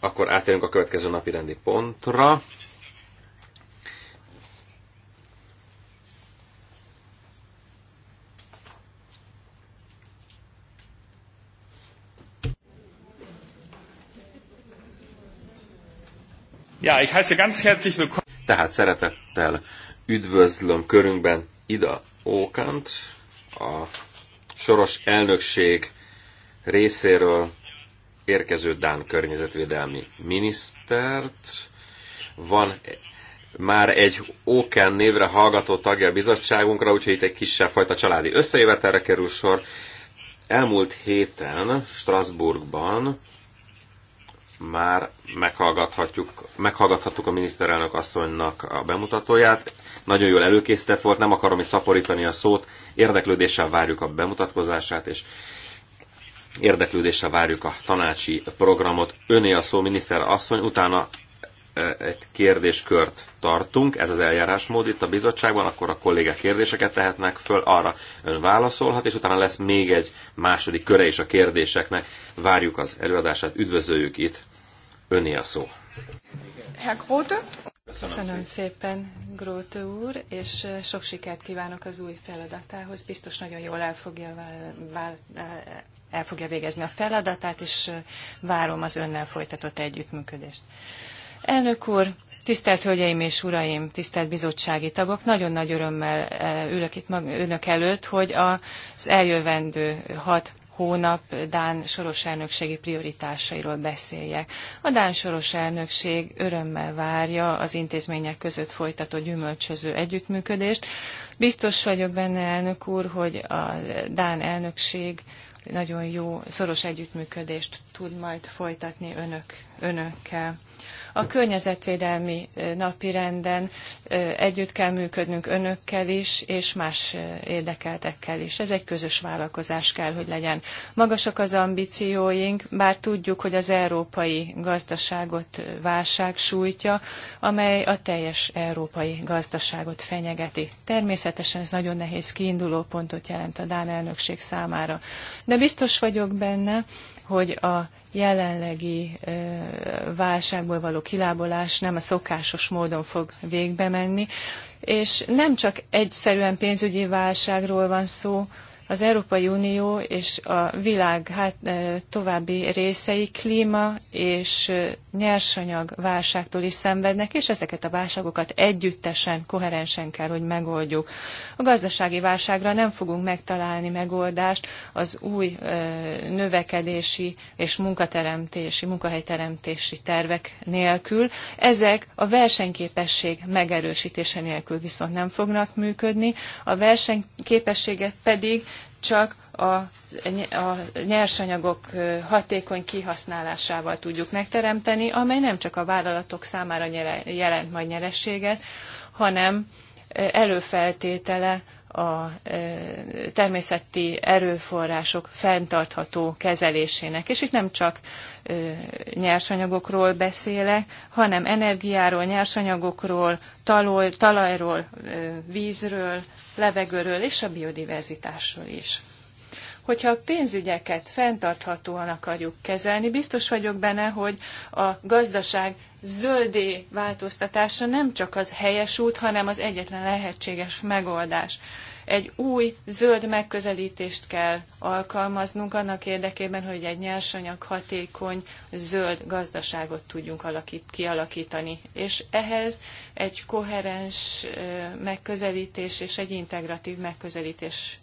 akkor átérünk a következő napirendi pontra. Ja, ich heiße ganz herzlich willkommen. Tehát szeretettel üdvözlöm körünkben Ida Ókant, a soros elnökség részéről érkező Dán környezetvédelmi minisztert. Van már egy Oken névre hallgató tagja a bizottságunkra, úgyhogy itt egy kisebb fajta családi összejövetelre kerül sor. Elmúlt héten Strasbourgban már meghallgathatjuk, meghallgathattuk a miniszterelnök asszonynak a bemutatóját nagyon jól előkészített volt, nem akarom itt szaporítani a szót, érdeklődéssel várjuk a bemutatkozását, és érdeklődéssel várjuk a tanácsi programot. Öné a szó, miniszter asszony, utána e, egy kérdéskört tartunk, ez az eljárásmód itt a bizottságban, akkor a kollégák kérdéseket tehetnek föl, arra ön válaszolhat, és utána lesz még egy második köre is a kérdéseknek. Várjuk az előadását, üdvözöljük itt, öné a szó. Herr Grote. Köszönöm, Köszönöm szépen, Gróte úr, és eh, sok sikert kívánok az új feladatához. Biztos nagyon jól el fogja, vál, vál, eh, el fogja végezni a feladatát, és eh, várom az önnel folytatott együttműködést. Elnök úr, tisztelt Hölgyeim és Uraim, tisztelt bizottsági tagok, nagyon nagy örömmel ülök itt önök előtt, hogy az eljövendő hat hónap Dán soros elnökségi prioritásairól beszéljek. A Dán soros elnökség örömmel várja az intézmények között folytatott gyümölcsöző együttműködést. Biztos vagyok benne, elnök úr, hogy a Dán elnökség nagyon jó, szoros együttműködést tud majd folytatni önök, önökkel. A környezetvédelmi napirenden együtt kell működnünk önökkel is, és más érdekeltekkel is. Ez egy közös vállalkozás kell, hogy legyen. Magasak az ambícióink, bár tudjuk, hogy az európai gazdaságot válság sújtja, amely a teljes európai gazdaságot fenyegeti. Természetesen ez nagyon nehéz kiinduló pontot jelent a Dán elnökség számára. De biztos vagyok benne, hogy a jelenlegi válságból való kilábolás nem a szokásos módon fog végbe menni, és nem csak egyszerűen pénzügyi válságról van szó, az Európai Unió és a világ hát, további részei klíma és nyersanyag válságtól is szenvednek, és ezeket a válságokat együttesen, koherensen kell, hogy megoldjuk. A gazdasági válságra nem fogunk megtalálni megoldást az új növekedési és munkateremtési, munkahelyteremtési tervek nélkül. Ezek a versenyképesség megerősítése nélkül viszont nem fognak működni. A versenyképességet pedig csak a, a nyersanyagok hatékony kihasználásával tudjuk megteremteni, amely nem csak a vállalatok számára jelent majd nyerességet, hanem előfeltétele a természeti erőforrások fenntartható kezelésének. És itt nem csak nyersanyagokról beszélek, hanem energiáról, nyersanyagokról, talajról, vízről, levegőről és a biodiverzitásról is. Hogyha a pénzügyeket fenntarthatóan akarjuk kezelni, biztos vagyok benne, hogy a gazdaság zöldé változtatása nem csak az helyes út, hanem az egyetlen lehetséges megoldás egy új zöld megközelítést kell alkalmaznunk annak érdekében, hogy egy nyersanyag hatékony zöld gazdaságot tudjunk alakít, kialakítani. És ehhez egy koherens megközelítés és egy integratív megközelítés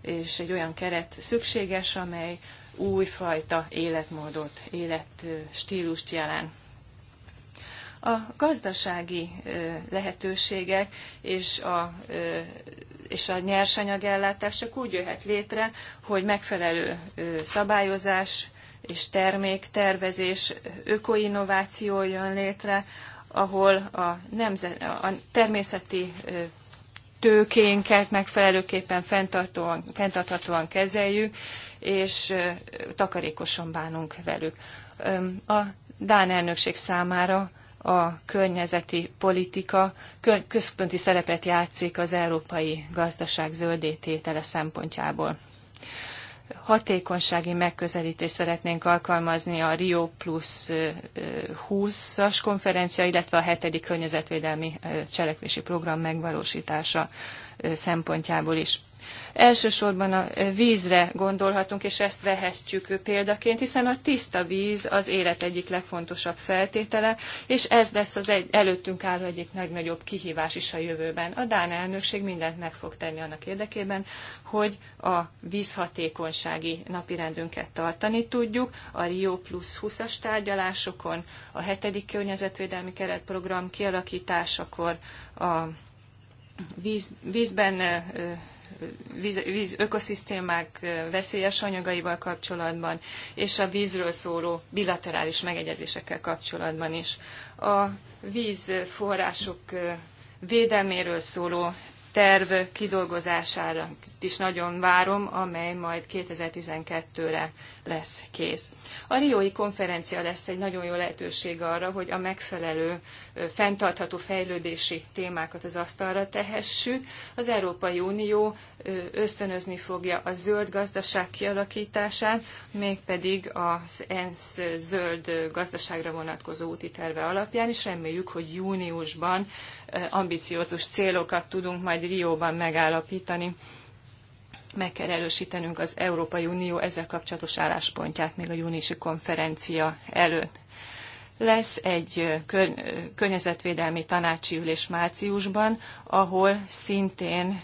és egy olyan keret szükséges, amely újfajta életmódot, életstílust jelent a gazdasági lehetőségek és a, és a nyersanyagellátás csak úgy jöhet létre, hogy megfelelő szabályozás és terméktervezés, ökoinnováció jön létre, ahol a, nemzet, a természeti tőkénket megfelelőképpen fenntartóan, fenntarthatóan kezeljük, és takarékosan bánunk velük. A Dán elnökség számára a környezeti politika központi szerepet játszik az európai gazdaság zöldététele szempontjából. Hatékonysági megközelítést szeretnénk alkalmazni a Rio Plus 20-as konferencia, illetve a hetedik környezetvédelmi cselekvési program megvalósítása szempontjából is. Elsősorban a vízre gondolhatunk, és ezt vehetjük példaként, hiszen a tiszta víz az élet egyik legfontosabb feltétele, és ez lesz az egy, előttünk álló egyik legnagyobb kihívás is a jövőben. A Dán elnökség mindent meg fog tenni annak érdekében, hogy a vízhatékonysági napirendünket tartani tudjuk, a Rio Plus 20-as tárgyalásokon, a hetedik környezetvédelmi keretprogram kialakításakor, a víz, vízben víz, víz ökoszisztémák veszélyes anyagaival kapcsolatban, és a vízről szóló bilaterális megegyezésekkel kapcsolatban is. A vízforrások védelméről szóló terv kidolgozására is nagyon várom, amely majd 2012-re lesz kész. A Riói konferencia lesz egy nagyon jó lehetőség arra, hogy a megfelelő fenntartható fejlődési témákat az asztalra tehessük. Az Európai Unió ösztönözni fogja a zöld gazdaság kialakítását, mégpedig az ENSZ zöld gazdaságra vonatkozó úti terve alapján, és reméljük, hogy júniusban ambiciótus célokat tudunk majd Rióban megállapítani. Meg kell erősítenünk az Európai Unió ezzel kapcsolatos álláspontját még a júniusi konferencia előtt. Lesz egy környezetvédelmi tanácsi ülés márciusban, ahol szintén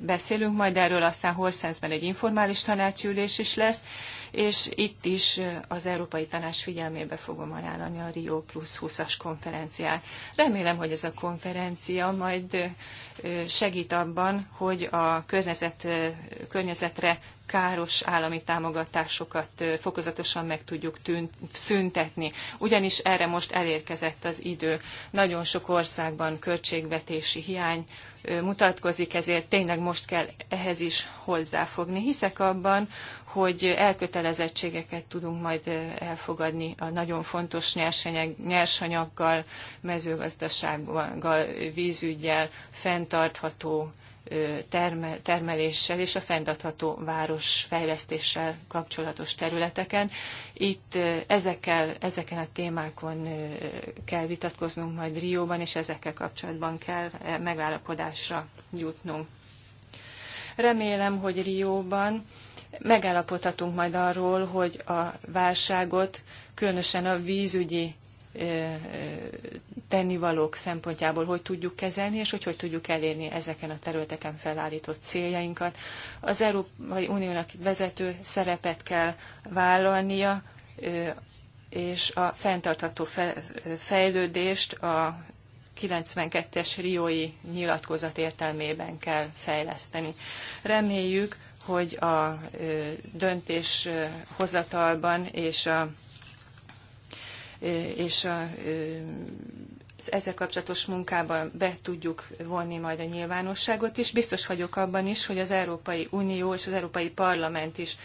beszélünk majd erről, aztán Horszenzben egy informális tanácsi ülés is lesz, és itt is az Európai Tanács figyelmébe fogom ajánlani a Rio Plus 20-as konferenciát. Remélem, hogy ez a konferencia majd segít abban, hogy a környezet, környezetre káros állami támogatásokat fokozatosan meg tudjuk tűnt, szüntetni. Ugyanis erre most elérkezett az idő. Nagyon sok országban költségvetési hiány mutatkozik, ezért tényleg most kell ehhez is hozzáfogni. Hiszek abban, hogy elkötelezettségeket tudunk majd elfogadni a nagyon fontos nyersanyag, nyersanyaggal, mezőgazdasággal, vízügyel, fenntartható termeléssel és a fenntartható városfejlesztéssel kapcsolatos területeken. Itt ezekkel, ezeken a témákon kell vitatkoznunk majd Rióban, és ezekkel kapcsolatban kell megállapodásra jutnunk. Remélem, hogy Rióban megállapodhatunk majd arról, hogy a válságot, különösen a vízügyi tennivalók szempontjából hogy tudjuk kezelni, és hogy hogy tudjuk elérni ezeken a területeken felállított céljainkat. Az Európai Uniónak vezető szerepet kell vállalnia, és a fenntartható fejlődést a 92-es riói nyilatkozat értelmében kell fejleszteni. Reméljük, hogy a döntéshozatalban és a és a ezzel kapcsolatos munkában be tudjuk vonni majd a nyilvánosságot is. Biztos vagyok abban is, hogy az Európai Unió és az Európai Parlament is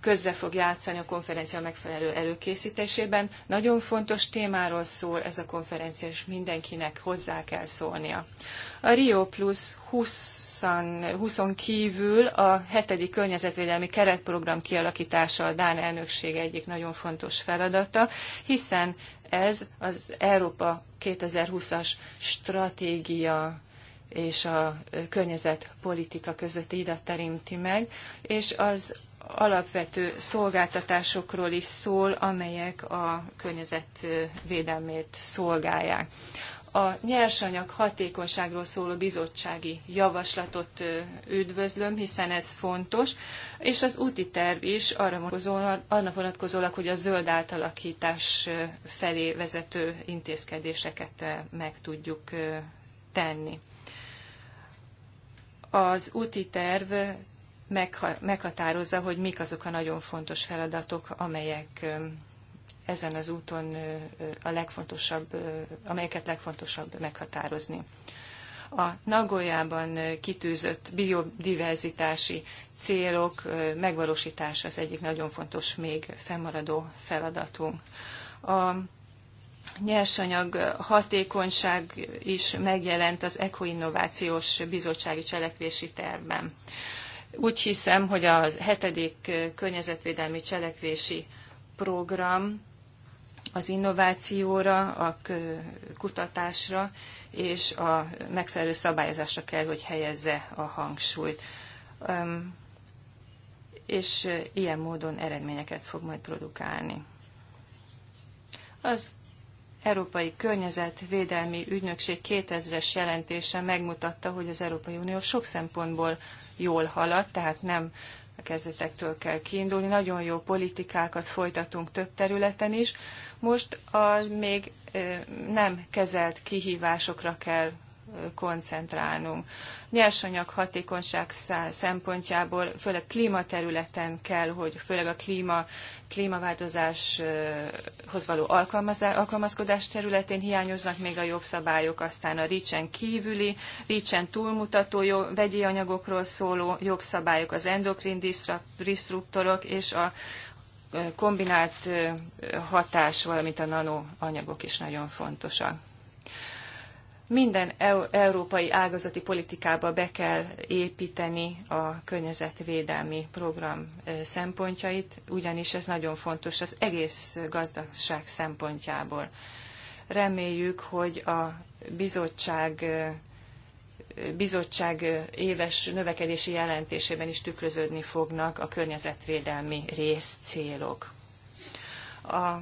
közre fog játszani a konferencia megfelelő előkészítésében. Nagyon fontos témáról szól ez a konferencia, és mindenkinek hozzá kell szólnia. A Rio Plus 20, 20 kívül a hetedik környezetvédelmi keretprogram kialakítása a Dán elnökség egyik nagyon fontos feladata, hiszen ez az Európa 2020-as stratégia és a környezetpolitika között ide terinti meg, és az alapvető szolgáltatásokról is szól, amelyek a környezetvédelmét szolgálják a nyersanyag hatékonyságról szóló bizottsági javaslatot üdvözlöm, hiszen ez fontos, és az úti terv is arra vonatkozólag, arra vonatkozólag hogy a zöld átalakítás felé vezető intézkedéseket meg tudjuk tenni. Az úti terv meghatározza, hogy mik azok a nagyon fontos feladatok, amelyek ezen az úton a legfontosabb, amelyeket legfontosabb meghatározni. A Nagoyában kitűzött biodiverzitási célok megvalósítása az egyik nagyon fontos még fennmaradó feladatunk. A nyersanyag hatékonyság is megjelent az Ekoinnovációs Bizottsági Cselekvési Tervben. Úgy hiszem, hogy a hetedik környezetvédelmi cselekvési program az innovációra, a kutatásra és a megfelelő szabályozásra kell, hogy helyezze a hangsúlyt. És ilyen módon eredményeket fog majd produkálni. Az Európai Környezetvédelmi Ügynökség 2000-es jelentése megmutatta, hogy az Európai Unió sok szempontból jól halad, tehát nem a kezdetektől kell kiindulni. Nagyon jó politikákat folytatunk több területen is. Most a még nem kezelt kihívásokra kell koncentrálnunk. Nyersanyag hatékonyság szempontjából, főleg klímaterületen kell, hogy főleg a klíma, klímaváltozáshoz való alkalmazkodás területén hiányoznak még a jogszabályok, aztán a ricsen kívüli, ricsen túlmutató jó, vegyi anyagokról szóló jogszabályok, az endokrin disruptorok és a kombinált hatás, valamint a nanoanyagok is nagyon fontosak minden európai ágazati politikába be kell építeni a környezetvédelmi program szempontjait, ugyanis ez nagyon fontos az egész gazdaság szempontjából. Reméljük, hogy a bizottság bizottság éves növekedési jelentésében is tükröződni fognak a környezetvédelmi részcélok. A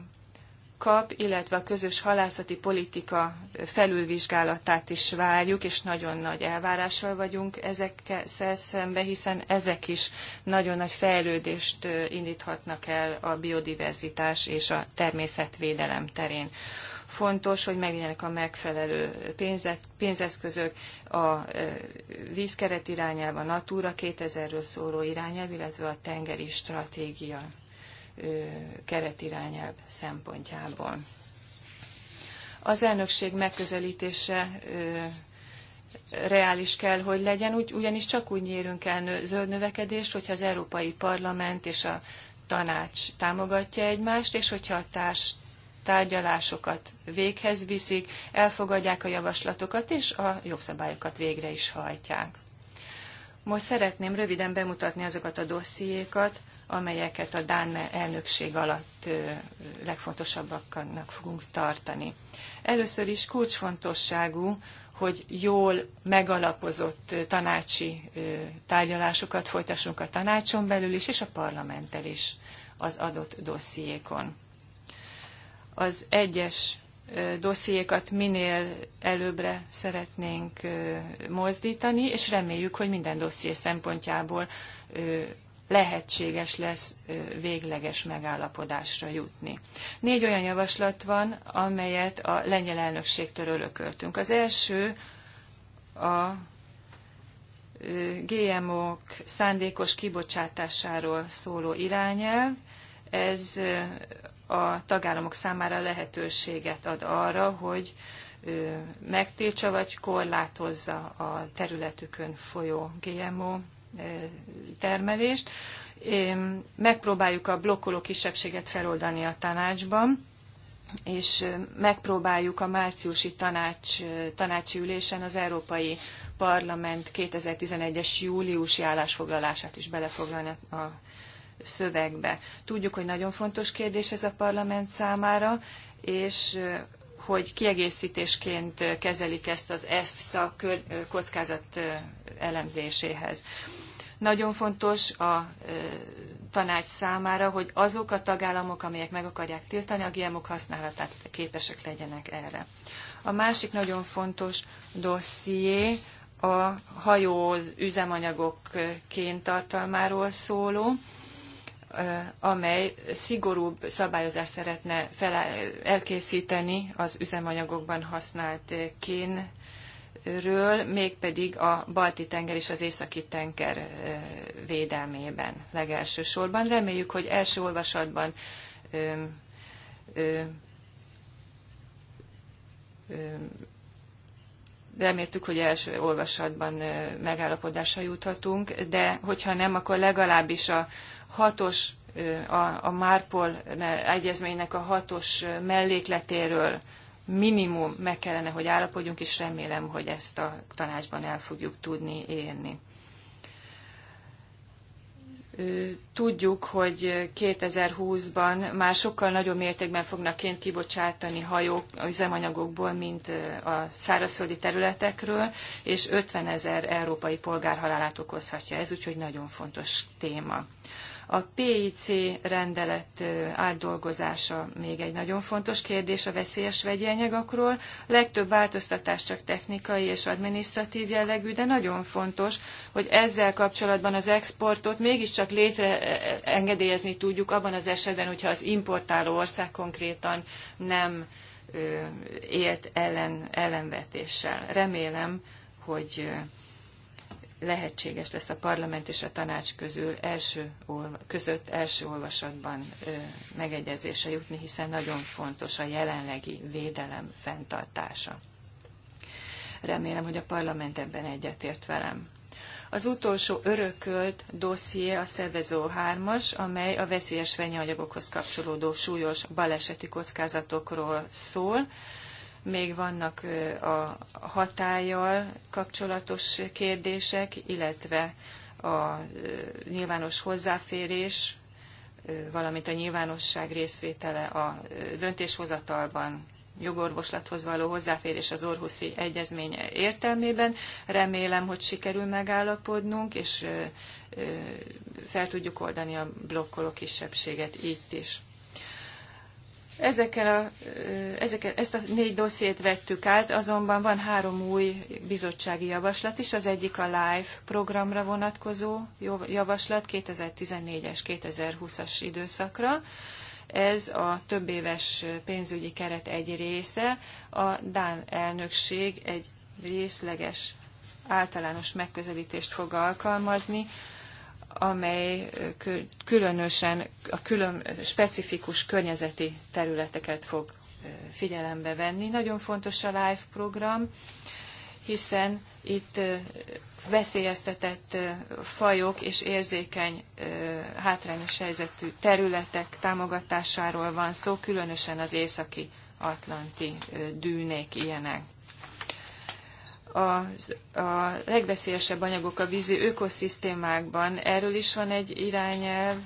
kap, illetve a közös halászati politika felülvizsgálatát is várjuk, és nagyon nagy elvárással vagyunk ezekkel szembe, hiszen ezek is nagyon nagy fejlődést indíthatnak el a biodiverzitás és a természetvédelem terén fontos, hogy megjelenjenek a megfelelő pénzeszközök, a vízkeret irányelv, a Natura 2000-ről szóló irányelv, illetve a tengeri stratégia keretirányelv szempontjából. Az elnökség megközelítése reális kell, hogy legyen, ugyanis csak úgy nyérünk el zöld növekedést, hogyha az Európai Parlament és a tanács támogatja egymást, és hogyha a társ tárgyalásokat véghez viszik, elfogadják a javaslatokat, és a jogszabályokat végre is hajtják. Most szeretném röviden bemutatni azokat a dossziékat, amelyeket a Dán elnökség alatt legfontosabbaknak fogunk tartani. Először is kulcsfontosságú, hogy jól megalapozott tanácsi tárgyalásokat folytassunk a tanácson belül is, és a parlamenttel is az adott dossziékon. Az egyes dossziékat minél előbbre szeretnénk mozdítani, és reméljük, hogy minden dosszié szempontjából lehetséges lesz végleges megállapodásra jutni. Négy olyan javaslat van, amelyet a lengyel elnökségtől örököltünk. Az első a GMO-k szándékos kibocsátásáról szóló irányelv. Ez a tagállamok számára lehetőséget ad arra, hogy megtiltsa vagy korlátozza a területükön folyó GMO termelést. Megpróbáljuk a blokkoló kisebbséget feloldani a tanácsban, és megpróbáljuk a márciusi tanács, tanácsi ülésen az Európai Parlament 2011-es júliusi állásfoglalását is belefoglalni a szövegbe. Tudjuk, hogy nagyon fontos kérdés ez a parlament számára, és hogy kiegészítésként kezelik ezt az EFSA kockázat elemzéséhez. Nagyon fontos a tanács számára, hogy azok a tagállamok, amelyek meg akarják tiltani a gmo használatát, képesek legyenek erre. A másik nagyon fontos dosszié a hajó üzemanyagokként tartalmáról szóló, amely szigorúbb szabályozást szeretne elkészíteni az üzemanyagokban használt kén ről, mégpedig a balti tenger és az északi tenger védelmében legelsősorban. Reméljük, hogy első olvasatban ö, ö, reméltük, hogy első olvasatban megállapodásra juthatunk, de hogyha nem, akkor legalábbis a hatos, a, a Márpol egyezménynek a hatos mellékletéről minimum meg kellene, hogy állapodjunk, és remélem, hogy ezt a tanácsban el fogjuk tudni érni. Tudjuk, hogy 2020-ban már sokkal nagyobb mértékben fognak ként kibocsátani hajók üzemanyagokból, mint a szárazföldi területekről, és 50 ezer európai polgár halálát okozhatja ez, úgyhogy nagyon fontos téma. A PIC rendelet átdolgozása még egy nagyon fontos kérdés a veszélyes vegyi anyagokról. Legtöbb változtatás csak technikai és adminisztratív jellegű, de nagyon fontos, hogy ezzel kapcsolatban az exportot mégiscsak létre engedélyezni tudjuk abban az esetben, hogyha az importáló ország konkrétan nem élt ellen, ellenvetéssel. Remélem, hogy lehetséges lesz a parlament és a tanács közül első olva, között első olvasatban ö, megegyezése jutni, hiszen nagyon fontos a jelenlegi védelem fenntartása. Remélem, hogy a parlament ebben egyetért velem. Az utolsó örökölt dosszié a szervező 3-as, amely a veszélyes fenyőanyagokhoz kapcsolódó súlyos baleseti kockázatokról szól még vannak a hatállyal kapcsolatos kérdések, illetve a nyilvános hozzáférés, valamint a nyilvánosság részvétele a döntéshozatalban jogorvoslathoz való hozzáférés az Orhuszi Egyezmény értelmében. Remélem, hogy sikerül megállapodnunk, és fel tudjuk oldani a blokkoló kisebbséget itt is. Ezekkel a, ezeket, ezt a négy dossziét vettük át, azonban van három új bizottsági javaslat is. Az egyik a LIFE programra vonatkozó javaslat 2014-es, 2020-as időszakra. Ez a több éves pénzügyi keret egy része. A Dán elnökség egy részleges általános megközelítést fog alkalmazni amely különösen a külön specifikus környezeti területeket fog figyelembe venni. Nagyon fontos a LIFE program, hiszen itt veszélyeztetett fajok és érzékeny hátrányos helyzetű területek támogatásáról van szó, különösen az északi atlanti dűnék ilyenek az, a legveszélyesebb anyagok a vízi ökoszisztémákban. Erről is van egy irányelv,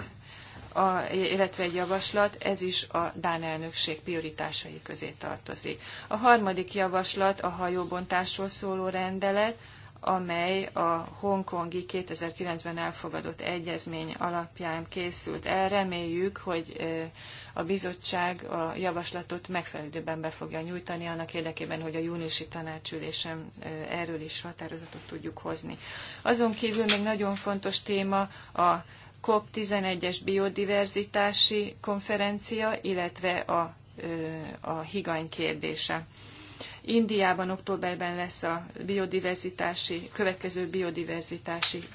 a, illetve egy javaslat, ez is a Dán elnökség prioritásai közé tartozik. A harmadik javaslat a hajóbontásról szóló rendelet, amely a hongkongi 2009-ben elfogadott egyezmény alapján készült el. Reméljük, hogy a bizottság a javaslatot megfelelő időben be fogja nyújtani, annak érdekében, hogy a júniusi tanácsülésen erről is határozatot tudjuk hozni. Azon kívül még nagyon fontos téma a COP11-es biodiverzitási konferencia, illetve a, a higany kérdése. Indiában októberben lesz a biodiverzitási, következő biodiverzitási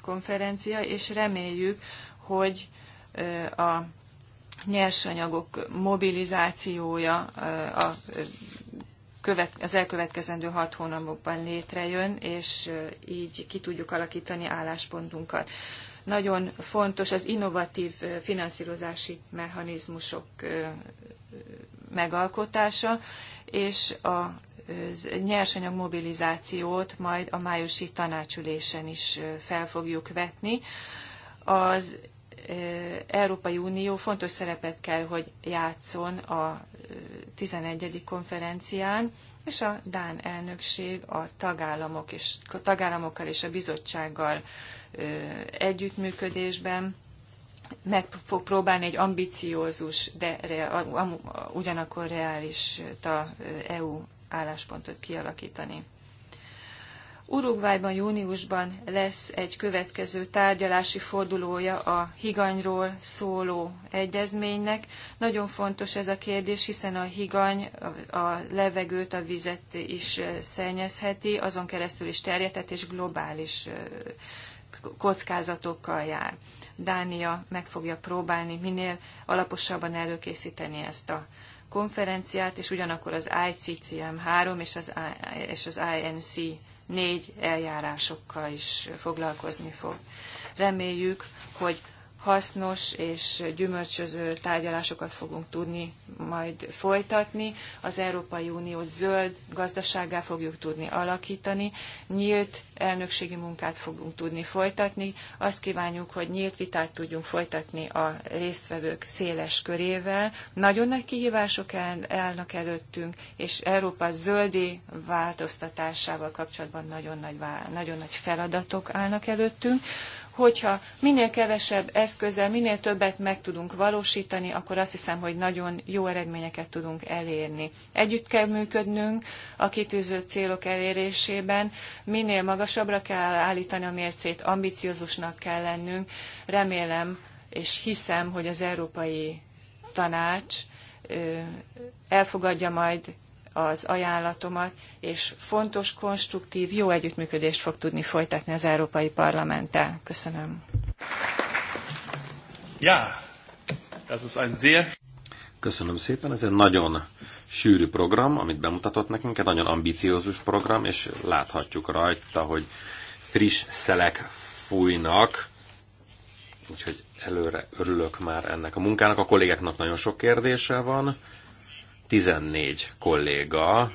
konferencia, és reméljük, hogy a nyersanyagok mobilizációja a követ, az elkövetkezendő hat hónapokban létrejön, és így ki tudjuk alakítani álláspontunkat. Nagyon fontos az innovatív finanszírozási mechanizmusok megalkotása, és a nyersanyag mobilizációt majd a májusi tanácsülésen is fel fogjuk vetni. Az Európai Unió fontos szerepet kell, hogy játszon a 11. konferencián, és a Dán elnökség a, tagállamok és, a tagállamokkal és a bizottsággal együttműködésben meg fog próbálni egy ambiciózus, de ugyanakkor reális EU álláspontot kialakítani. Uruguayban júniusban lesz egy következő tárgyalási fordulója a higanyról szóló egyezménynek. Nagyon fontos ez a kérdés, hiszen a higany a levegőt, a vizet is szennyezheti, azon keresztül is terjedhet és globális kockázatokkal jár. Dánia meg fogja próbálni minél alaposabban előkészíteni ezt a konferenciát, és ugyanakkor az ICCM 3 és az, és az INC 4 eljárásokkal is foglalkozni fog. Reméljük, hogy hasznos és gyümölcsöző tárgyalásokat fogunk tudni majd folytatni. Az Európai Unió zöld gazdasággá fogjuk tudni alakítani, nyílt elnökségi munkát fogunk tudni folytatni. Azt kívánjuk, hogy nyílt vitát tudjunk folytatni a résztvevők széles körével. Nagyon nagy kihívások állnak előttünk, és Európa zöldi változtatásával kapcsolatban nagyon nagy, nagyon nagy feladatok állnak előttünk hogyha minél kevesebb eszközzel, minél többet meg tudunk valósítani, akkor azt hiszem, hogy nagyon jó eredményeket tudunk elérni. Együtt kell működnünk a kitűzött célok elérésében, minél magasabbra kell állítani a mércét, ambiciózusnak kell lennünk. Remélem és hiszem, hogy az Európai Tanács elfogadja majd az ajánlatomat, és fontos, konstruktív, jó együttműködést fog tudni folytatni az Európai Parlamenttel. Köszönöm. Ja, das ist ein sehr... Köszönöm szépen, ez egy nagyon sűrű program, amit bemutatott nekünk, egy nagyon ambiciózus program, és láthatjuk rajta, hogy friss szelek fújnak, úgyhogy előre örülök már ennek a munkának. A kollégáknak nagyon sok kérdése van, 14 kolléga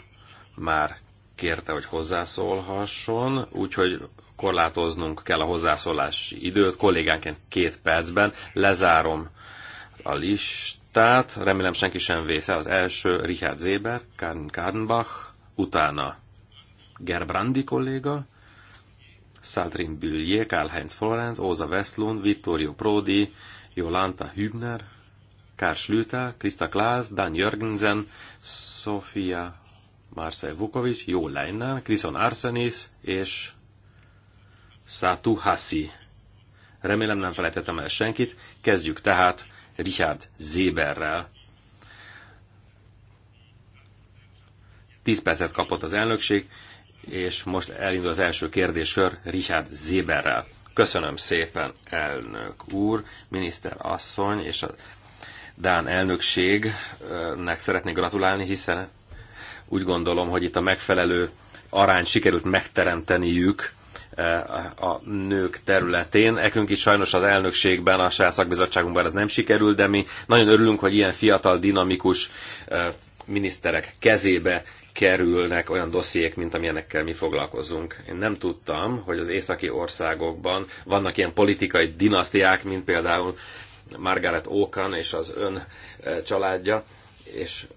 már kérte, hogy hozzászólhasson, úgyhogy korlátoznunk kell a hozzászólási időt, kollégánként két percben lezárom a listát, remélem senki sem vész el. Az első Richard Zéber, Karen Karnbach, utána Gerbrandi kolléga, Saldrin Büllier, Karl-Heinz Florenz, Óza Westlund, Vittorio Prodi, Jolanta Hübner, Karl Schlüter, Krista Klaas, Dan Jörgensen, Sofia Marcel Vukovic, Jó Leinen, Krison Arsenis és Satu Hassi. Remélem nem felejtettem el senkit. Kezdjük tehát Richard Zéberrel. 10 percet kapott az elnökség, és most elindul az első kérdéskör Richard Zéberrel. Köszönöm szépen, elnök úr, miniszter asszony és a Dán elnökségnek szeretnék gratulálni, hiszen úgy gondolom, hogy itt a megfelelő arány sikerült megteremteniük eh, a nők területén. Ekünk is sajnos az elnökségben, a saját szakbizottságunkban ez nem sikerült, de mi nagyon örülünk, hogy ilyen fiatal, dinamikus eh, miniszterek kezébe kerülnek olyan dossziék, mint amilyenekkel mi foglalkozunk. Én nem tudtam, hogy az északi országokban vannak ilyen politikai dinasztiák, mint például Margaret Okan és az ön eh, családja, és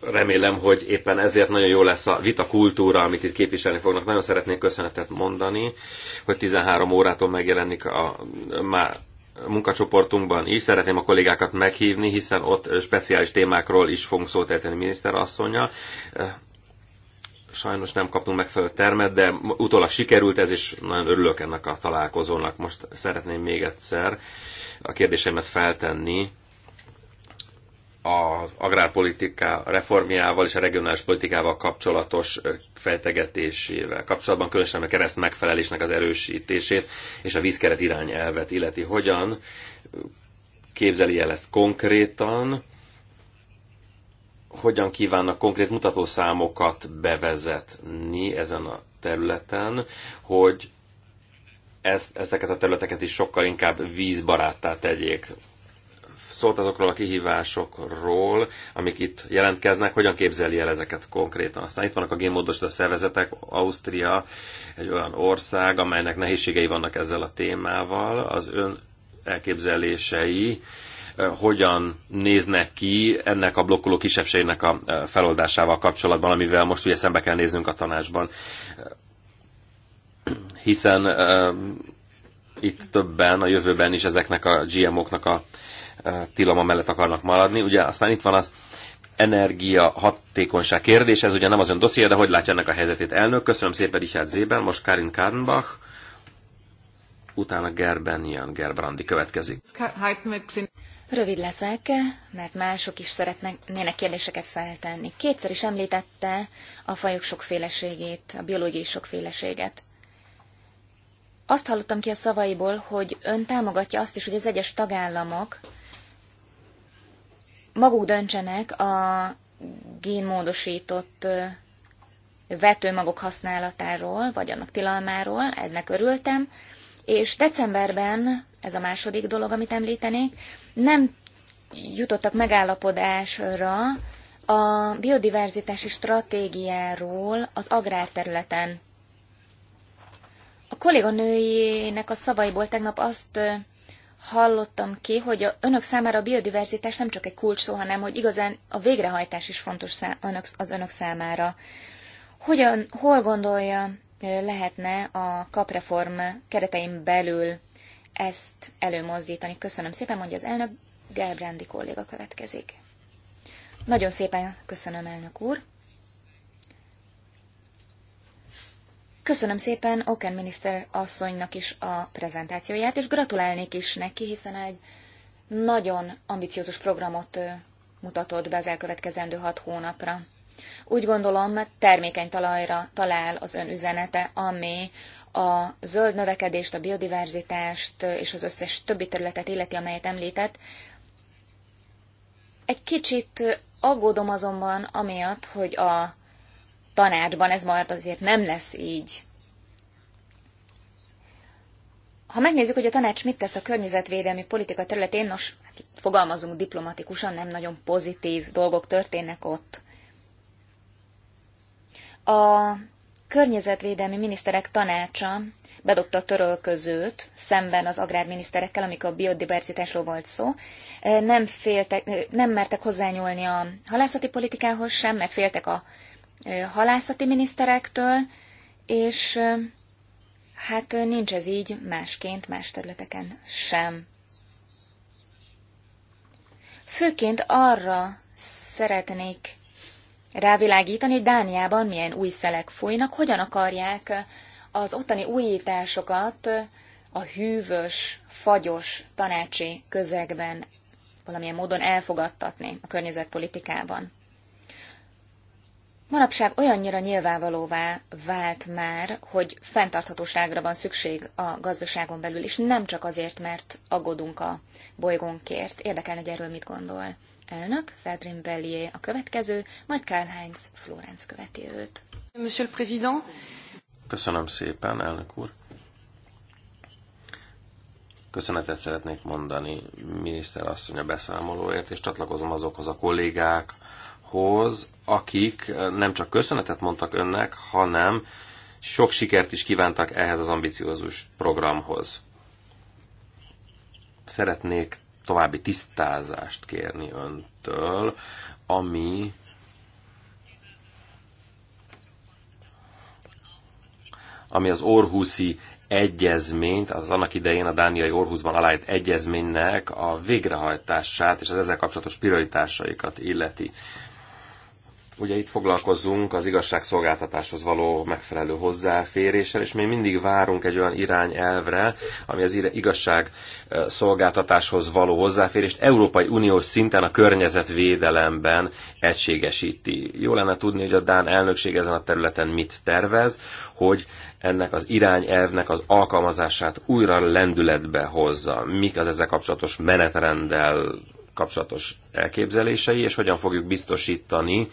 remélem, hogy éppen ezért nagyon jó lesz a vita kultúra, amit itt képviselni fognak. Nagyon szeretnék köszönetet mondani, hogy 13 órától megjelenik a már munkacsoportunkban is. Szeretném a kollégákat meghívni, hiszen ott speciális témákról is fogunk szót érteni miniszterasszonyjal sajnos nem kaptunk megfelelő termet, de utólag sikerült ez, és nagyon örülök ennek a találkozónak. Most szeretném még egyszer a kérdésemet feltenni az agrárpolitika reformjával és a regionális politikával kapcsolatos fejtegetésével kapcsolatban, különösen a kereszt megfelelésnek az erősítését és a vízkeret irányelvet illeti. Hogyan képzeli el ezt konkrétan, hogyan kívánnak konkrét mutatószámokat bevezetni ezen a területen, hogy ezt, ezeket a területeket is sokkal inkább vízbaráttá tegyék. Szólt azokról a kihívásokról, amik itt jelentkeznek, hogyan képzeli el ezeket konkrétan. Aztán itt vannak a génmódosító szervezetek, Ausztria egy olyan ország, amelynek nehézségei vannak ezzel a témával. Az ön elképzelései hogyan néznek ki ennek a blokkoló kisebbségnek a e, feloldásával kapcsolatban, amivel most ugye szembe kell néznünk a tanácsban. Hiszen e, itt többen a jövőben is ezeknek a GMO-knak a e, tilama mellett akarnak maradni. Ugye aztán itt van az energia hatékonyság kérdés, ez ugye nem az ön dosszié, de hogy látja ennek a helyzetét elnök? Köszönöm szépen Richard Zében, most Karin Kárnbach, utána Gerben Jan Gerbrandi következik. Rövid leszek, mert mások is szeretnének kérdéseket feltenni. Kétszer is említette a fajok sokféleségét, a biológiai sokféleséget. Azt hallottam ki a szavaiból, hogy ön támogatja azt is, hogy az egyes tagállamok maguk döntsenek a génmódosított vetőmagok használatáról, vagy annak tilalmáról, ennek örültem, és decemberben, ez a második dolog, amit említenék, nem jutottak megállapodásra a biodiverzitási stratégiáról az agrárterületen. A kolléganőjének a szavaiból tegnap azt hallottam ki, hogy a önök számára a biodiverzitás nem csak egy kulcs szó, hanem hogy igazán a végrehajtás is fontos az önök számára. Hogyan, hol gondolja lehetne a kapreform keretein belül ezt előmozdítani. Köszönöm szépen, mondja az elnök, Gelbrandi kolléga következik. Nagyon szépen köszönöm, elnök úr. Köszönöm szépen Oken miniszter asszonynak is a prezentációját, és gratulálnék is neki, hiszen egy nagyon ambiciózus programot mutatott be az elkövetkezendő hat hónapra. Úgy gondolom, termékeny talajra talál az ön üzenete, ami a zöld növekedést, a biodiverzitást és az összes többi területet illeti, amelyet említett. Egy kicsit aggódom azonban amiatt, hogy a tanácsban ez majd azért nem lesz így. Ha megnézzük, hogy a tanács mit tesz a környezetvédelmi politika területén, nos, hát fogalmazunk diplomatikusan, nem nagyon pozitív dolgok történnek ott. A környezetvédelmi miniszterek tanácsa bedobta törölközőt szemben az agrárminiszterekkel, amikor a biodiverzitásról volt szó. Nem, féltek, nem mertek hozzányúlni a halászati politikához sem, mert féltek a halászati miniszterektől, és hát nincs ez így másként, más területeken sem. Főként arra szeretnék rávilágítani, hogy Dániában milyen új szelek folynak, hogyan akarják az ottani újításokat a hűvös, fagyos tanácsi közegben valamilyen módon elfogadtatni a környezetpolitikában. Manapság olyannyira nyilvánvalóvá vált már, hogy fenntarthatóságra van szükség a gazdaságon belül, és nem csak azért, mert aggódunk a bolygónkért. Érdekel, hogy erről mit gondol. Elnök, Sádrin Bellier a következő, majd Karl-Heinz Florence követi őt. Monsieur le Président. Köszönöm szépen, elnök úr. Köszönetet szeretnék mondani miniszter asszony a beszámolóért, és csatlakozom azokhoz a kollégákhoz, akik nem csak köszönetet mondtak önnek, hanem sok sikert is kívántak ehhez az ambiciózus programhoz. Szeretnék további tisztázást kérni öntől, ami ami az Orhuszi egyezményt, az annak idején a dániai Orhuszban aláírt egyezménynek a végrehajtását és az ezzel kapcsolatos prioritásaikat illeti. Ugye itt foglalkozunk az igazságszolgáltatáshoz való megfelelő hozzáféréssel, és még mindig várunk egy olyan irányelvre, ami az igazságszolgáltatáshoz való hozzáférést Európai Uniós szinten a környezetvédelemben egységesíti. Jó lenne tudni, hogy a Dán elnökség ezen a területen mit tervez, hogy ennek az irányelvnek az alkalmazását újra lendületbe hozza. Mik az ezzel kapcsolatos menetrenddel kapcsolatos elképzelései, és hogyan fogjuk biztosítani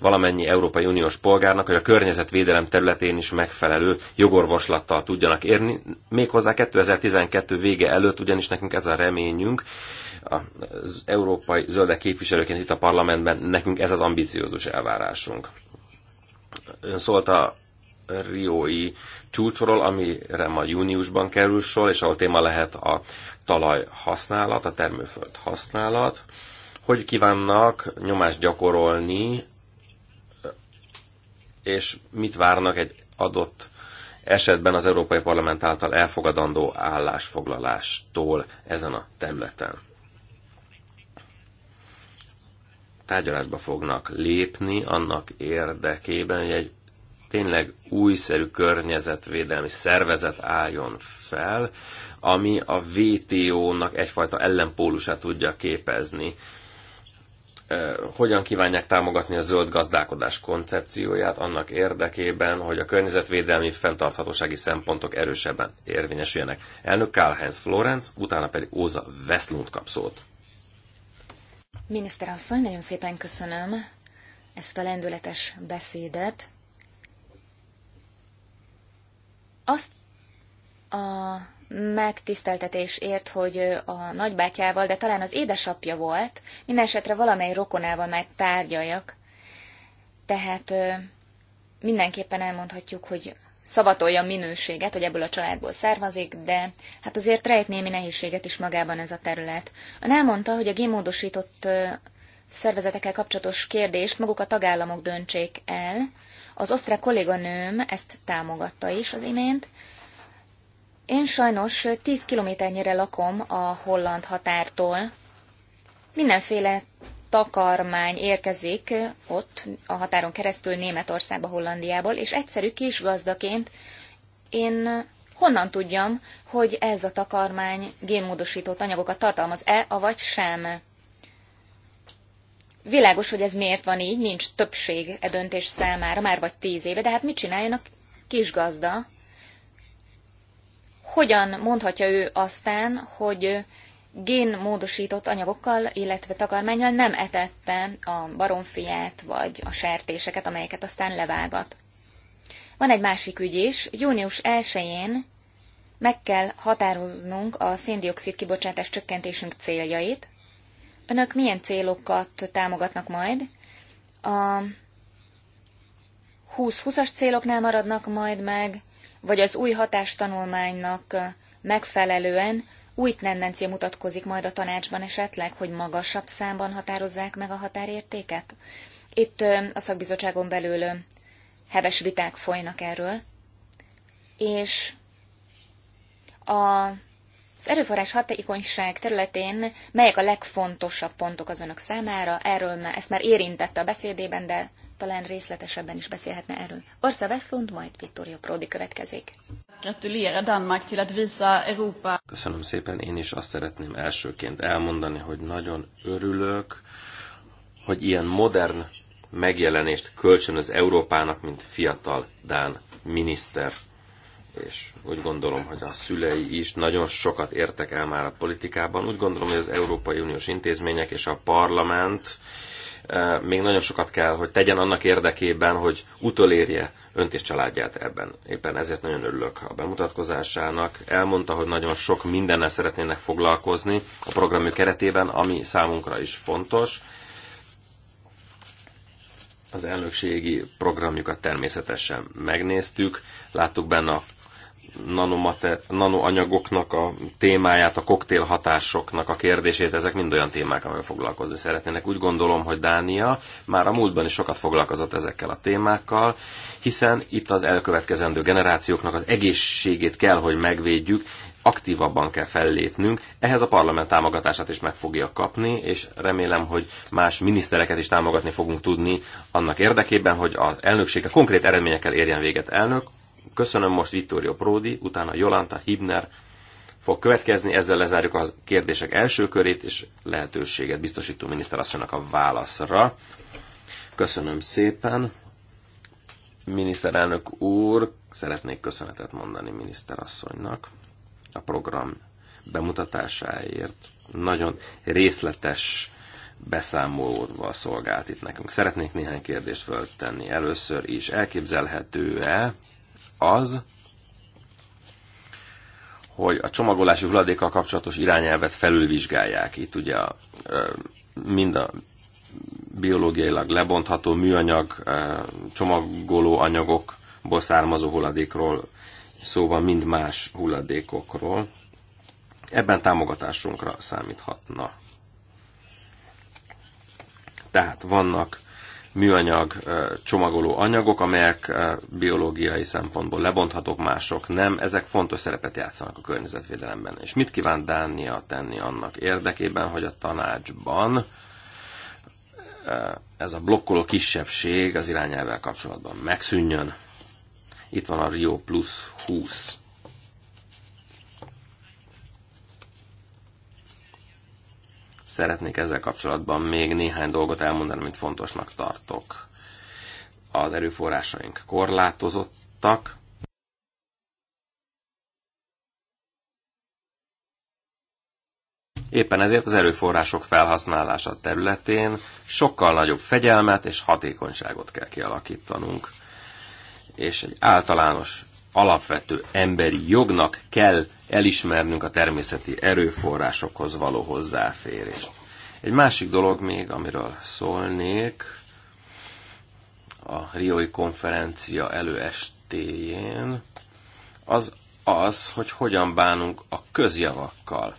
valamennyi Európai Uniós polgárnak, hogy a környezetvédelem területén is megfelelő jogorvoslattal tudjanak érni. Méghozzá 2012 vége előtt, ugyanis nekünk ez a reményünk, az európai zöldek képviselőként itt a parlamentben nekünk ez az ambiciózus elvárásunk. Ön szólt a riói csúcsról, amire ma júniusban kerül sor, és ahol téma lehet a talaj használat, a termőföld használat, hogy kívánnak nyomást gyakorolni, és mit várnak egy adott esetben az Európai Parlament által elfogadandó állásfoglalástól ezen a területen. Tárgyalásba fognak lépni annak érdekében, hogy egy tényleg újszerű környezetvédelmi szervezet álljon fel, ami a VTO-nak egyfajta ellenpólusát tudja képezni. Hogyan kívánják támogatni a zöld gazdálkodás koncepcióját annak érdekében, hogy a környezetvédelmi fenntarthatósági szempontok erősebben érvényesüljenek? Elnök Karl-Heinz Florenz, utána pedig Óza Westlund kap szót. Miniszterasszony, nagyon szépen köszönöm ezt a lendületes beszédet. Azt a megtiszteltetésért, hogy a nagybátyával, de talán az édesapja volt, minden esetre valamely rokonával már tárgyaljak. Tehát mindenképpen elmondhatjuk, hogy szavatolja a minőséget, hogy ebből a családból származik, de hát azért rejt némi nehézséget is magában ez a terület. Ön elmondta, hogy a gémódosított szervezetekkel kapcsolatos kérdést maguk a tagállamok döntsék el, az osztrák kolléganőm ezt támogatta is az imént. Én sajnos 10 kilométernyire lakom a holland határtól. Mindenféle takarmány érkezik ott, a határon keresztül Németországba, Hollandiából, és egyszerű kis gazdaként én honnan tudjam, hogy ez a takarmány génmódosított anyagokat tartalmaz-e, avagy sem? Világos, hogy ez miért van így, nincs többség e döntés számára, már vagy tíz éve, de hát mit csináljon a kisgazda? Hogyan mondhatja ő aztán, hogy génmódosított anyagokkal, illetve takarmányjal nem etette a baromfiát vagy a sertéseket, amelyeket aztán levágat. Van egy másik ügy is. Június 1-én meg kell határoznunk a széndiokszid kibocsátás csökkentésünk céljait, Önök milyen célokat támogatnak majd? A 20-20-as céloknál maradnak majd meg, vagy az új hatástanulmánynak megfelelően új tendencia mutatkozik majd a tanácsban esetleg, hogy magasabb számban határozzák meg a határértéket? Itt a szakbizottságon belül heves viták folynak erről, és a az erőforrás hatékonyság területén melyek a legfontosabb pontok az önök számára? Erről már, ezt már érintette a beszédében, de talán részletesebben is beszélhetne erről. Orsza Veszlund, majd Vittorio Prodi következik. visa Európa. Köszönöm szépen, én is azt szeretném elsőként elmondani, hogy nagyon örülök, hogy ilyen modern megjelenést kölcsön az Európának, mint fiatal Dán miniszter és úgy gondolom, hogy a szülei is nagyon sokat értek el már a politikában. Úgy gondolom, hogy az Európai Uniós intézmények és a parlament eh, még nagyon sokat kell, hogy tegyen annak érdekében, hogy utolérje önt és családját ebben. Éppen ezért nagyon örülök a bemutatkozásának. Elmondta, hogy nagyon sok mindennel szeretnének foglalkozni a programjuk keretében, ami számunkra is fontos. Az elnökségi programjukat természetesen megnéztük, láttuk benne a nanoanyagoknak a témáját, a koktélhatásoknak a kérdését, ezek mind olyan témák, amivel foglalkozni szeretnének. Úgy gondolom, hogy Dánia már a múltban is sokat foglalkozott ezekkel a témákkal, hiszen itt az elkövetkezendő generációknak az egészségét kell, hogy megvédjük, aktívabban kell fellépnünk, ehhez a parlament támogatását is meg fogja kapni, és remélem, hogy más minisztereket is támogatni fogunk tudni annak érdekében, hogy az elnöksége konkrét eredményekkel érjen véget. Elnök, Köszönöm most Vittorio Prodi, utána Jolanta Hibner fog következni, ezzel lezárjuk a kérdések első körét, és lehetőséget biztosító miniszterasszonynak a válaszra. Köszönöm szépen. Miniszterelnök úr, szeretnék köszönetet mondani miniszterasszonynak a program bemutatásáért. Nagyon részletes beszámolóval szolgált itt nekünk. Szeretnék néhány kérdést föltenni. Először is elképzelhető-e, az, hogy a csomagolási hulladékkal kapcsolatos irányelvet felülvizsgálják. Itt ugye mind a biológiailag lebontható műanyag, csomagoló anyagokból származó hulladékról, szóval mind más hulladékokról. Ebben támogatásunkra számíthatna. Tehát vannak műanyag csomagoló anyagok, amelyek biológiai szempontból lebonthatók, mások nem. Ezek fontos szerepet játszanak a környezetvédelemben. És mit kíván Dánia tenni annak érdekében, hogy a tanácsban ez a blokkoló kisebbség az irányelvvel kapcsolatban megszűnjön? Itt van a Rio Plus 20 Szeretnék ezzel kapcsolatban még néhány dolgot elmondani, amit fontosnak tartok. Az erőforrásaink korlátozottak, Éppen ezért az erőforrások felhasználása területén sokkal nagyobb fegyelmet és hatékonyságot kell kialakítanunk. És egy általános alapvető emberi jognak kell elismernünk a természeti erőforrásokhoz való hozzáférést. Egy másik dolog még, amiről szólnék, a Rioi konferencia előestéjén, az az, hogy hogyan bánunk a közjavakkal.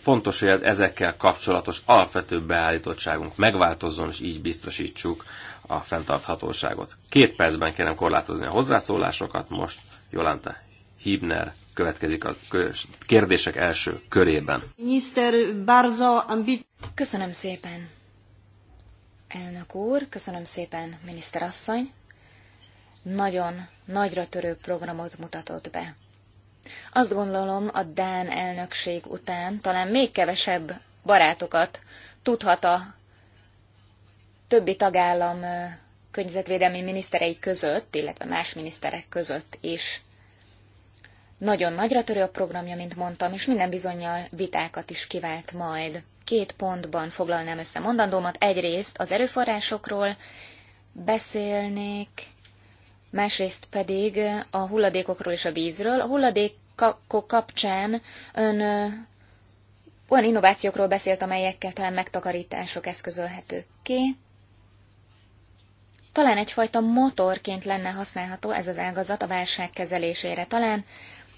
Fontos, hogy az ezekkel kapcsolatos alapvető beállítottságunk megváltozzon, és így biztosítsuk a fenntarthatóságot. Két percben kérem korlátozni a hozzászólásokat, most Jolanta Hibner következik a kérdések első körében. Köszönöm szépen, elnök úr, köszönöm szépen, miniszterasszony. Nagyon nagyra törő programot mutatott be. Azt gondolom, a Dán elnökség után talán még kevesebb barátokat tudhat a többi tagállam környezetvédelmi miniszterei között, illetve más miniszterek között is nagyon nagyra törő a programja, mint mondtam, és minden bizonyal vitákat is kivált majd. Két pontban foglalnám össze mondandómat. Egyrészt az erőforrásokról beszélnék, másrészt pedig a hulladékokról és a vízről. A hulladékok kapcsán ön olyan innovációkról beszélt, amelyekkel talán megtakarítások eszközölhetők ki. Talán egyfajta motorként lenne használható ez az ágazat a válság kezelésére. Talán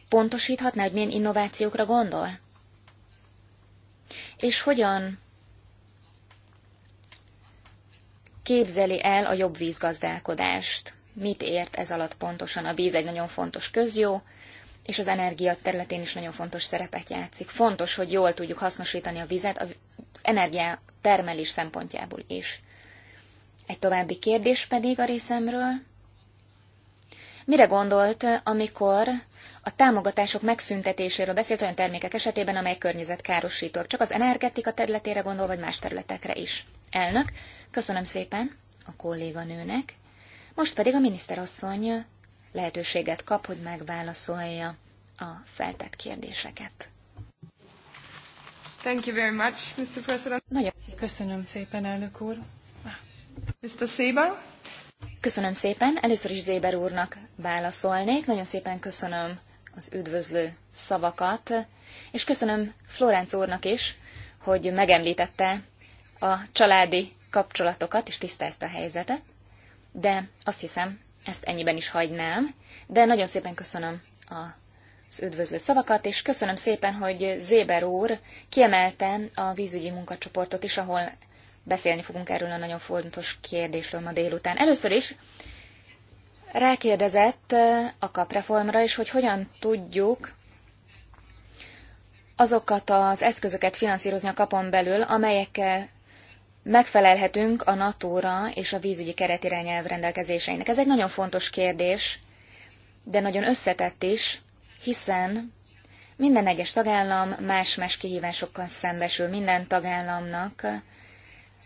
pontosíthatná, hogy milyen innovációkra gondol? És hogyan képzeli el a jobb vízgazdálkodást? Mit ért ez alatt pontosan? A víz egy nagyon fontos közjó, és az energia területén is nagyon fontos szerepet játszik. Fontos, hogy jól tudjuk hasznosítani a vizet az energia termelés szempontjából is. Egy további kérdés pedig a részemről. Mire gondolt, amikor a támogatások megszüntetéséről beszélt olyan termékek esetében, amelyek környezetkárosítók, csak az energetika területére gondol, vagy más területekre is? Elnök, köszönöm szépen a kolléganőnek. Most pedig a miniszterasszony lehetőséget kap, hogy megválaszolja a feltett kérdéseket. Thank you very much, Mr. President. Nagyon köszönöm szépen, elnök úr. Mr. Köszönöm szépen. Először is Zéber úrnak válaszolnék. Nagyon szépen köszönöm az üdvözlő szavakat, és köszönöm Florenc úrnak is, hogy megemlítette a családi kapcsolatokat, és tisztázta a helyzetet, de azt hiszem, ezt ennyiben is hagynám, de nagyon szépen köszönöm az üdvözlő szavakat, és köszönöm szépen, hogy Zéber úr kiemelte a vízügyi munkacsoportot is, ahol beszélni fogunk erről a nagyon fontos kérdésről ma délután. Először is rákérdezett a kapreformra is, hogy hogyan tudjuk azokat az eszközöket finanszírozni a kapon belül, amelyekkel megfelelhetünk a natúra és a vízügyi keretirányelv rendelkezéseinek. Ez egy nagyon fontos kérdés, de nagyon összetett is, hiszen minden egyes tagállam más-más kihívásokkal szembesül, minden tagállamnak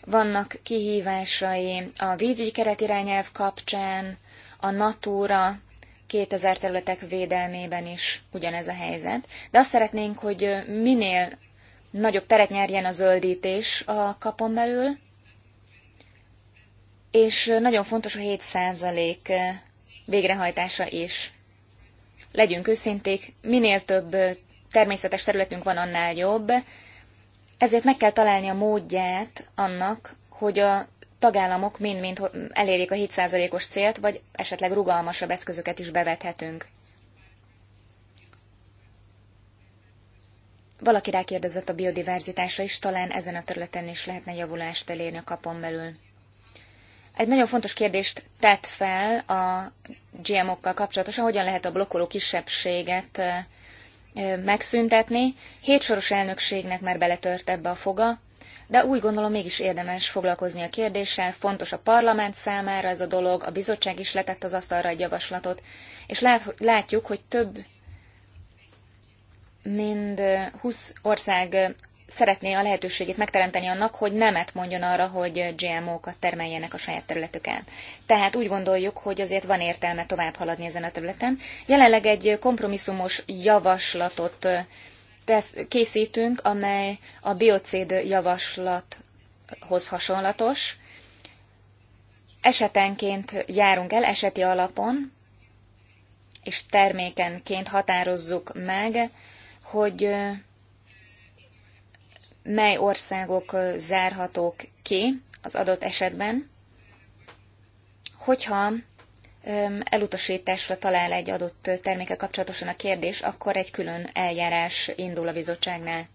vannak kihívásai a vízügyi keretirányelv kapcsán, a Natura 2000 területek védelmében is ugyanez a helyzet. De azt szeretnénk, hogy minél nagyobb teret nyerjen a zöldítés a kapon belül, és nagyon fontos a 7% végrehajtása is. Legyünk őszinték, minél több természetes területünk van, annál jobb, ezért meg kell találni a módját annak, hogy a tagállamok mind-mind elérjék a 7%-os célt, vagy esetleg rugalmasabb eszközöket is bevethetünk. Valaki rákérdezett a biodiverzitásra is, talán ezen a területen is lehetne javulást elérni a kapon belül. Egy nagyon fontos kérdést tett fel a GMO-kkal kapcsolatosan, hogyan lehet a blokkoló kisebbséget eh, megszüntetni. Hétsoros elnökségnek már beletört ebbe a foga, de úgy gondolom mégis érdemes foglalkozni a kérdéssel, fontos a parlament számára ez a dolog, a bizottság is letett az asztalra egy javaslatot, és lát, látjuk, hogy több mint 20 ország szeretné a lehetőségét megteremteni annak, hogy nemet mondjon arra, hogy GMO-kat termeljenek a saját területüken. Tehát úgy gondoljuk, hogy azért van értelme tovább haladni ezen a területen. Jelenleg egy kompromisszumos javaslatot tesz, készítünk, amely a biocéd javaslathoz hasonlatos. Esetenként járunk el, eseti alapon, és termékenként határozzuk meg, hogy mely országok zárhatók ki az adott esetben, hogyha elutasításra talál egy adott terméke kapcsolatosan a kérdés, akkor egy külön eljárás indul a bizottságnál.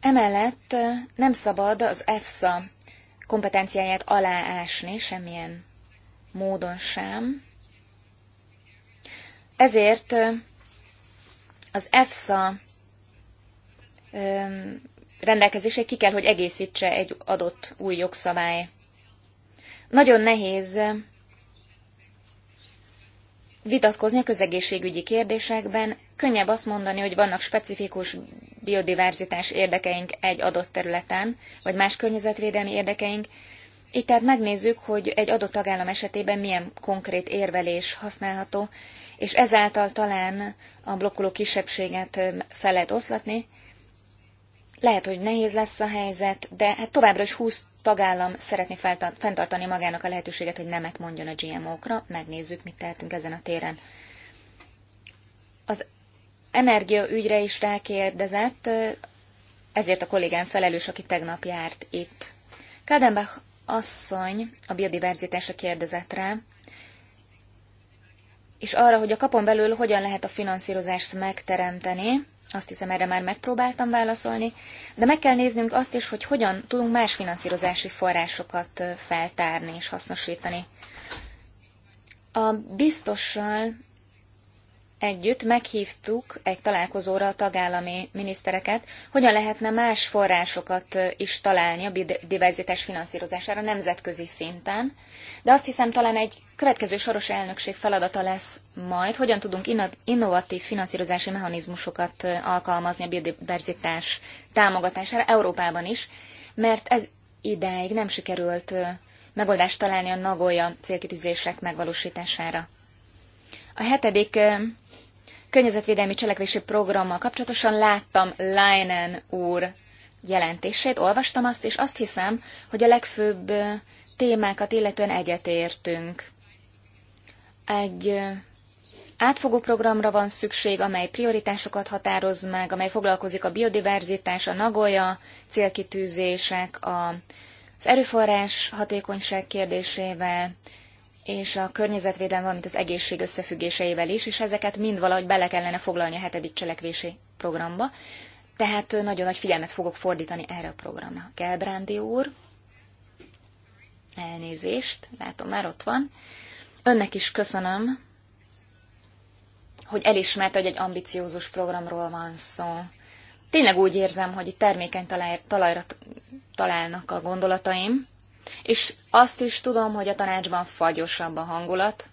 Emellett nem szabad az EFSA kompetenciáját aláásni semmilyen módon sem. Ezért az EFSA rendelkezésre ki kell, hogy egészítse egy adott új jogszabály. Nagyon nehéz vitatkozni a közegészségügyi kérdésekben, könnyebb azt mondani, hogy vannak specifikus biodiverzitás érdekeink egy adott területen, vagy más környezetvédelmi érdekeink. itt tehát megnézzük, hogy egy adott tagállam esetében milyen konkrét érvelés használható, és ezáltal talán a blokkoló kisebbséget fel lehet oszlatni, lehet, hogy nehéz lesz a helyzet, de hát továbbra is 20 tagállam szeretné fenntartani magának a lehetőséget, hogy nemet mondjon a GMO-kra. Megnézzük, mit tehetünk ezen a téren. Az energia ügyre is rákérdezett, ezért a kollégám felelős, aki tegnap járt itt. Kádenbach asszony a biodiverzitásra kérdezett rá, és arra, hogy a kapon belül hogyan lehet a finanszírozást megteremteni, azt hiszem, erre már megpróbáltam válaszolni, de meg kell néznünk azt is, hogy hogyan tudunk más finanszírozási forrásokat feltárni és hasznosítani. A biztossal együtt meghívtuk egy találkozóra a tagállami minisztereket, hogyan lehetne más forrásokat is találni a biodiverzitás finanszírozására nemzetközi szinten, de azt hiszem talán egy következő soros elnökség feladata lesz majd, hogyan tudunk innovatív finanszírozási mechanizmusokat alkalmazni a biodiverzitás támogatására Európában is, mert ez idáig nem sikerült megoldást találni a Nagoya célkitűzések megvalósítására. A hetedik környezetvédelmi cselekvési programmal kapcsolatosan láttam Leinen úr jelentését, olvastam azt, és azt hiszem, hogy a legfőbb témákat illetően egyetértünk. Egy átfogó programra van szükség, amely prioritásokat határoz meg, amely foglalkozik a biodiverzitás, a nagoya célkitűzések, az erőforrás hatékonyság kérdésével, és a környezetvédelem, valamint az egészség összefüggéseivel is, és ezeket mind valahogy bele kellene foglalni a hetedik cselekvési programba. Tehát nagyon nagy figyelmet fogok fordítani erre a programra. Gelbrándi úr, elnézést, látom már ott van. Önnek is köszönöm, hogy elismerte, hogy egy ambiciózus programról van szó. Tényleg úgy érzem, hogy itt termékeny talajra találnak a gondolataim, és azt is tudom, hogy a tanácsban fagyosabb a hangulat,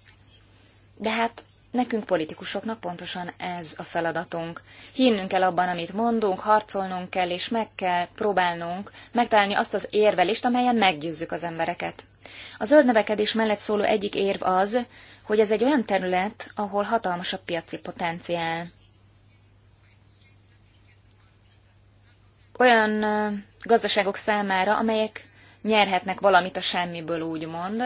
de hát nekünk politikusoknak pontosan ez a feladatunk. Hinnünk kell abban, amit mondunk, harcolnunk kell, és meg kell próbálnunk megtalálni azt az érvelést, amelyen meggyőzzük az embereket. A zöld növekedés mellett szóló egyik érv az, hogy ez egy olyan terület, ahol hatalmas a piaci potenciál. Olyan gazdaságok számára, amelyek nyerhetnek valamit a semmiből, úgymond.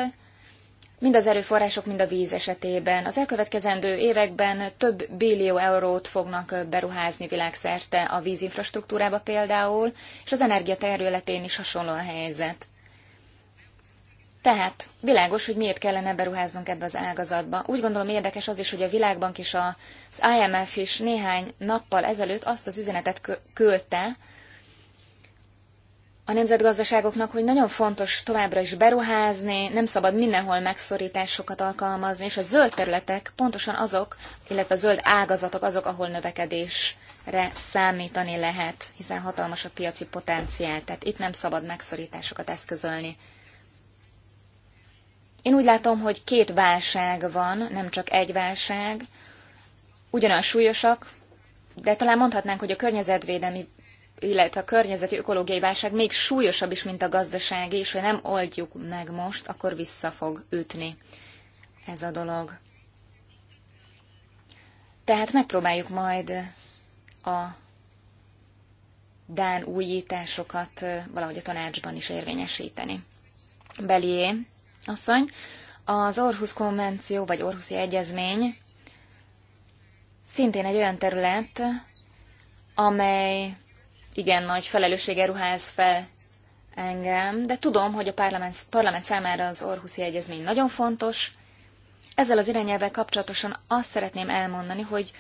Mind az erőforrások, mind a víz esetében. Az elkövetkezendő években több billió eurót fognak beruházni világszerte a vízinfrastruktúrába például, és az energia területén is hasonló a helyzet. Tehát világos, hogy miért kellene beruháznunk ebbe az ágazatba. Úgy gondolom érdekes az is, hogy a Világbank és az IMF is néhány nappal ezelőtt azt az üzenetet küldte, a nemzetgazdaságoknak, hogy nagyon fontos továbbra is beruházni, nem szabad mindenhol megszorításokat alkalmazni, és a zöld területek pontosan azok, illetve a zöld ágazatok azok, ahol növekedésre számítani lehet, hiszen hatalmas a piaci potenciál, tehát itt nem szabad megszorításokat eszközölni. Én úgy látom, hogy két válság van, nem csak egy válság, ugyanolyan súlyosak, de talán mondhatnánk, hogy a környezetvédelmi illetve a környezeti ökológiai válság még súlyosabb is, mint a gazdasági, és ha nem oldjuk meg most, akkor vissza fog ütni ez a dolog. Tehát megpróbáljuk majd a Dán újításokat valahogy a tanácsban is érvényesíteni. Belié, asszony, az Orhus konvenció vagy Orhuszi egyezmény szintén egy olyan terület, amely igen nagy felelőssége ruház fel engem, de tudom, hogy a parlament, parlament számára az Orhuszi Egyezmény nagyon fontos. Ezzel az irányelvel kapcsolatosan azt szeretném elmondani, hogy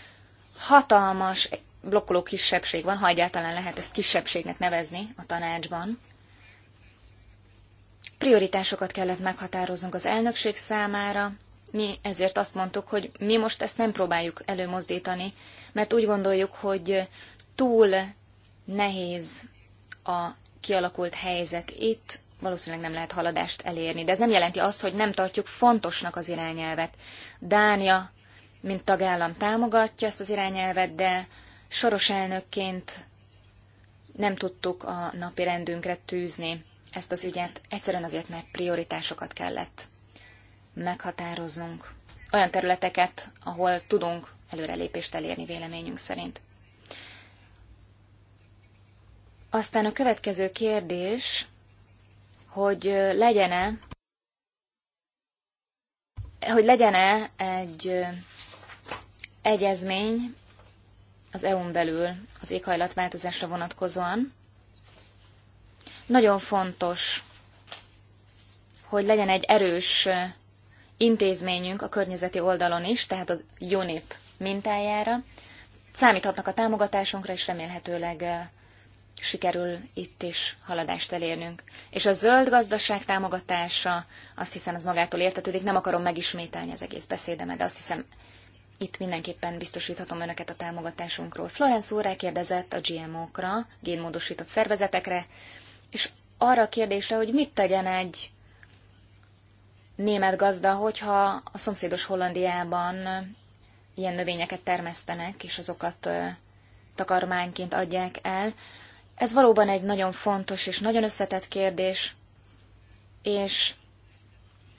hatalmas blokkoló kisebbség van, ha egyáltalán lehet ezt kisebbségnek nevezni a tanácsban. Prioritásokat kellett meghatároznunk az elnökség számára, mi ezért azt mondtuk, hogy mi most ezt nem próbáljuk előmozdítani, mert úgy gondoljuk, hogy túl nehéz a kialakult helyzet itt, valószínűleg nem lehet haladást elérni, de ez nem jelenti azt, hogy nem tartjuk fontosnak az irányelvet. Dánia, mint tagállam támogatja ezt az irányelvet, de soros elnökként nem tudtuk a napi rendünkre tűzni ezt az ügyet, egyszerűen azért, mert prioritásokat kellett meghatároznunk. Olyan területeket, ahol tudunk előrelépést elérni véleményünk szerint. Aztán a következő kérdés, hogy legyen-e hogy legyen-e egy egyezmény az EU-n belül az éghajlatváltozásra vonatkozóan. Nagyon fontos, hogy legyen egy erős intézményünk a környezeti oldalon is, tehát az UNIP mintájára. Számíthatnak a támogatásunkra, és remélhetőleg sikerül itt is haladást elérnünk. És a zöld gazdaság támogatása, azt hiszem, az magától értetődik, nem akarom megismételni az egész beszédemet, de azt hiszem, itt mindenképpen biztosíthatom önöket a támogatásunkról. Florence úr kérdezett a GMO-kra, génmódosított szervezetekre, és arra a kérdésre, hogy mit tegyen egy német gazda, hogyha a szomszédos Hollandiában ilyen növényeket termesztenek, és azokat takarmányként adják el. Ez valóban egy nagyon fontos és nagyon összetett kérdés, és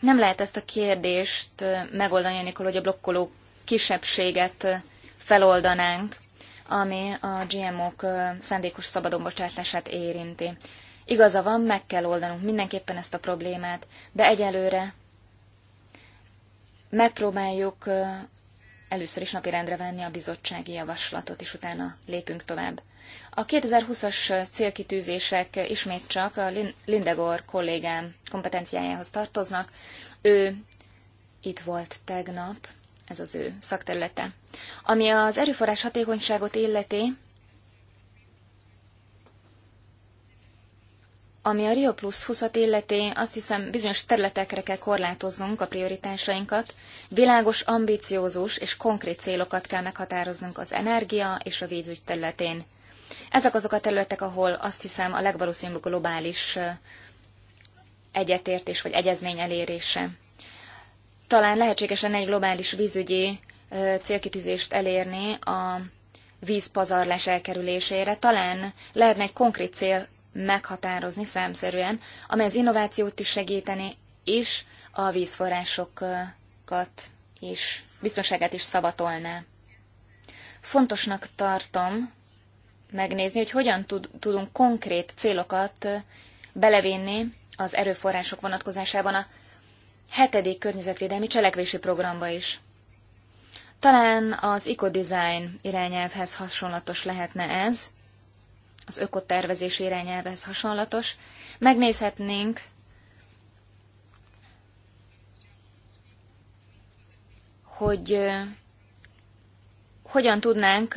nem lehet ezt a kérdést megoldani, anélkül, hogy a blokkoló kisebbséget feloldanánk, ami a GMO-k szándékos szabadonbocsátását érinti. Igaza van, meg kell oldanunk mindenképpen ezt a problémát, de egyelőre megpróbáljuk először is napirendre venni a bizottsági javaslatot, és utána lépünk tovább. A 2020-as célkitűzések ismét csak a Lindegor kollégám kompetenciájához tartoznak. Ő itt volt tegnap, ez az ő szakterülete. Ami az erőforrás hatékonyságot illeti, ami a Rio Plus 20-at illeti, azt hiszem bizonyos területekre kell korlátoznunk a prioritásainkat, világos, ambiciózus és konkrét célokat kell meghatároznunk az energia és a vízügy területén. Ezek azok a területek, ahol azt hiszem a legvalószínűbb globális egyetértés vagy egyezmény elérése. Talán lehetséges lenne egy globális vízügyi célkitűzést elérni a vízpazarlás elkerülésére. Talán lehetne egy konkrét cél meghatározni számszerűen, amely az innovációt is segíteni, és a vízforrásokat is, biztonságát is szabatolná. Fontosnak tartom, megnézni, hogy hogyan tud, tudunk konkrét célokat belevinni az erőforrások vonatkozásában a hetedik környezetvédelmi cselekvési programba is. Talán az ecodesign irányelvhez hasonlatos lehetne ez, az ökotervezés irányelvhez hasonlatos. Megnézhetnénk, hogy hogyan tudnánk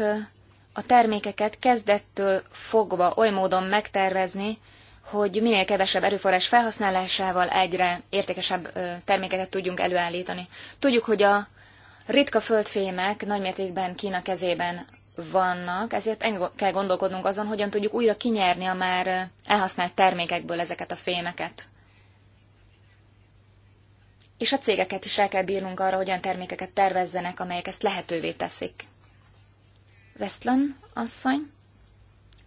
a termékeket kezdettől fogva oly módon megtervezni, hogy minél kevesebb erőforrás felhasználásával egyre értékesebb termékeket tudjunk előállítani. Tudjuk, hogy a ritka földfémek nagymértékben Kína kezében vannak, ezért kell gondolkodnunk azon, hogyan tudjuk újra kinyerni a már elhasznált termékekből ezeket a fémeket. És a cégeket is el kell bírnunk arra, hogyan termékeket tervezzenek, amelyek ezt lehetővé teszik. Veszlen asszony,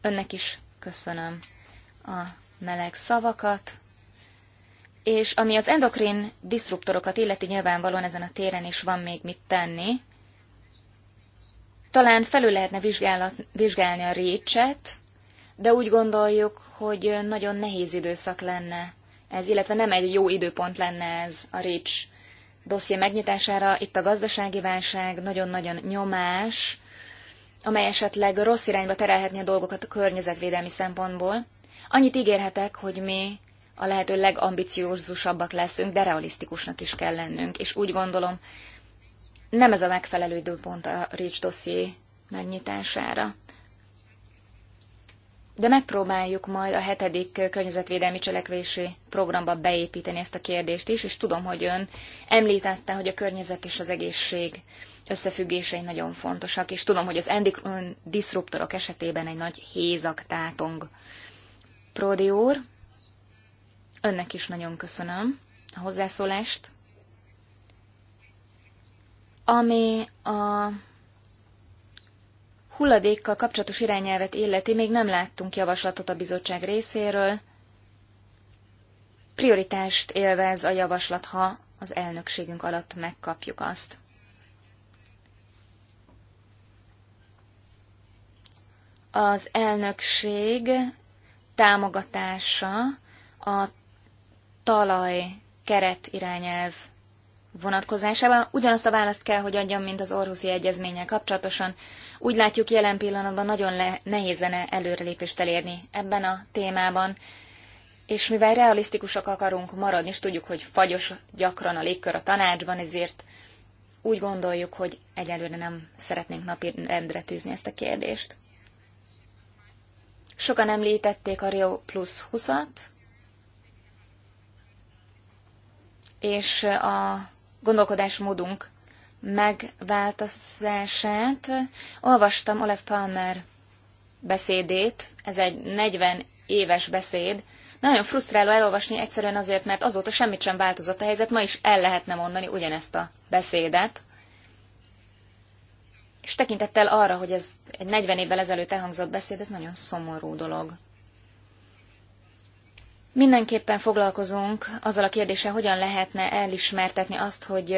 önnek is köszönöm a meleg szavakat, és ami az endokrin diszruptorokat illeti, nyilvánvalóan ezen a téren is van még mit tenni. Talán felül lehetne vizsgálni a récset, de úgy gondoljuk, hogy nagyon nehéz időszak lenne ez, illetve nem egy jó időpont lenne ez a récs dosszié megnyitására. Itt a gazdasági válság, nagyon-nagyon nyomás, amely esetleg rossz irányba terelhetni a dolgokat a környezetvédelmi szempontból. Annyit ígérhetek, hogy mi a lehető legambiciózusabbak leszünk, de realisztikusnak is kell lennünk, és úgy gondolom, nem ez a megfelelő időpont a REACH dosszié megnyitására. De megpróbáljuk majd a hetedik környezetvédelmi cselekvési programba beépíteni ezt a kérdést is, és tudom, hogy ön említette, hogy a környezet és az egészség összefüggései nagyon fontosak, és tudom, hogy az endokrin diszruptorok esetében egy nagy hézak tátong. Prodi úr, önnek is nagyon köszönöm a hozzászólást. Ami a hulladékkal kapcsolatos irányelvet illeti, még nem láttunk javaslatot a bizottság részéről. Prioritást élvez a javaslat, ha az elnökségünk alatt megkapjuk azt. az elnökség támogatása a talaj keret irányelv vonatkozásában. Ugyanazt a választ kell, hogy adjam, mint az Orhuszi Egyezménnyel kapcsolatosan. Úgy látjuk, jelen pillanatban nagyon le- nehéz lenne előrelépést elérni ebben a témában. És mivel realisztikusak akarunk maradni, és tudjuk, hogy fagyos gyakran a légkör a tanácsban, ezért úgy gondoljuk, hogy egyelőre nem szeretnénk napi rendre tűzni ezt a kérdést. Sokan említették a Rio Plus 20-at, és a gondolkodásmódunk megváltozását. Olvastam Olaf Palmer beszédét, ez egy 40 éves beszéd. Nagyon frusztráló elolvasni egyszerűen azért, mert azóta semmit sem változott a helyzet, ma is el lehetne mondani ugyanezt a beszédet. És tekintettel arra, hogy ez egy 40 évvel ezelőtt elhangzott beszéd, ez nagyon szomorú dolog. Mindenképpen foglalkozunk azzal a kérdéssel, hogyan lehetne elismertetni azt, hogy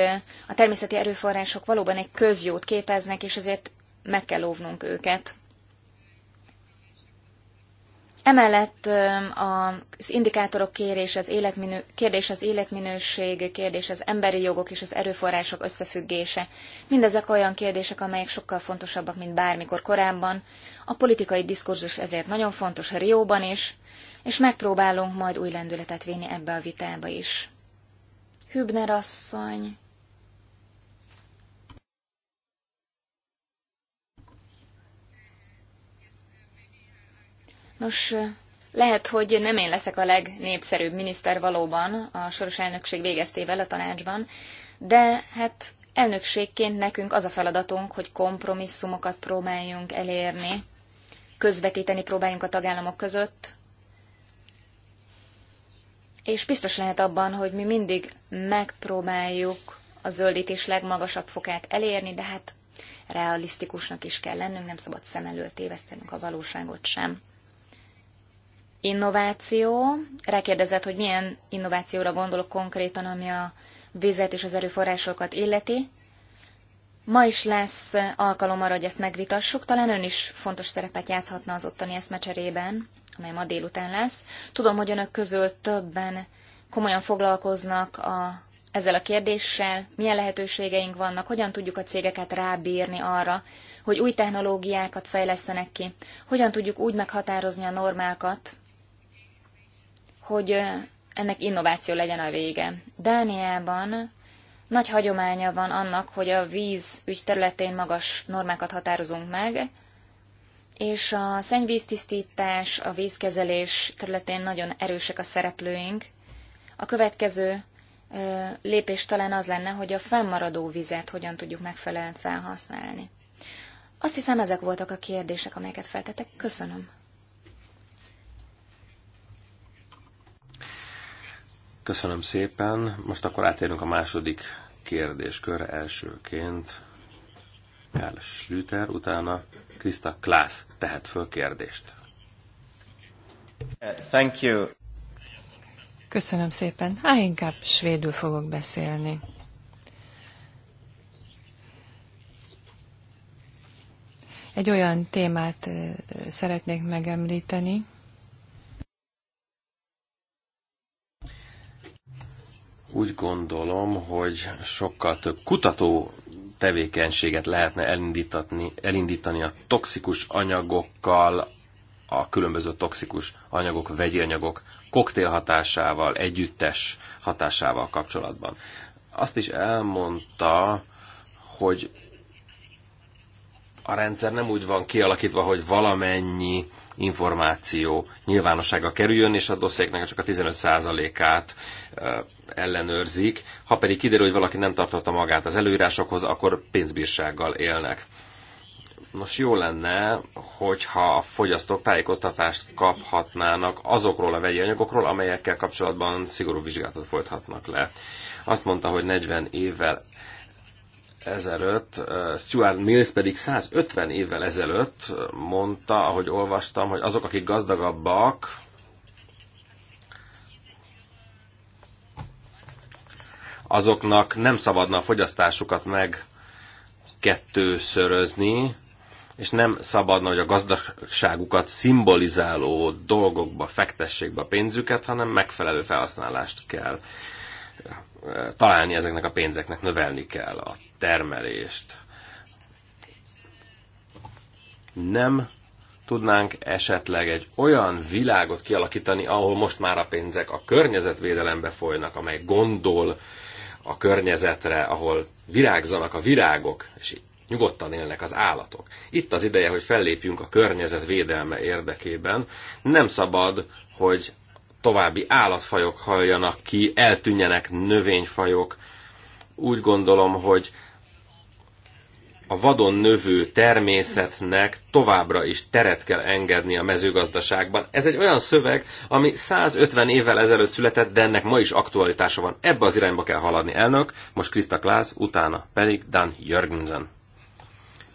a természeti erőforrások valóban egy közjót képeznek, és ezért meg kell óvnunk őket. Emellett az indikátorok kérés, az életminő, kérdés az életminőség, kérdés az emberi jogok és az erőforrások összefüggése. Mindezek olyan kérdések, amelyek sokkal fontosabbak, mint bármikor korábban. A politikai diskurzus ezért nagyon fontos a Rióban is, és megpróbálunk majd új lendületet vinni ebbe a vitába is. Hübner asszony Nos, lehet, hogy nem én leszek a legnépszerűbb miniszter valóban a soros elnökség végeztével a tanácsban, de hát elnökségként nekünk az a feladatunk, hogy kompromisszumokat próbáljunk elérni, közvetíteni próbáljunk a tagállamok között, és biztos lehet abban, hogy mi mindig megpróbáljuk a zöldítés legmagasabb fokát elérni, de hát realisztikusnak is kell lennünk, nem szabad szem előtt tévesztenünk a valóságot sem. Innováció. Rákérdezett, hogy milyen innovációra gondolok konkrétan, ami a vizet és az erőforrásokat illeti. Ma is lesz alkalom arra, hogy ezt megvitassuk. Talán ön is fontos szerepet játszhatna az ottani eszmecserében, amely ma délután lesz. Tudom, hogy önök közül többen komolyan foglalkoznak a, ezzel a kérdéssel, milyen lehetőségeink vannak, hogyan tudjuk a cégeket rábírni arra, hogy új technológiákat fejlesztenek ki, hogyan tudjuk úgy meghatározni a normákat, hogy ennek innováció legyen a vége. Dániában nagy hagyománya van annak, hogy a víz ügy területén magas normákat határozunk meg, és a szennyvíztisztítás, a vízkezelés területén nagyon erősek a szereplőink. A következő lépés talán az lenne, hogy a fennmaradó vizet hogyan tudjuk megfelelően felhasználni. Azt hiszem, ezek voltak a kérdések, amelyeket feltettek. Köszönöm. Köszönöm szépen. Most akkor átérünk a második kérdéskörre elsőként. Karl Schlüter, utána Krista Klász tehet föl kérdést. Thank you. Köszönöm szépen. Hát inkább svédül fogok beszélni. Egy olyan témát szeretnék megemlíteni, Úgy gondolom, hogy sokkal több kutató tevékenységet lehetne elindítani, elindítani a toxikus anyagokkal, a különböző toxikus anyagok, vegyi anyagok koktél hatásával, együttes hatásával kapcsolatban. Azt is elmondta, hogy a rendszer nem úgy van kialakítva, hogy valamennyi információ nyilvánossága kerüljön, és a dosszéknek csak a 15%-át ellenőrzik. Ha pedig kiderül, hogy valaki nem tartotta magát az előírásokhoz, akkor pénzbírsággal élnek. Nos, jó lenne, hogyha a fogyasztók tájékoztatást kaphatnának azokról a vegyi anyagokról, amelyekkel kapcsolatban szigorú vizsgálatot folytathatnak le. Azt mondta, hogy 40 évvel ezelőtt, Stuart Mills pedig 150 évvel ezelőtt mondta, ahogy olvastam, hogy azok, akik gazdagabbak, azoknak nem szabadna a fogyasztásukat meg kettőszörözni, és nem szabadna, hogy a gazdagságukat szimbolizáló dolgokba fektessék be a pénzüket, hanem megfelelő felhasználást kell találni ezeknek a pénzeknek, növelni kell a termelést. Nem tudnánk esetleg egy olyan világot kialakítani, ahol most már a pénzek a környezetvédelembe folynak, amely gondol a környezetre, ahol virágzanak a virágok, és nyugodtan élnek az állatok. Itt az ideje, hogy fellépjünk a környezetvédelme érdekében. Nem szabad, hogy további állatfajok haljanak ki, eltűnjenek növényfajok. Úgy gondolom, hogy a vadon növő természetnek továbbra is teret kell engedni a mezőgazdaságban. Ez egy olyan szöveg, ami 150 évvel ezelőtt született, de ennek ma is aktualitása van. Ebbe az irányba kell haladni, elnök. Most Krista Klász, utána pedig Dan Jörgensen.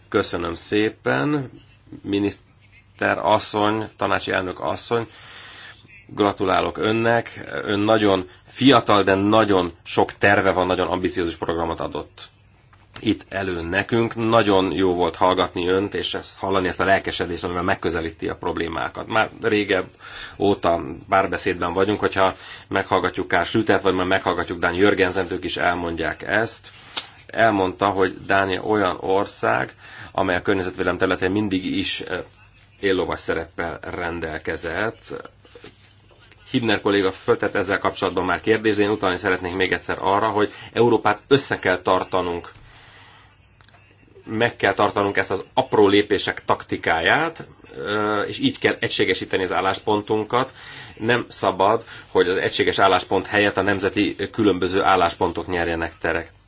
Köszönöm szépen, miniszter asszony, tanácsi elnök asszony. Gratulálok önnek. Ön nagyon fiatal, de nagyon sok terve van, nagyon ambiciózus programot adott itt elő nekünk. Nagyon jó volt hallgatni önt, és ezt hallani ezt a lelkesedést, amivel megközelíti a problémákat. Már régebb óta párbeszédben vagyunk, hogyha meghallgatjuk Kár Slütert, vagy már meghallgatjuk Dán Jörgenzent, ők is elmondják ezt. Elmondta, hogy Dánia olyan ország, amely a környezetvédelem területén mindig is eh, éllovas szereppel rendelkezett, Hibner kolléga föltett ezzel kapcsolatban már kérdést, de én utalni szeretnék még egyszer arra, hogy Európát össze kell tartanunk. Meg kell tartanunk ezt az apró lépések taktikáját, és így kell egységesíteni az álláspontunkat. Nem szabad, hogy az egységes álláspont helyett a nemzeti különböző álláspontok nyerjenek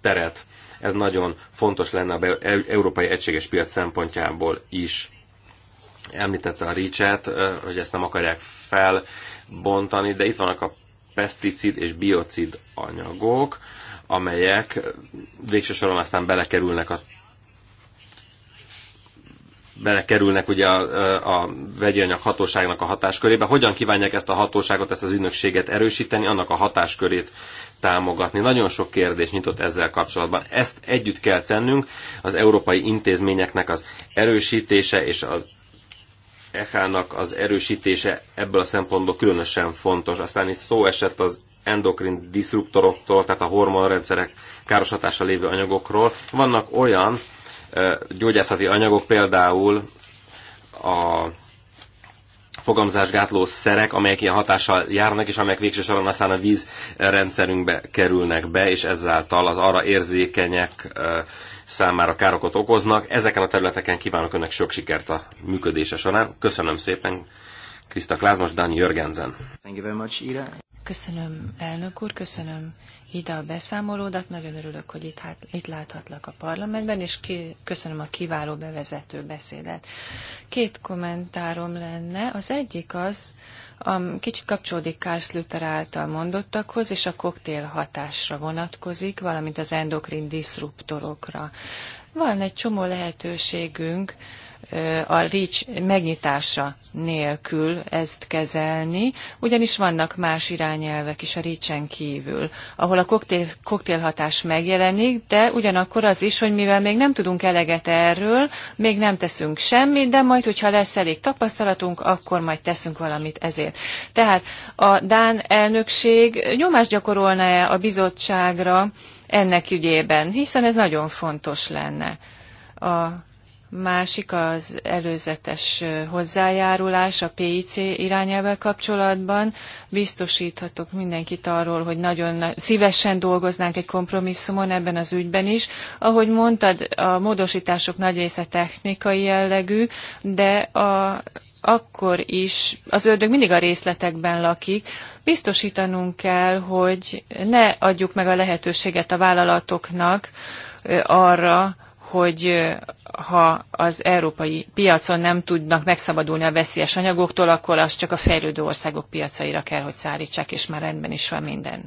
teret. Ez nagyon fontos lenne a e- európai egységes piac szempontjából is. Említette a Ricset, hogy ezt nem akarják fel bontani, de itt vannak a peszticid és biocid anyagok, amelyek végső soron aztán belekerülnek a belekerülnek ugye a, a vegyi anyag hatóságnak a hatáskörébe. Hogyan kívánják ezt a hatóságot, ezt az ügynökséget erősíteni, annak a hatáskörét támogatni? Nagyon sok kérdés nyitott ezzel kapcsolatban. Ezt együtt kell tennünk, az európai intézményeknek az erősítése és az EHA-nak az erősítése ebből a szempontból különösen fontos. Aztán itt szó esett az endokrin diszruptoroktól, tehát a hormonrendszerek káros hatása lévő anyagokról. Vannak olyan gyógyászati anyagok, például a fogamzásgátló szerek, amelyek ilyen hatással járnak, és amelyek végső soron aztán a vízrendszerünkbe kerülnek be, és ezáltal az arra érzékenyek számára károkat okoznak. Ezeken a területeken kívánok Önnek sok sikert a működése során. Köszönöm szépen, Krista Klázmos, Dani Jörgensen. Thank you very much, Köszönöm, elnök úr, köszönöm ide a beszámolódat. Nagyon örülök, hogy itt, hát, itt láthatlak a parlamentben, és ki, köszönöm a kiváló bevezető beszédet. Két kommentárom lenne. Az egyik az, a kicsit kapcsolódik Kársz Luther által mondottakhoz, és a koktél hatásra vonatkozik, valamint az endokrin diszruptorokra. Van egy csomó lehetőségünk, a REACH megnyitása nélkül ezt kezelni, ugyanis vannak más irányelvek is a reach kívül, ahol a koktél, koktélhatás megjelenik, de ugyanakkor az is, hogy mivel még nem tudunk eleget erről, még nem teszünk semmit, de majd, hogyha lesz elég tapasztalatunk, akkor majd teszünk valamit ezért. Tehát a Dán elnökség nyomást gyakorolna-e a bizottságra ennek ügyében, hiszen ez nagyon fontos lenne. A másik az előzetes hozzájárulás a PIC irányelvel kapcsolatban. Biztosíthatok mindenkit arról, hogy nagyon szívesen dolgoznánk egy kompromisszumon ebben az ügyben is. Ahogy mondtad, a módosítások nagy része technikai jellegű, de a akkor is az ördög mindig a részletekben lakik. Biztosítanunk kell, hogy ne adjuk meg a lehetőséget a vállalatoknak arra, hogy ha az európai piacon nem tudnak megszabadulni a veszélyes anyagoktól, akkor azt csak a fejlődő országok piacaira kell, hogy szállítsák, és már rendben is van minden.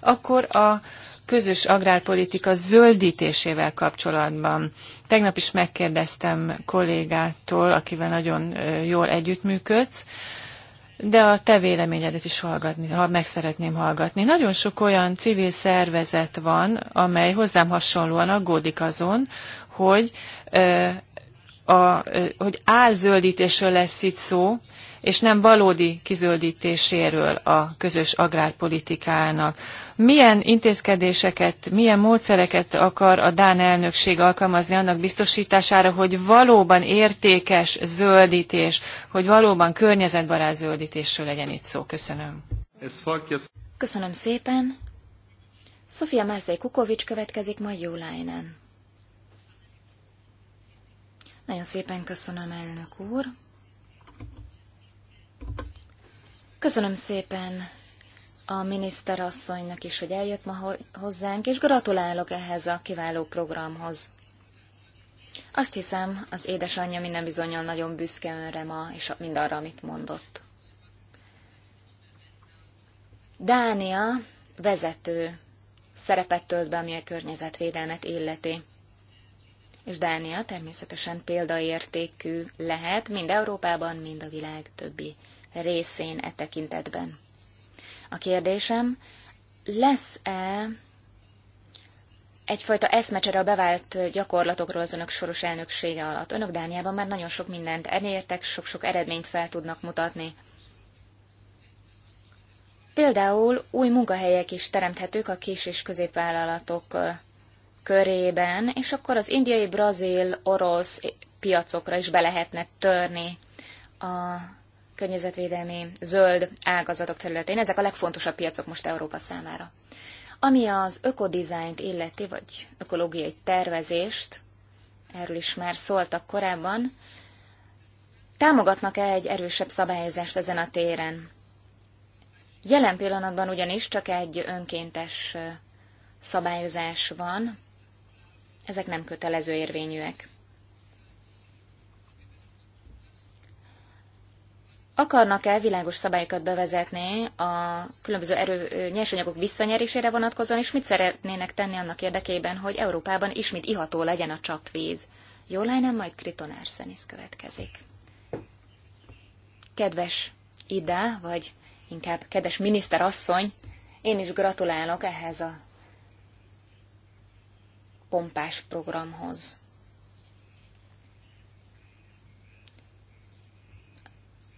Akkor a közös agrárpolitika zöldítésével kapcsolatban. Tegnap is megkérdeztem kollégától, akivel nagyon jól együttműködsz, de a te véleményedet is hallgatni, ha meg szeretném hallgatni. Nagyon sok olyan civil szervezet van, amely hozzám hasonlóan aggódik azon, hogy, ö, a, ö, hogy álzöldítésről lesz itt szó, és nem valódi kizöldítéséről a közös agrárpolitikának. Milyen intézkedéseket, milyen módszereket akar a Dán elnökség alkalmazni annak biztosítására, hogy valóban értékes zöldítés, hogy valóban környezetbarát zöldítésről legyen itt szó? Köszönöm. Köszönöm szépen. Sofia Mászé Kukovics következik majd jó lájnán. Nagyon szépen köszönöm, elnök úr. Köszönöm szépen a miniszterasszonynak is, hogy eljött ma hozzánk, és gratulálok ehhez a kiváló programhoz. Azt hiszem, az édesanyja minden bizonyal nagyon büszke önre ma, és mindarra, amit mondott. Dánia vezető szerepet tölt be, ami a környezetvédelmet illeti. És Dánia természetesen példaértékű lehet mind Európában, mind a világ többi részén e tekintetben. A kérdésem, lesz-e egyfajta eszmecsere a bevált gyakorlatokról az önök soros elnöksége alatt? Önök Dániában már nagyon sok mindent elértek, sok-sok eredményt fel tudnak mutatni. Például új munkahelyek is teremthetők a kis- és középvállalatok körében, és akkor az indiai, brazil, orosz piacokra is be lehetne törni a környezetvédelmi, zöld ágazatok területén. Ezek a legfontosabb piacok most Európa számára. Ami az ökodizájnt illeti, vagy ökológiai tervezést, erről is már szóltak korábban, támogatnak-e egy erősebb szabályozást ezen a téren? Jelen pillanatban ugyanis csak egy önkéntes szabályozás van, ezek nem kötelező érvényűek. akarnak-e világos szabályokat bevezetni a különböző erő, nyersanyagok visszanyerésére vonatkozóan, és mit szeretnének tenni annak érdekében, hogy Európában ismét iható legyen a csapvíz? jó nem majd Kriton Arsenis következik. Kedves Ida, vagy inkább kedves miniszter asszony, én is gratulálok ehhez a pompás programhoz.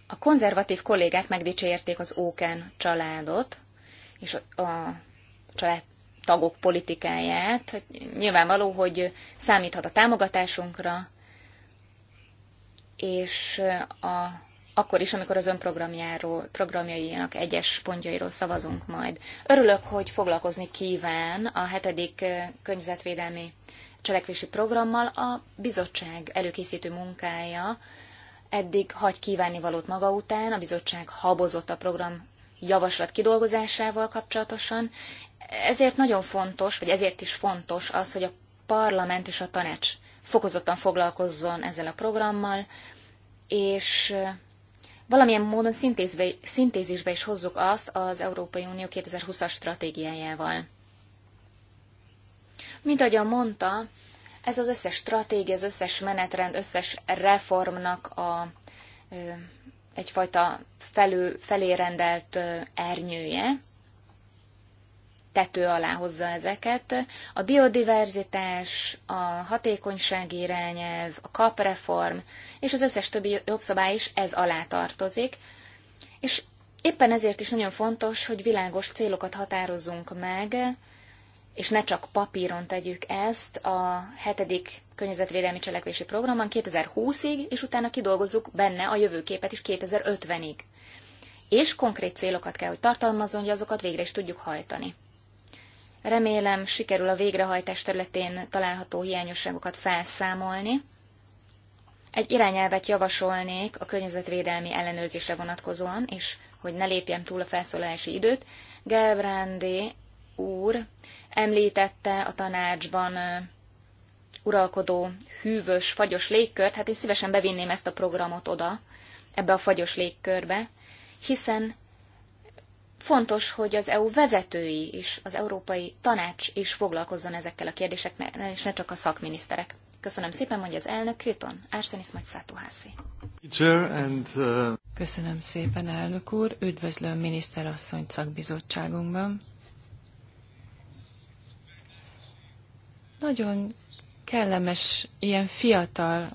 A konzervatív kollégák megdicsérték az Óken családot, és a család tagok politikáját. Nyilvánvaló, hogy számíthat a támogatásunkra, és a, akkor is, amikor az önprogramjáról, programjainak egyes pontjairól szavazunk majd. Örülök, hogy foglalkozni kíván a hetedik eh, környezetvédelmi cselekvési programmal a bizottság előkészítő munkája eddig hagy kívánni valót maga után, a bizottság habozott a program javaslat kidolgozásával kapcsolatosan, ezért nagyon fontos, vagy ezért is fontos az, hogy a parlament és a tanács fokozottan foglalkozzon ezzel a programmal, és valamilyen módon szintézbe, szintézisbe is hozzuk azt az Európai Unió 2020-as stratégiájával. Mint ahogyan mondta, ez az összes stratégia, az összes menetrend, összes reformnak a, egyfajta felő, felé rendelt ernyője, tető alá hozza ezeket. A biodiverzitás, a hatékonysági irányelv, a kapreform, és az összes többi jogszabály is ez alá tartozik. És éppen ezért is nagyon fontos, hogy világos célokat határozzunk meg, és ne csak papíron tegyük ezt a hetedik környezetvédelmi cselekvési programban 2020-ig, és utána kidolgozzuk benne a jövőképet is 2050-ig. És konkrét célokat kell, hogy tartalmazzon, hogy azokat végre is tudjuk hajtani. Remélem sikerül a végrehajtás területén található hiányosságokat felszámolni. Egy irányelvet javasolnék a környezetvédelmi ellenőrzésre vonatkozóan, és hogy ne lépjem túl a felszólalási időt, Gelbrandi úr említette a tanácsban uralkodó hűvös, fagyos légkört, hát én szívesen bevinném ezt a programot oda, ebbe a fagyos légkörbe, hiszen fontos, hogy az EU vezetői is, az Európai Tanács is foglalkozzon ezekkel a kérdésekkel, és ne csak a szakminiszterek. Köszönöm szépen, mondja az elnök Kriton, Arsenis Magyszátóhászi. Uh, Köszönöm szépen, elnök úr. Üdvözlöm miniszterasszonyt szakbizottságunkban. Nagyon kellemes ilyen fiatal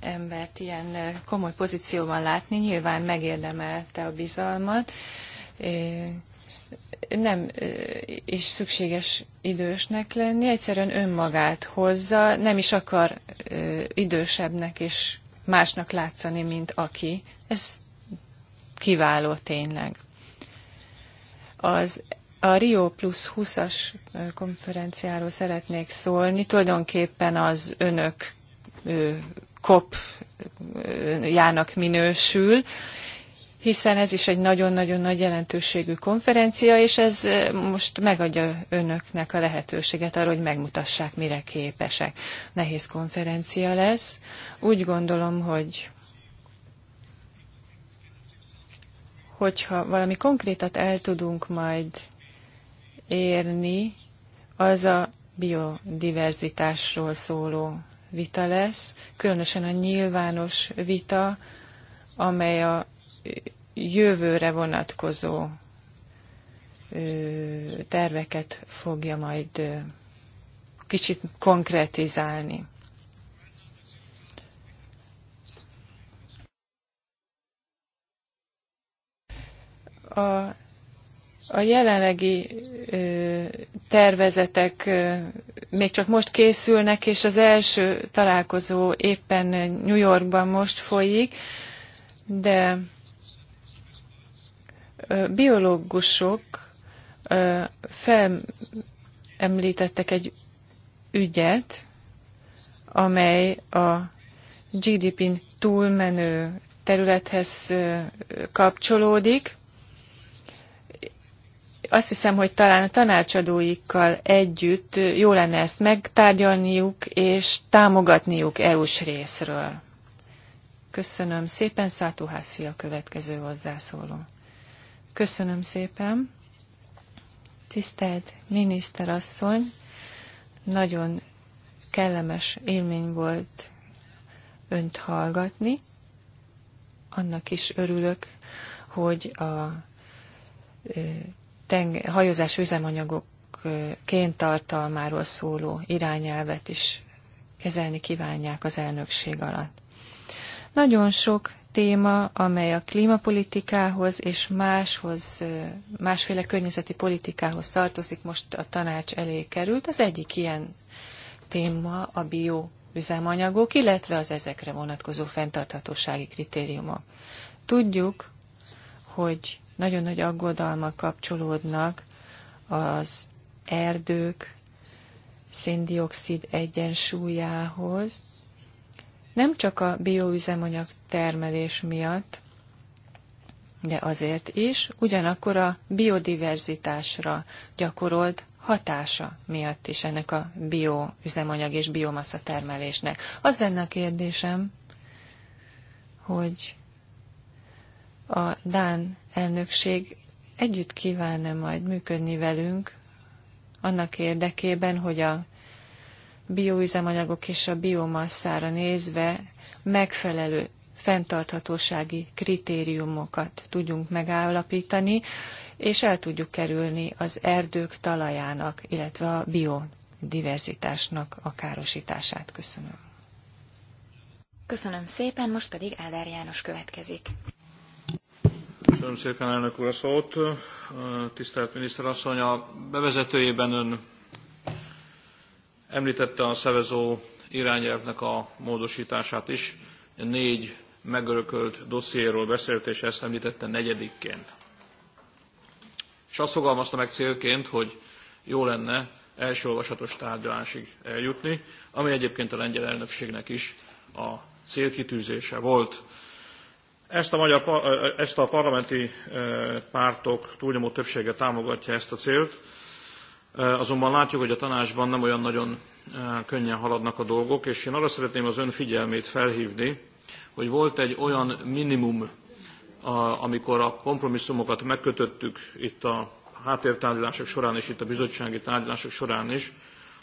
embert ilyen komoly pozícióban látni, nyilván megérdemelte a bizalmat. Nem is szükséges idősnek lenni, egyszerűen önmagát hozza, nem is akar idősebbnek és másnak látszani, mint aki. Ez kiváló tényleg. Az a Rio Plus 20-as konferenciáról szeretnék szólni. Tulajdonképpen az önök cop jának minősül, hiszen ez is egy nagyon-nagyon nagy jelentőségű konferencia, és ez most megadja önöknek a lehetőséget arra, hogy megmutassák, mire képesek. Nehéz konferencia lesz. Úgy gondolom, hogy hogyha valami konkrétat el tudunk majd érni, az a biodiverzitásról szóló vita lesz, különösen a nyilvános vita, amely a jövőre vonatkozó terveket fogja majd kicsit konkrétizálni. A a jelenlegi tervezetek még csak most készülnek, és az első találkozó éppen New Yorkban most folyik, de biológusok felemlítettek egy ügyet, amely a GDP-n túlmenő területhez kapcsolódik, azt hiszem, hogy talán a tanácsadóikkal együtt jó lenne ezt megtárgyalniuk és támogatniuk EU-s részről. Köszönöm szépen, Szátó a következő hozzászóló. Köszönöm szépen. Tisztelt miniszterasszony, nagyon kellemes élmény volt önt hallgatni. Annak is örülök, hogy a tenge, hajózás üzemanyagokként tartalmáról szóló irányelvet is kezelni kívánják az elnökség alatt. Nagyon sok téma, amely a klímapolitikához és máshoz, másféle környezeti politikához tartozik, most a tanács elé került. Az egyik ilyen téma a üzemanyagok illetve az ezekre vonatkozó fenntarthatósági kritériumok. Tudjuk, hogy nagyon nagy aggodalmak kapcsolódnak az erdők széndiokszid egyensúlyához, nem csak a bioüzemanyag termelés miatt, de azért is, ugyanakkor a biodiverzitásra gyakorolt hatása miatt is ennek a bioüzemanyag és biomassa termelésnek. Az lenne a kérdésem, hogy a Dán elnökség együtt kívánna majd működni velünk annak érdekében, hogy a bioüzemanyagok és a biomasszára nézve megfelelő fenntarthatósági kritériumokat tudjunk megállapítani, és el tudjuk kerülni az erdők talajának, illetve a biodiverzitásnak a károsítását. Köszönöm. Köszönöm szépen, most pedig Ádár János következik. Köszönöm szépen, elnök úr, a szót. Tisztelt miniszterasszony, a bevezetőjében ön említette a szevezó irányelvnek a módosítását is. Négy megörökölt dossziéről beszélt, és ezt említette negyedikként. És azt fogalmazta meg célként, hogy jó lenne első olvasatos tárgyalásig eljutni, ami egyébként a lengyel elnökségnek is a célkitűzése volt. Ezt a, magyar, ezt a parlamenti pártok túlnyomó többsége támogatja ezt a célt, azonban látjuk, hogy a tanácsban nem olyan nagyon könnyen haladnak a dolgok, és én arra szeretném az ön figyelmét felhívni, hogy volt egy olyan minimum, amikor a kompromisszumokat megkötöttük itt a háttértárgyalások során és itt a bizottsági tárgyalások során is,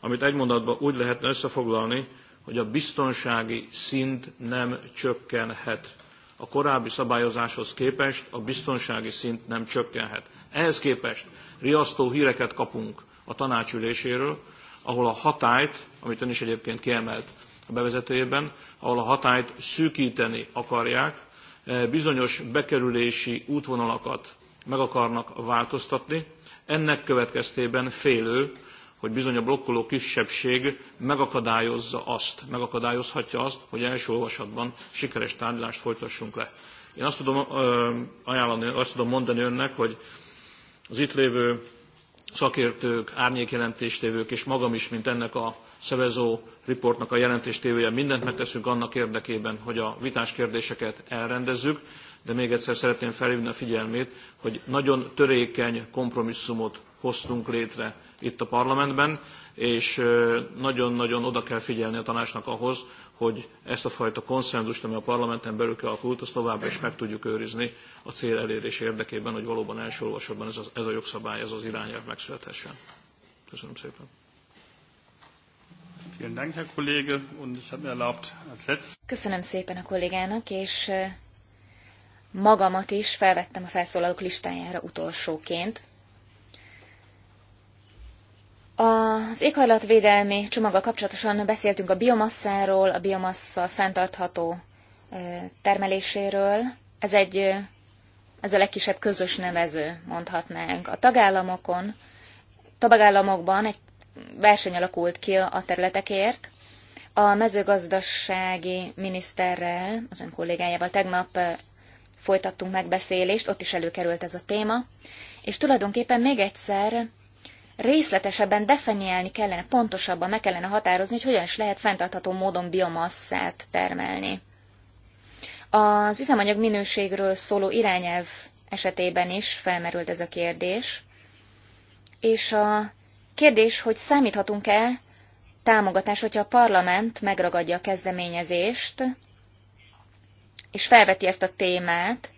amit egy mondatban úgy lehetne összefoglalni, hogy a biztonsági szint nem csökkenhet a korábbi szabályozáshoz képest a biztonsági szint nem csökkenhet. Ehhez képest riasztó híreket kapunk a tanácsüléséről, ahol a hatályt, amit ön is egyébként kiemelt a bevezetőjében, ahol a hatályt szűkíteni akarják, eh, bizonyos bekerülési útvonalakat meg akarnak változtatni, ennek következtében félő, hogy bizony a blokkoló kisebbség megakadályozza azt, megakadályozhatja azt, hogy első olvasatban sikeres tárgyalást folytassunk le. Én azt tudom ajánlani, azt tudom mondani önnek, hogy az itt lévő szakértők, árnyékjelentéstévők és magam is, mint ennek a szevezó riportnak a jelentéstévője, mindent megteszünk annak érdekében, hogy a vitás kérdéseket elrendezzük, de még egyszer szeretném felhívni a figyelmét, hogy nagyon törékeny kompromisszumot hoztunk létre itt a parlamentben, és nagyon-nagyon oda kell figyelni a tanácsnak ahhoz, hogy ezt a fajta konszenzust, ami a parlamenten belül kialakult, azt továbbra is meg tudjuk őrizni a cél elérés érdekében, hogy valóban első olvasatban ez, ez a jogszabály, ez az irányelv megszülethessen. Köszönöm szépen. Köszönöm szépen a kollégának, és magamat is felvettem a felszólalók listájára utolsóként. Az éghajlatvédelmi csomaga kapcsolatosan beszéltünk a biomasszáról, a biomassa fenntartható termeléséről. Ez egy ez a legkisebb közös nevező, mondhatnánk. A tagállamokon, tagállamokban egy verseny alakult ki a területekért. A mezőgazdasági miniszterrel, az ön kollégájával tegnap folytattunk megbeszélést, ott is előkerült ez a téma, és tulajdonképpen még egyszer részletesebben definiálni kellene, pontosabban meg kellene határozni, hogy hogyan is lehet fenntartható módon biomasszát termelni. Az üzemanyag minőségről szóló irányelv esetében is felmerült ez a kérdés, és a kérdés, hogy számíthatunk-e támogatás, hogyha a parlament megragadja a kezdeményezést, és felveti ezt a témát,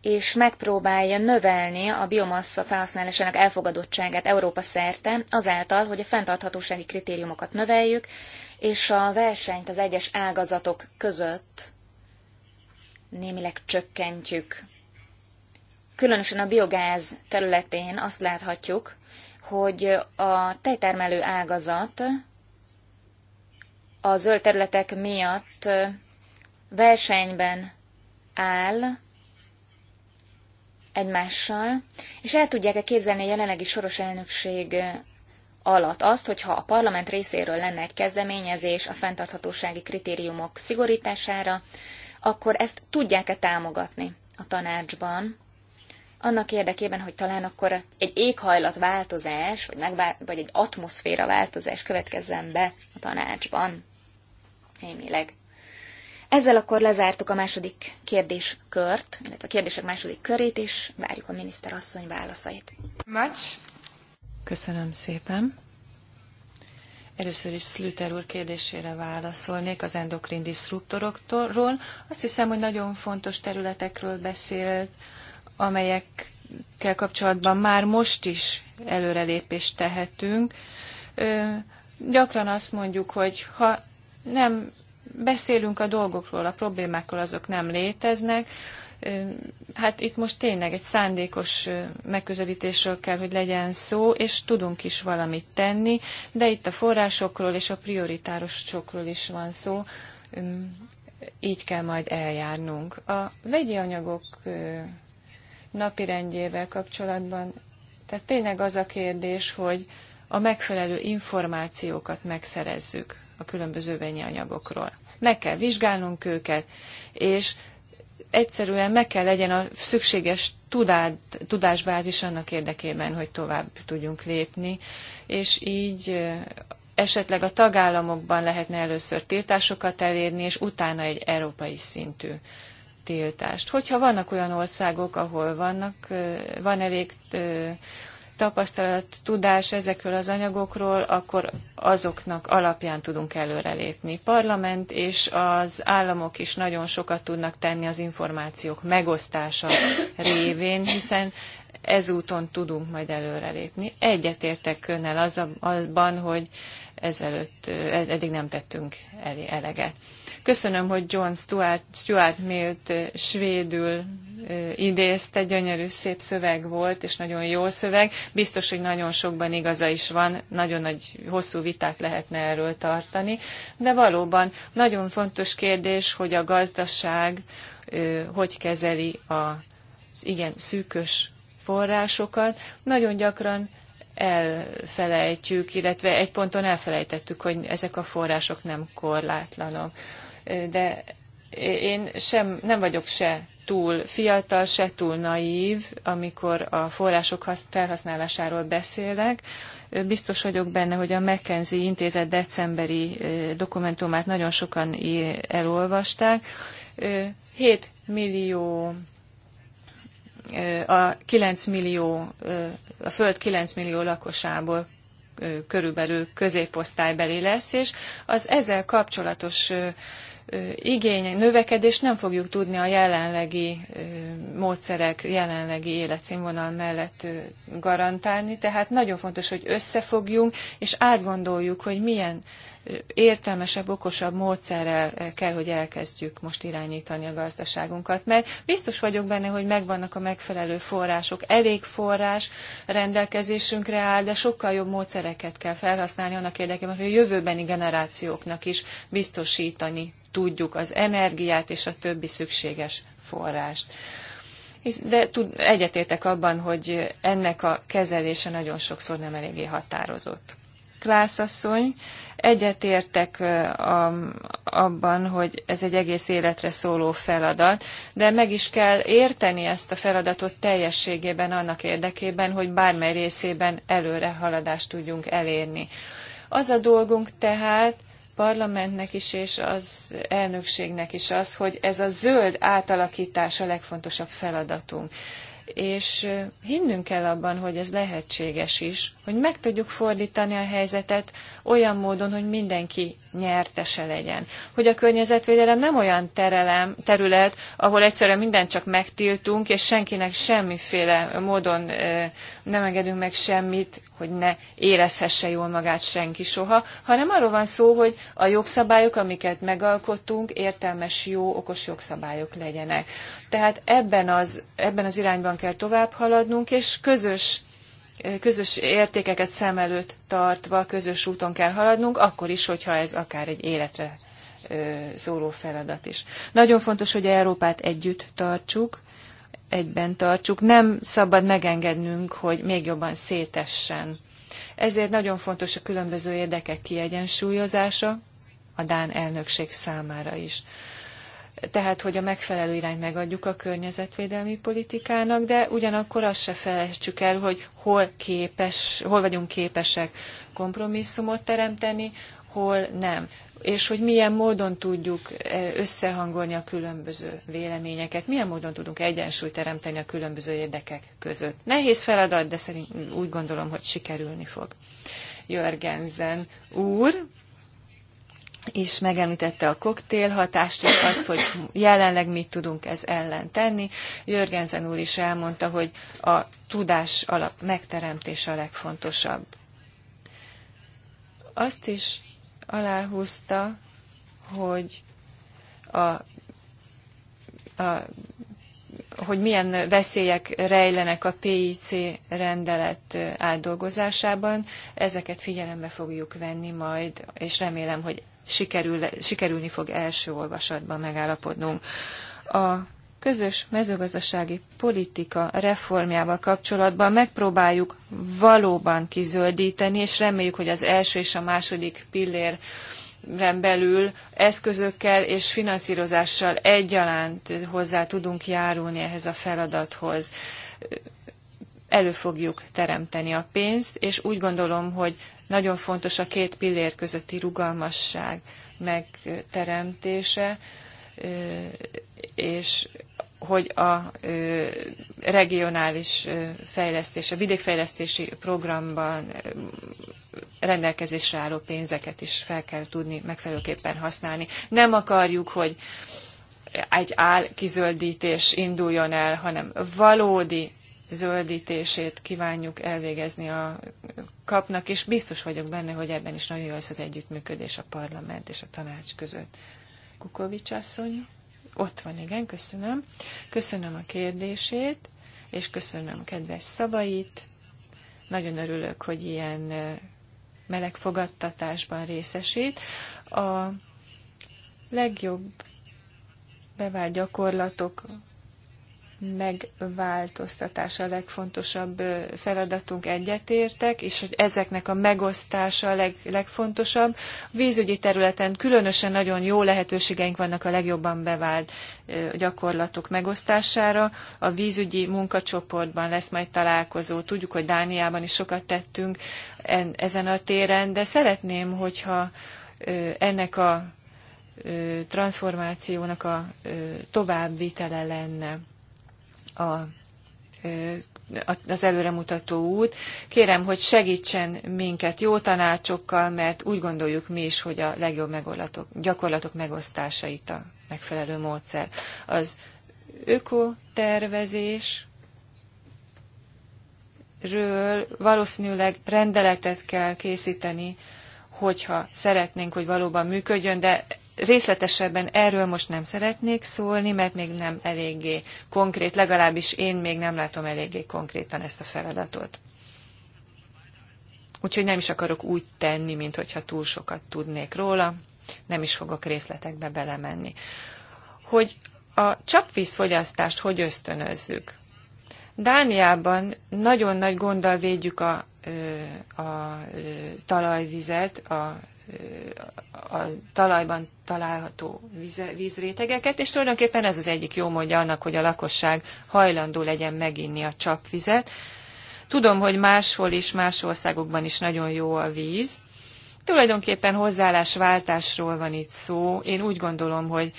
és megpróbálja növelni a biomassa felhasználásának elfogadottságát Európa szerte, azáltal, hogy a fenntarthatósági kritériumokat növeljük, és a versenyt az egyes ágazatok között némileg csökkentjük. Különösen a biogáz területén azt láthatjuk, hogy a tejtermelő ágazat a zöld területek miatt versenyben áll egymással, és el tudják-e képzelni a jelenlegi soros elnökség alatt azt, hogyha a parlament részéről lenne egy kezdeményezés a fenntarthatósági kritériumok szigorítására, akkor ezt tudják-e támogatni a tanácsban, annak érdekében, hogy talán akkor egy éghajlatváltozás, vagy, megvá- vagy egy atmoszféra változás következzen be a tanácsban. Némileg. Ezzel akkor lezártuk a második kérdéskört, illetve a kérdések második körét, és várjuk a miniszter asszony válaszait. Much. Köszönöm szépen. Először is Slüter úr kérdésére válaszolnék az endokrin disruptoroktól. Azt hiszem, hogy nagyon fontos területekről beszélt, amelyekkel kapcsolatban már most is előrelépést tehetünk. Ö, gyakran azt mondjuk, hogy ha nem beszélünk a dolgokról, a problémákról, azok nem léteznek. Hát itt most tényleg egy szándékos megközelítésről kell, hogy legyen szó, és tudunk is valamit tenni, de itt a forrásokról és a prioritárosokról is van szó, így kell majd eljárnunk. A vegyi anyagok napirendjével kapcsolatban, tehát tényleg az a kérdés, hogy a megfelelő információkat megszerezzük a különböző vényi anyagokról. Meg kell vizsgálnunk őket, és egyszerűen meg kell legyen a szükséges tudád, tudásbázis annak érdekében, hogy tovább tudjunk lépni, és így esetleg a tagállamokban lehetne először tiltásokat elérni, és utána egy európai szintű tiltást. Hogyha vannak olyan országok, ahol vannak, van elég tapasztalat, tudás ezekről az anyagokról, akkor azoknak alapján tudunk előrelépni. Parlament és az államok is nagyon sokat tudnak tenni az információk megosztása révén, hiszen ezúton tudunk majd előrelépni. Egyetértek önnel az, abban, hogy ezelőtt eddig nem tettünk eleget. Köszönöm, hogy John Stuart, Stuart Millt svédül idézte, gyönyörű, szép szöveg volt, és nagyon jó szöveg. Biztos, hogy nagyon sokban igaza is van, nagyon nagy, hosszú vitát lehetne erről tartani, de valóban nagyon fontos kérdés, hogy a gazdaság hogy kezeli az igen szűkös forrásokat. Nagyon gyakran elfelejtjük, illetve egy ponton elfelejtettük, hogy ezek a források nem korlátlanok. De én sem, nem vagyok se túl fiatal, se túl naív, amikor a források felhasználásáról beszélek. Biztos vagyok benne, hogy a McKenzie intézet decemberi dokumentumát nagyon sokan elolvasták. 7 millió a 9 millió, a föld 9 millió lakosából körülbelül középosztálybeli lesz, és az ezzel kapcsolatos igény, növekedést nem fogjuk tudni a jelenlegi módszerek, jelenlegi életszínvonal mellett garantálni, tehát nagyon fontos, hogy összefogjunk, és átgondoljuk, hogy milyen értelmesebb, okosabb módszerrel kell, hogy elkezdjük most irányítani a gazdaságunkat. Mert biztos vagyok benne, hogy megvannak a megfelelő források. Elég forrás rendelkezésünkre áll, de sokkal jobb módszereket kell felhasználni annak érdekében, hogy a jövőbeni generációknak is biztosítani tudjuk az energiát és a többi szükséges forrást. De tud, egyetértek abban, hogy ennek a kezelése nagyon sokszor nem eléggé határozott. Klászasszony. Egyetértek abban, hogy ez egy egész életre szóló feladat, de meg is kell érteni ezt a feladatot teljességében annak érdekében, hogy bármely részében előre haladást tudjunk elérni. Az a dolgunk tehát, parlamentnek is és az elnökségnek is az, hogy ez a zöld átalakítás a legfontosabb feladatunk és hinnünk kell abban, hogy ez lehetséges is, hogy meg tudjuk fordítani a helyzetet olyan módon, hogy mindenki nyertese legyen. Hogy a környezetvédelem nem olyan terelem, terület, ahol egyszerűen mindent csak megtiltunk, és senkinek semmiféle módon nem engedünk meg semmit, hogy ne érezhesse jól magát senki soha, hanem arról van szó, hogy a jogszabályok, amiket megalkottunk, értelmes, jó, okos jogszabályok legyenek. Tehát ebben az, ebben az irányban kell tovább haladnunk, és közös közös értékeket szem előtt tartva közös úton kell haladnunk, akkor is, hogyha ez akár egy életre szóló feladat is. Nagyon fontos, hogy Európát együtt tartsuk, egyben tartsuk. Nem szabad megengednünk, hogy még jobban szétessen. Ezért nagyon fontos a különböző érdekek kiegyensúlyozása a Dán elnökség számára is tehát, hogy a megfelelő irányt megadjuk a környezetvédelmi politikának, de ugyanakkor azt se felejtsük el, hogy hol, képes, hol vagyunk képesek kompromisszumot teremteni, hol nem és hogy milyen módon tudjuk eh, összehangolni a különböző véleményeket, milyen módon tudunk egyensúlyt teremteni a különböző érdekek között. Nehéz feladat, de szerint úgy gondolom, hogy sikerülni fog. Jörgenzen úr, és megemlítette a koktél, hatást, és azt, hogy jelenleg mit tudunk ez ellen tenni. Jörgenzen úr is elmondta, hogy a tudás alap megteremtése a legfontosabb. Azt is aláhúzta, hogy a, a hogy milyen veszélyek rejlenek a PIC rendelet eh, átdolgozásában. Ezeket figyelembe fogjuk venni majd, és remélem, hogy sikerül, sikerülni fog első olvasatban megállapodnunk. A közös mezőgazdasági politika reformjával kapcsolatban megpróbáljuk valóban kizöldíteni, és reméljük, hogy az első és a második pillér belül eszközökkel és finanszírozással egyaránt hozzá tudunk járulni ehhez a feladathoz. Elő fogjuk teremteni a pénzt, és úgy gondolom, hogy nagyon fontos a két pillér közötti rugalmasság megteremtése, és hogy a regionális fejlesztés, a vidékfejlesztési programban rendelkezésre álló pénzeket is fel kell tudni megfelelőképpen használni. Nem akarjuk, hogy egy álkizöldítés induljon el, hanem valódi zöldítését kívánjuk elvégezni a kapnak, és biztos vagyok benne, hogy ebben is nagyon jó lesz az együttműködés a parlament és a tanács között. Kukovics asszony, ott van, igen, köszönöm. Köszönöm a kérdését, és köszönöm kedves szavait. Nagyon örülök, hogy ilyen meleg fogadtatásban részesít. A legjobb bevált gyakorlatok megváltoztatása a legfontosabb feladatunk, egyetértek, és hogy ezeknek a megosztása a leg, legfontosabb. vízügyi területen különösen nagyon jó lehetőségeink vannak a legjobban bevált gyakorlatok megosztására. A vízügyi munkacsoportban lesz majd találkozó. Tudjuk, hogy Dániában is sokat tettünk ezen a téren, de szeretném, hogyha ennek a transformációnak a továbbvitele lenne a az előremutató út. Kérem, hogy segítsen minket jó tanácsokkal, mert úgy gondoljuk mi is, hogy a legjobb megoldatok, gyakorlatok megosztása itt a megfelelő módszer. Az ökotervezés ről valószínűleg rendeletet kell készíteni, hogyha szeretnénk, hogy valóban működjön, de részletesebben erről most nem szeretnék szólni, mert még nem eléggé konkrét, legalábbis én még nem látom eléggé konkrétan ezt a feladatot. Úgyhogy nem is akarok úgy tenni, mintha túl sokat tudnék róla, nem is fogok részletekbe belemenni. Hogy a csapvízfogyasztást hogy ösztönözzük? Dániában nagyon nagy gonddal védjük a, a talajvizet, a a talajban található víz, vízrétegeket, és tulajdonképpen ez az egyik jó módja annak, hogy a lakosság hajlandó legyen meginni a csapvizet. Tudom, hogy máshol is, más országokban is nagyon jó a víz. Tulajdonképpen hozzáállásváltásról van itt szó. Én úgy gondolom, hogy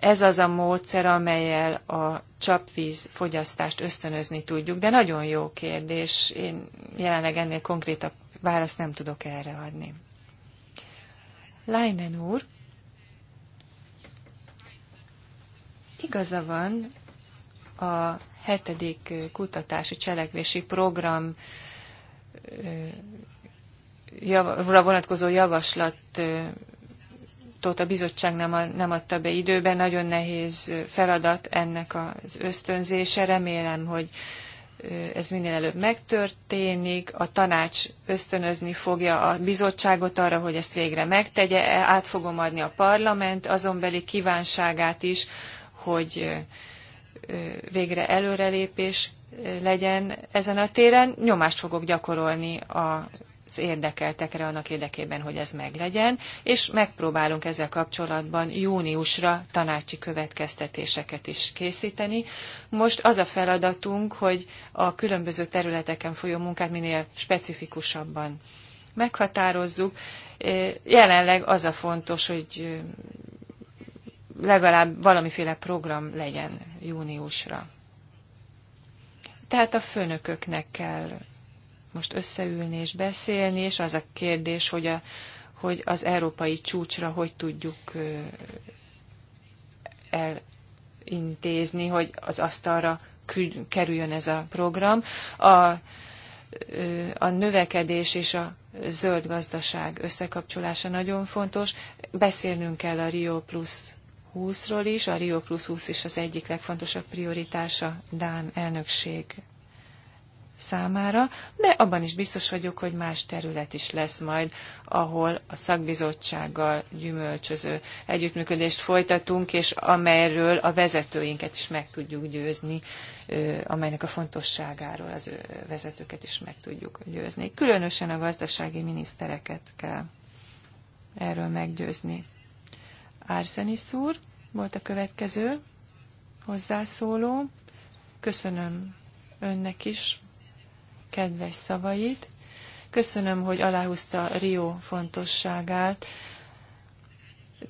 ez az a módszer, amelyel a csapvíz fogyasztást ösztönözni tudjuk, de nagyon jó kérdés. Én jelenleg ennél konkrétabb választ nem tudok erre adni. Leinen úr, igaza van a hetedik kutatási cselekvési program vonatkozó javaslatot a bizottság nem adta be időben. Nagyon nehéz feladat ennek az ösztönzése. Remélem, hogy ez minél előbb megtörténik, a tanács ösztönözni fogja a bizottságot arra, hogy ezt végre megtegye, át fogom adni a parlament azonbeli kívánságát is, hogy végre előrelépés legyen ezen a téren. Nyomást fogok gyakorolni a érdekeltekre annak érdekében, hogy ez meglegyen, és megpróbálunk ezzel kapcsolatban júniusra tanácsi következtetéseket is készíteni. Most az a feladatunk, hogy a különböző területeken folyó munkát minél specifikusabban meghatározzuk. Jelenleg az a fontos, hogy legalább valamiféle program legyen júniusra. Tehát a főnököknek kell most összeülni és beszélni, és az a kérdés, hogy, a, hogy az európai csúcsra hogy tudjuk elintézni, hogy az asztalra kerüljön ez a program. A, a növekedés és a zöld gazdaság összekapcsolása nagyon fontos. Beszélnünk kell a Rio Plus 20-ról is. A Rio Plus 20 is az egyik legfontosabb prioritása Dán elnökség számára, de abban is biztos vagyok, hogy más terület is lesz majd, ahol a szakbizottsággal gyümölcsöző együttműködést folytatunk, és amelyről a vezetőinket is meg tudjuk győzni, amelynek a fontosságáról az vezetőket is meg tudjuk győzni. Különösen a gazdasági minisztereket kell erről meggyőzni. Arsenis úr volt a következő hozzászóló. Köszönöm önnek is kedves szavait. Köszönöm, hogy aláhúzta Rio fontosságát.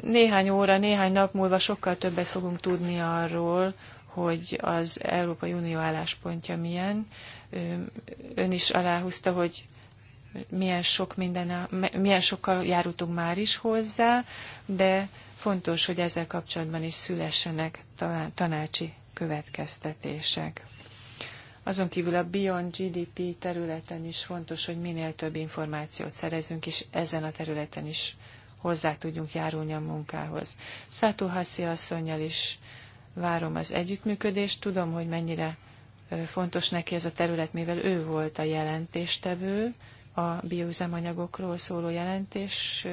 Néhány óra, néhány nap múlva sokkal többet fogunk tudni arról, hogy az Európai Unió álláspontja milyen. Ön is aláhúzta, hogy milyen, sok minden, milyen sokkal járultunk már is hozzá, de fontos, hogy ezzel kapcsolatban is szülessenek tanácsi következtetések. Azon kívül a Beyond GDP területen is fontos, hogy minél több információt szerezünk, és ezen a területen is hozzá tudjunk járulni a munkához. Szátó Haszi asszonynal is várom az együttműködést, tudom, hogy mennyire fontos neki ez a terület, mivel ő volt a jelentéstevő a bioüzemanyagokról szóló jelentés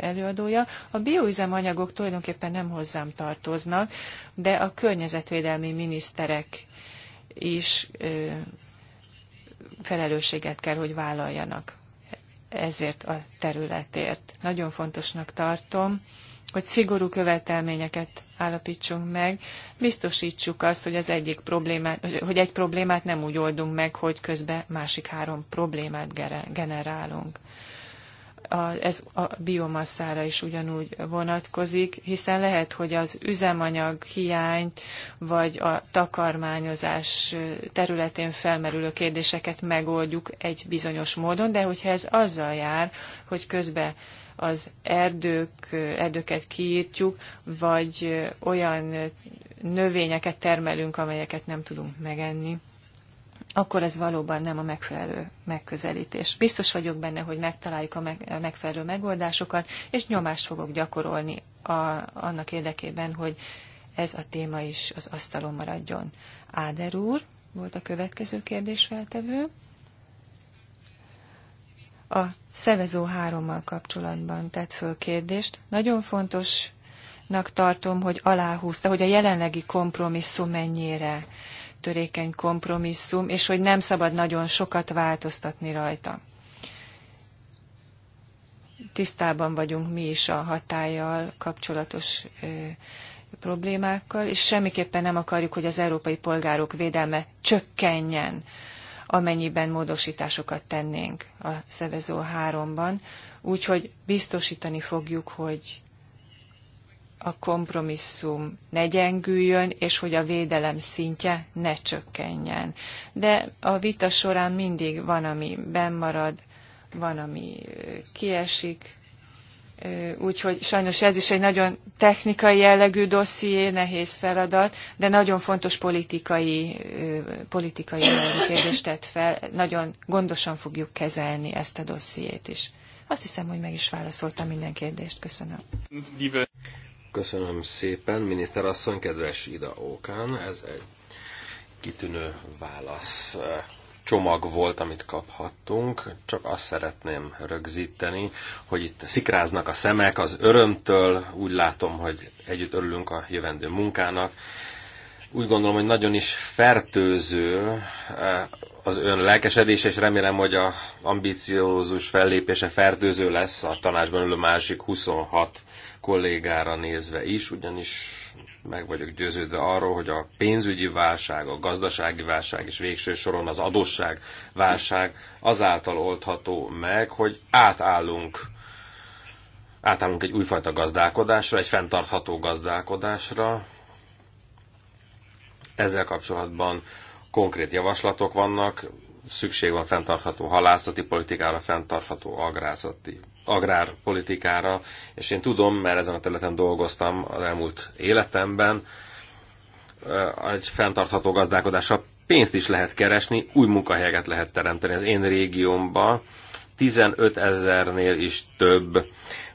előadója. A bioüzemanyagok tulajdonképpen nem hozzám tartoznak, de a környezetvédelmi miniszterek is felelősséget kell, hogy vállaljanak ezért a területért. Nagyon fontosnak tartom, hogy szigorú követelményeket állapítsunk meg, biztosítsuk azt, hogy, az egyik problémát, hogy egy problémát nem úgy oldunk meg, hogy közben másik három problémát generálunk a, ez a biomasszára is ugyanúgy vonatkozik, hiszen lehet, hogy az üzemanyag hiányt vagy a takarmányozás területén felmerülő kérdéseket megoldjuk egy bizonyos módon, de hogyha ez azzal jár, hogy közben az erdők, erdőket kiírtjuk, vagy olyan növényeket termelünk, amelyeket nem tudunk megenni, akkor ez valóban nem a megfelelő megközelítés. Biztos vagyok benne, hogy megtaláljuk a megfelelő megoldásokat, és nyomást fogok gyakorolni a, annak érdekében, hogy ez a téma is az asztalon maradjon. Áder úr volt a következő kérdésfeltevő. A szevezó hárommal kapcsolatban tett föl kérdést. Nagyon fontosnak tartom, hogy aláhúzta, hogy a jelenlegi kompromisszum mennyire törékeny kompromisszum, és hogy nem szabad nagyon sokat változtatni rajta. Tisztában vagyunk mi is a hatállyal kapcsolatos ö, problémákkal, és semmiképpen nem akarjuk, hogy az európai polgárok védelme csökkenjen, amennyiben módosításokat tennénk a Szevezó 3-ban. Úgyhogy biztosítani fogjuk, hogy a kompromisszum ne gyengüljön, és hogy a védelem szintje ne csökkenjen. De a vita során mindig van, ami bennmarad, van, ami kiesik, Úgyhogy sajnos ez is egy nagyon technikai jellegű dosszié, nehéz feladat, de nagyon fontos politikai, politikai kérdést tett fel. Nagyon gondosan fogjuk kezelni ezt a dossziét is. Azt hiszem, hogy meg is válaszoltam minden kérdést. Köszönöm. Köszönöm szépen, miniszter asszony, kedves Ida Ókán. Ez egy kitűnő válasz eh, csomag volt, amit kaphattunk. Csak azt szeretném rögzíteni, hogy itt szikráznak a szemek az örömtől. Úgy látom, hogy együtt örülünk a jövendő munkának. Úgy gondolom, hogy nagyon is fertőző eh, az ön lelkesedés, és remélem, hogy a ambiciózus fellépése fertőző lesz a tanácsban ülő másik 26 kollégára nézve is, ugyanis meg vagyok győződve arról, hogy a pénzügyi válság, a gazdasági válság és végső soron az adósság válság azáltal oldható meg, hogy átállunk átállunk egy újfajta gazdálkodásra, egy fenntartható gazdálkodásra. Ezzel kapcsolatban konkrét javaslatok vannak, szükség van fenntartható halászati politikára, fenntartható agrászati agrárpolitikára, és én tudom, mert ezen a területen dolgoztam az elmúlt életemben, eh, egy fenntartható gazdálkodásra pénzt is lehet keresni, új munkahelyeket lehet teremteni. Az én régiómban 15 ezernél is több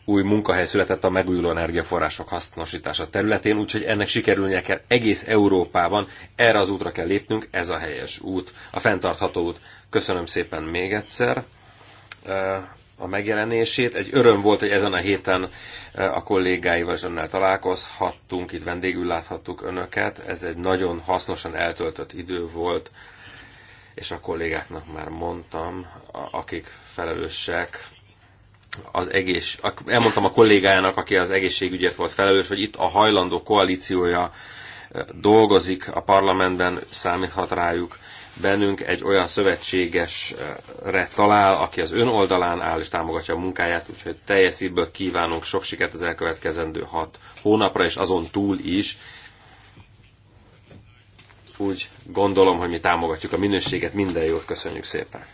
új munkahely született a megújuló energiaforrások hasznosítása területén, úgyhogy ennek sikerülnie kell egész Európában. Erre az útra kell lépnünk, ez a helyes út, a fenntartható út. Köszönöm szépen még egyszer eh, a megjelenését. Egy öröm volt, hogy ezen a héten eh, a kollégáival és önnel találkozhattunk, itt vendégül láthattuk önöket. Ez egy nagyon hasznosan eltöltött idő volt, és a kollégáknak már mondtam, akik felelősek az egész, elmondtam a kollégájának, aki az egészségügyet volt felelős, hogy itt a hajlandó koalíciója eh, dolgozik a parlamentben, számíthat rájuk, bennünk egy olyan szövetségesre talál, aki az ön oldalán áll és támogatja a munkáját, úgyhogy teljes szívből kívánunk sok sikert az elkövetkezendő hat hónapra, és azon túl is. Úgy gondolom, hogy mi támogatjuk a minőséget, minden jót köszönjük szépen!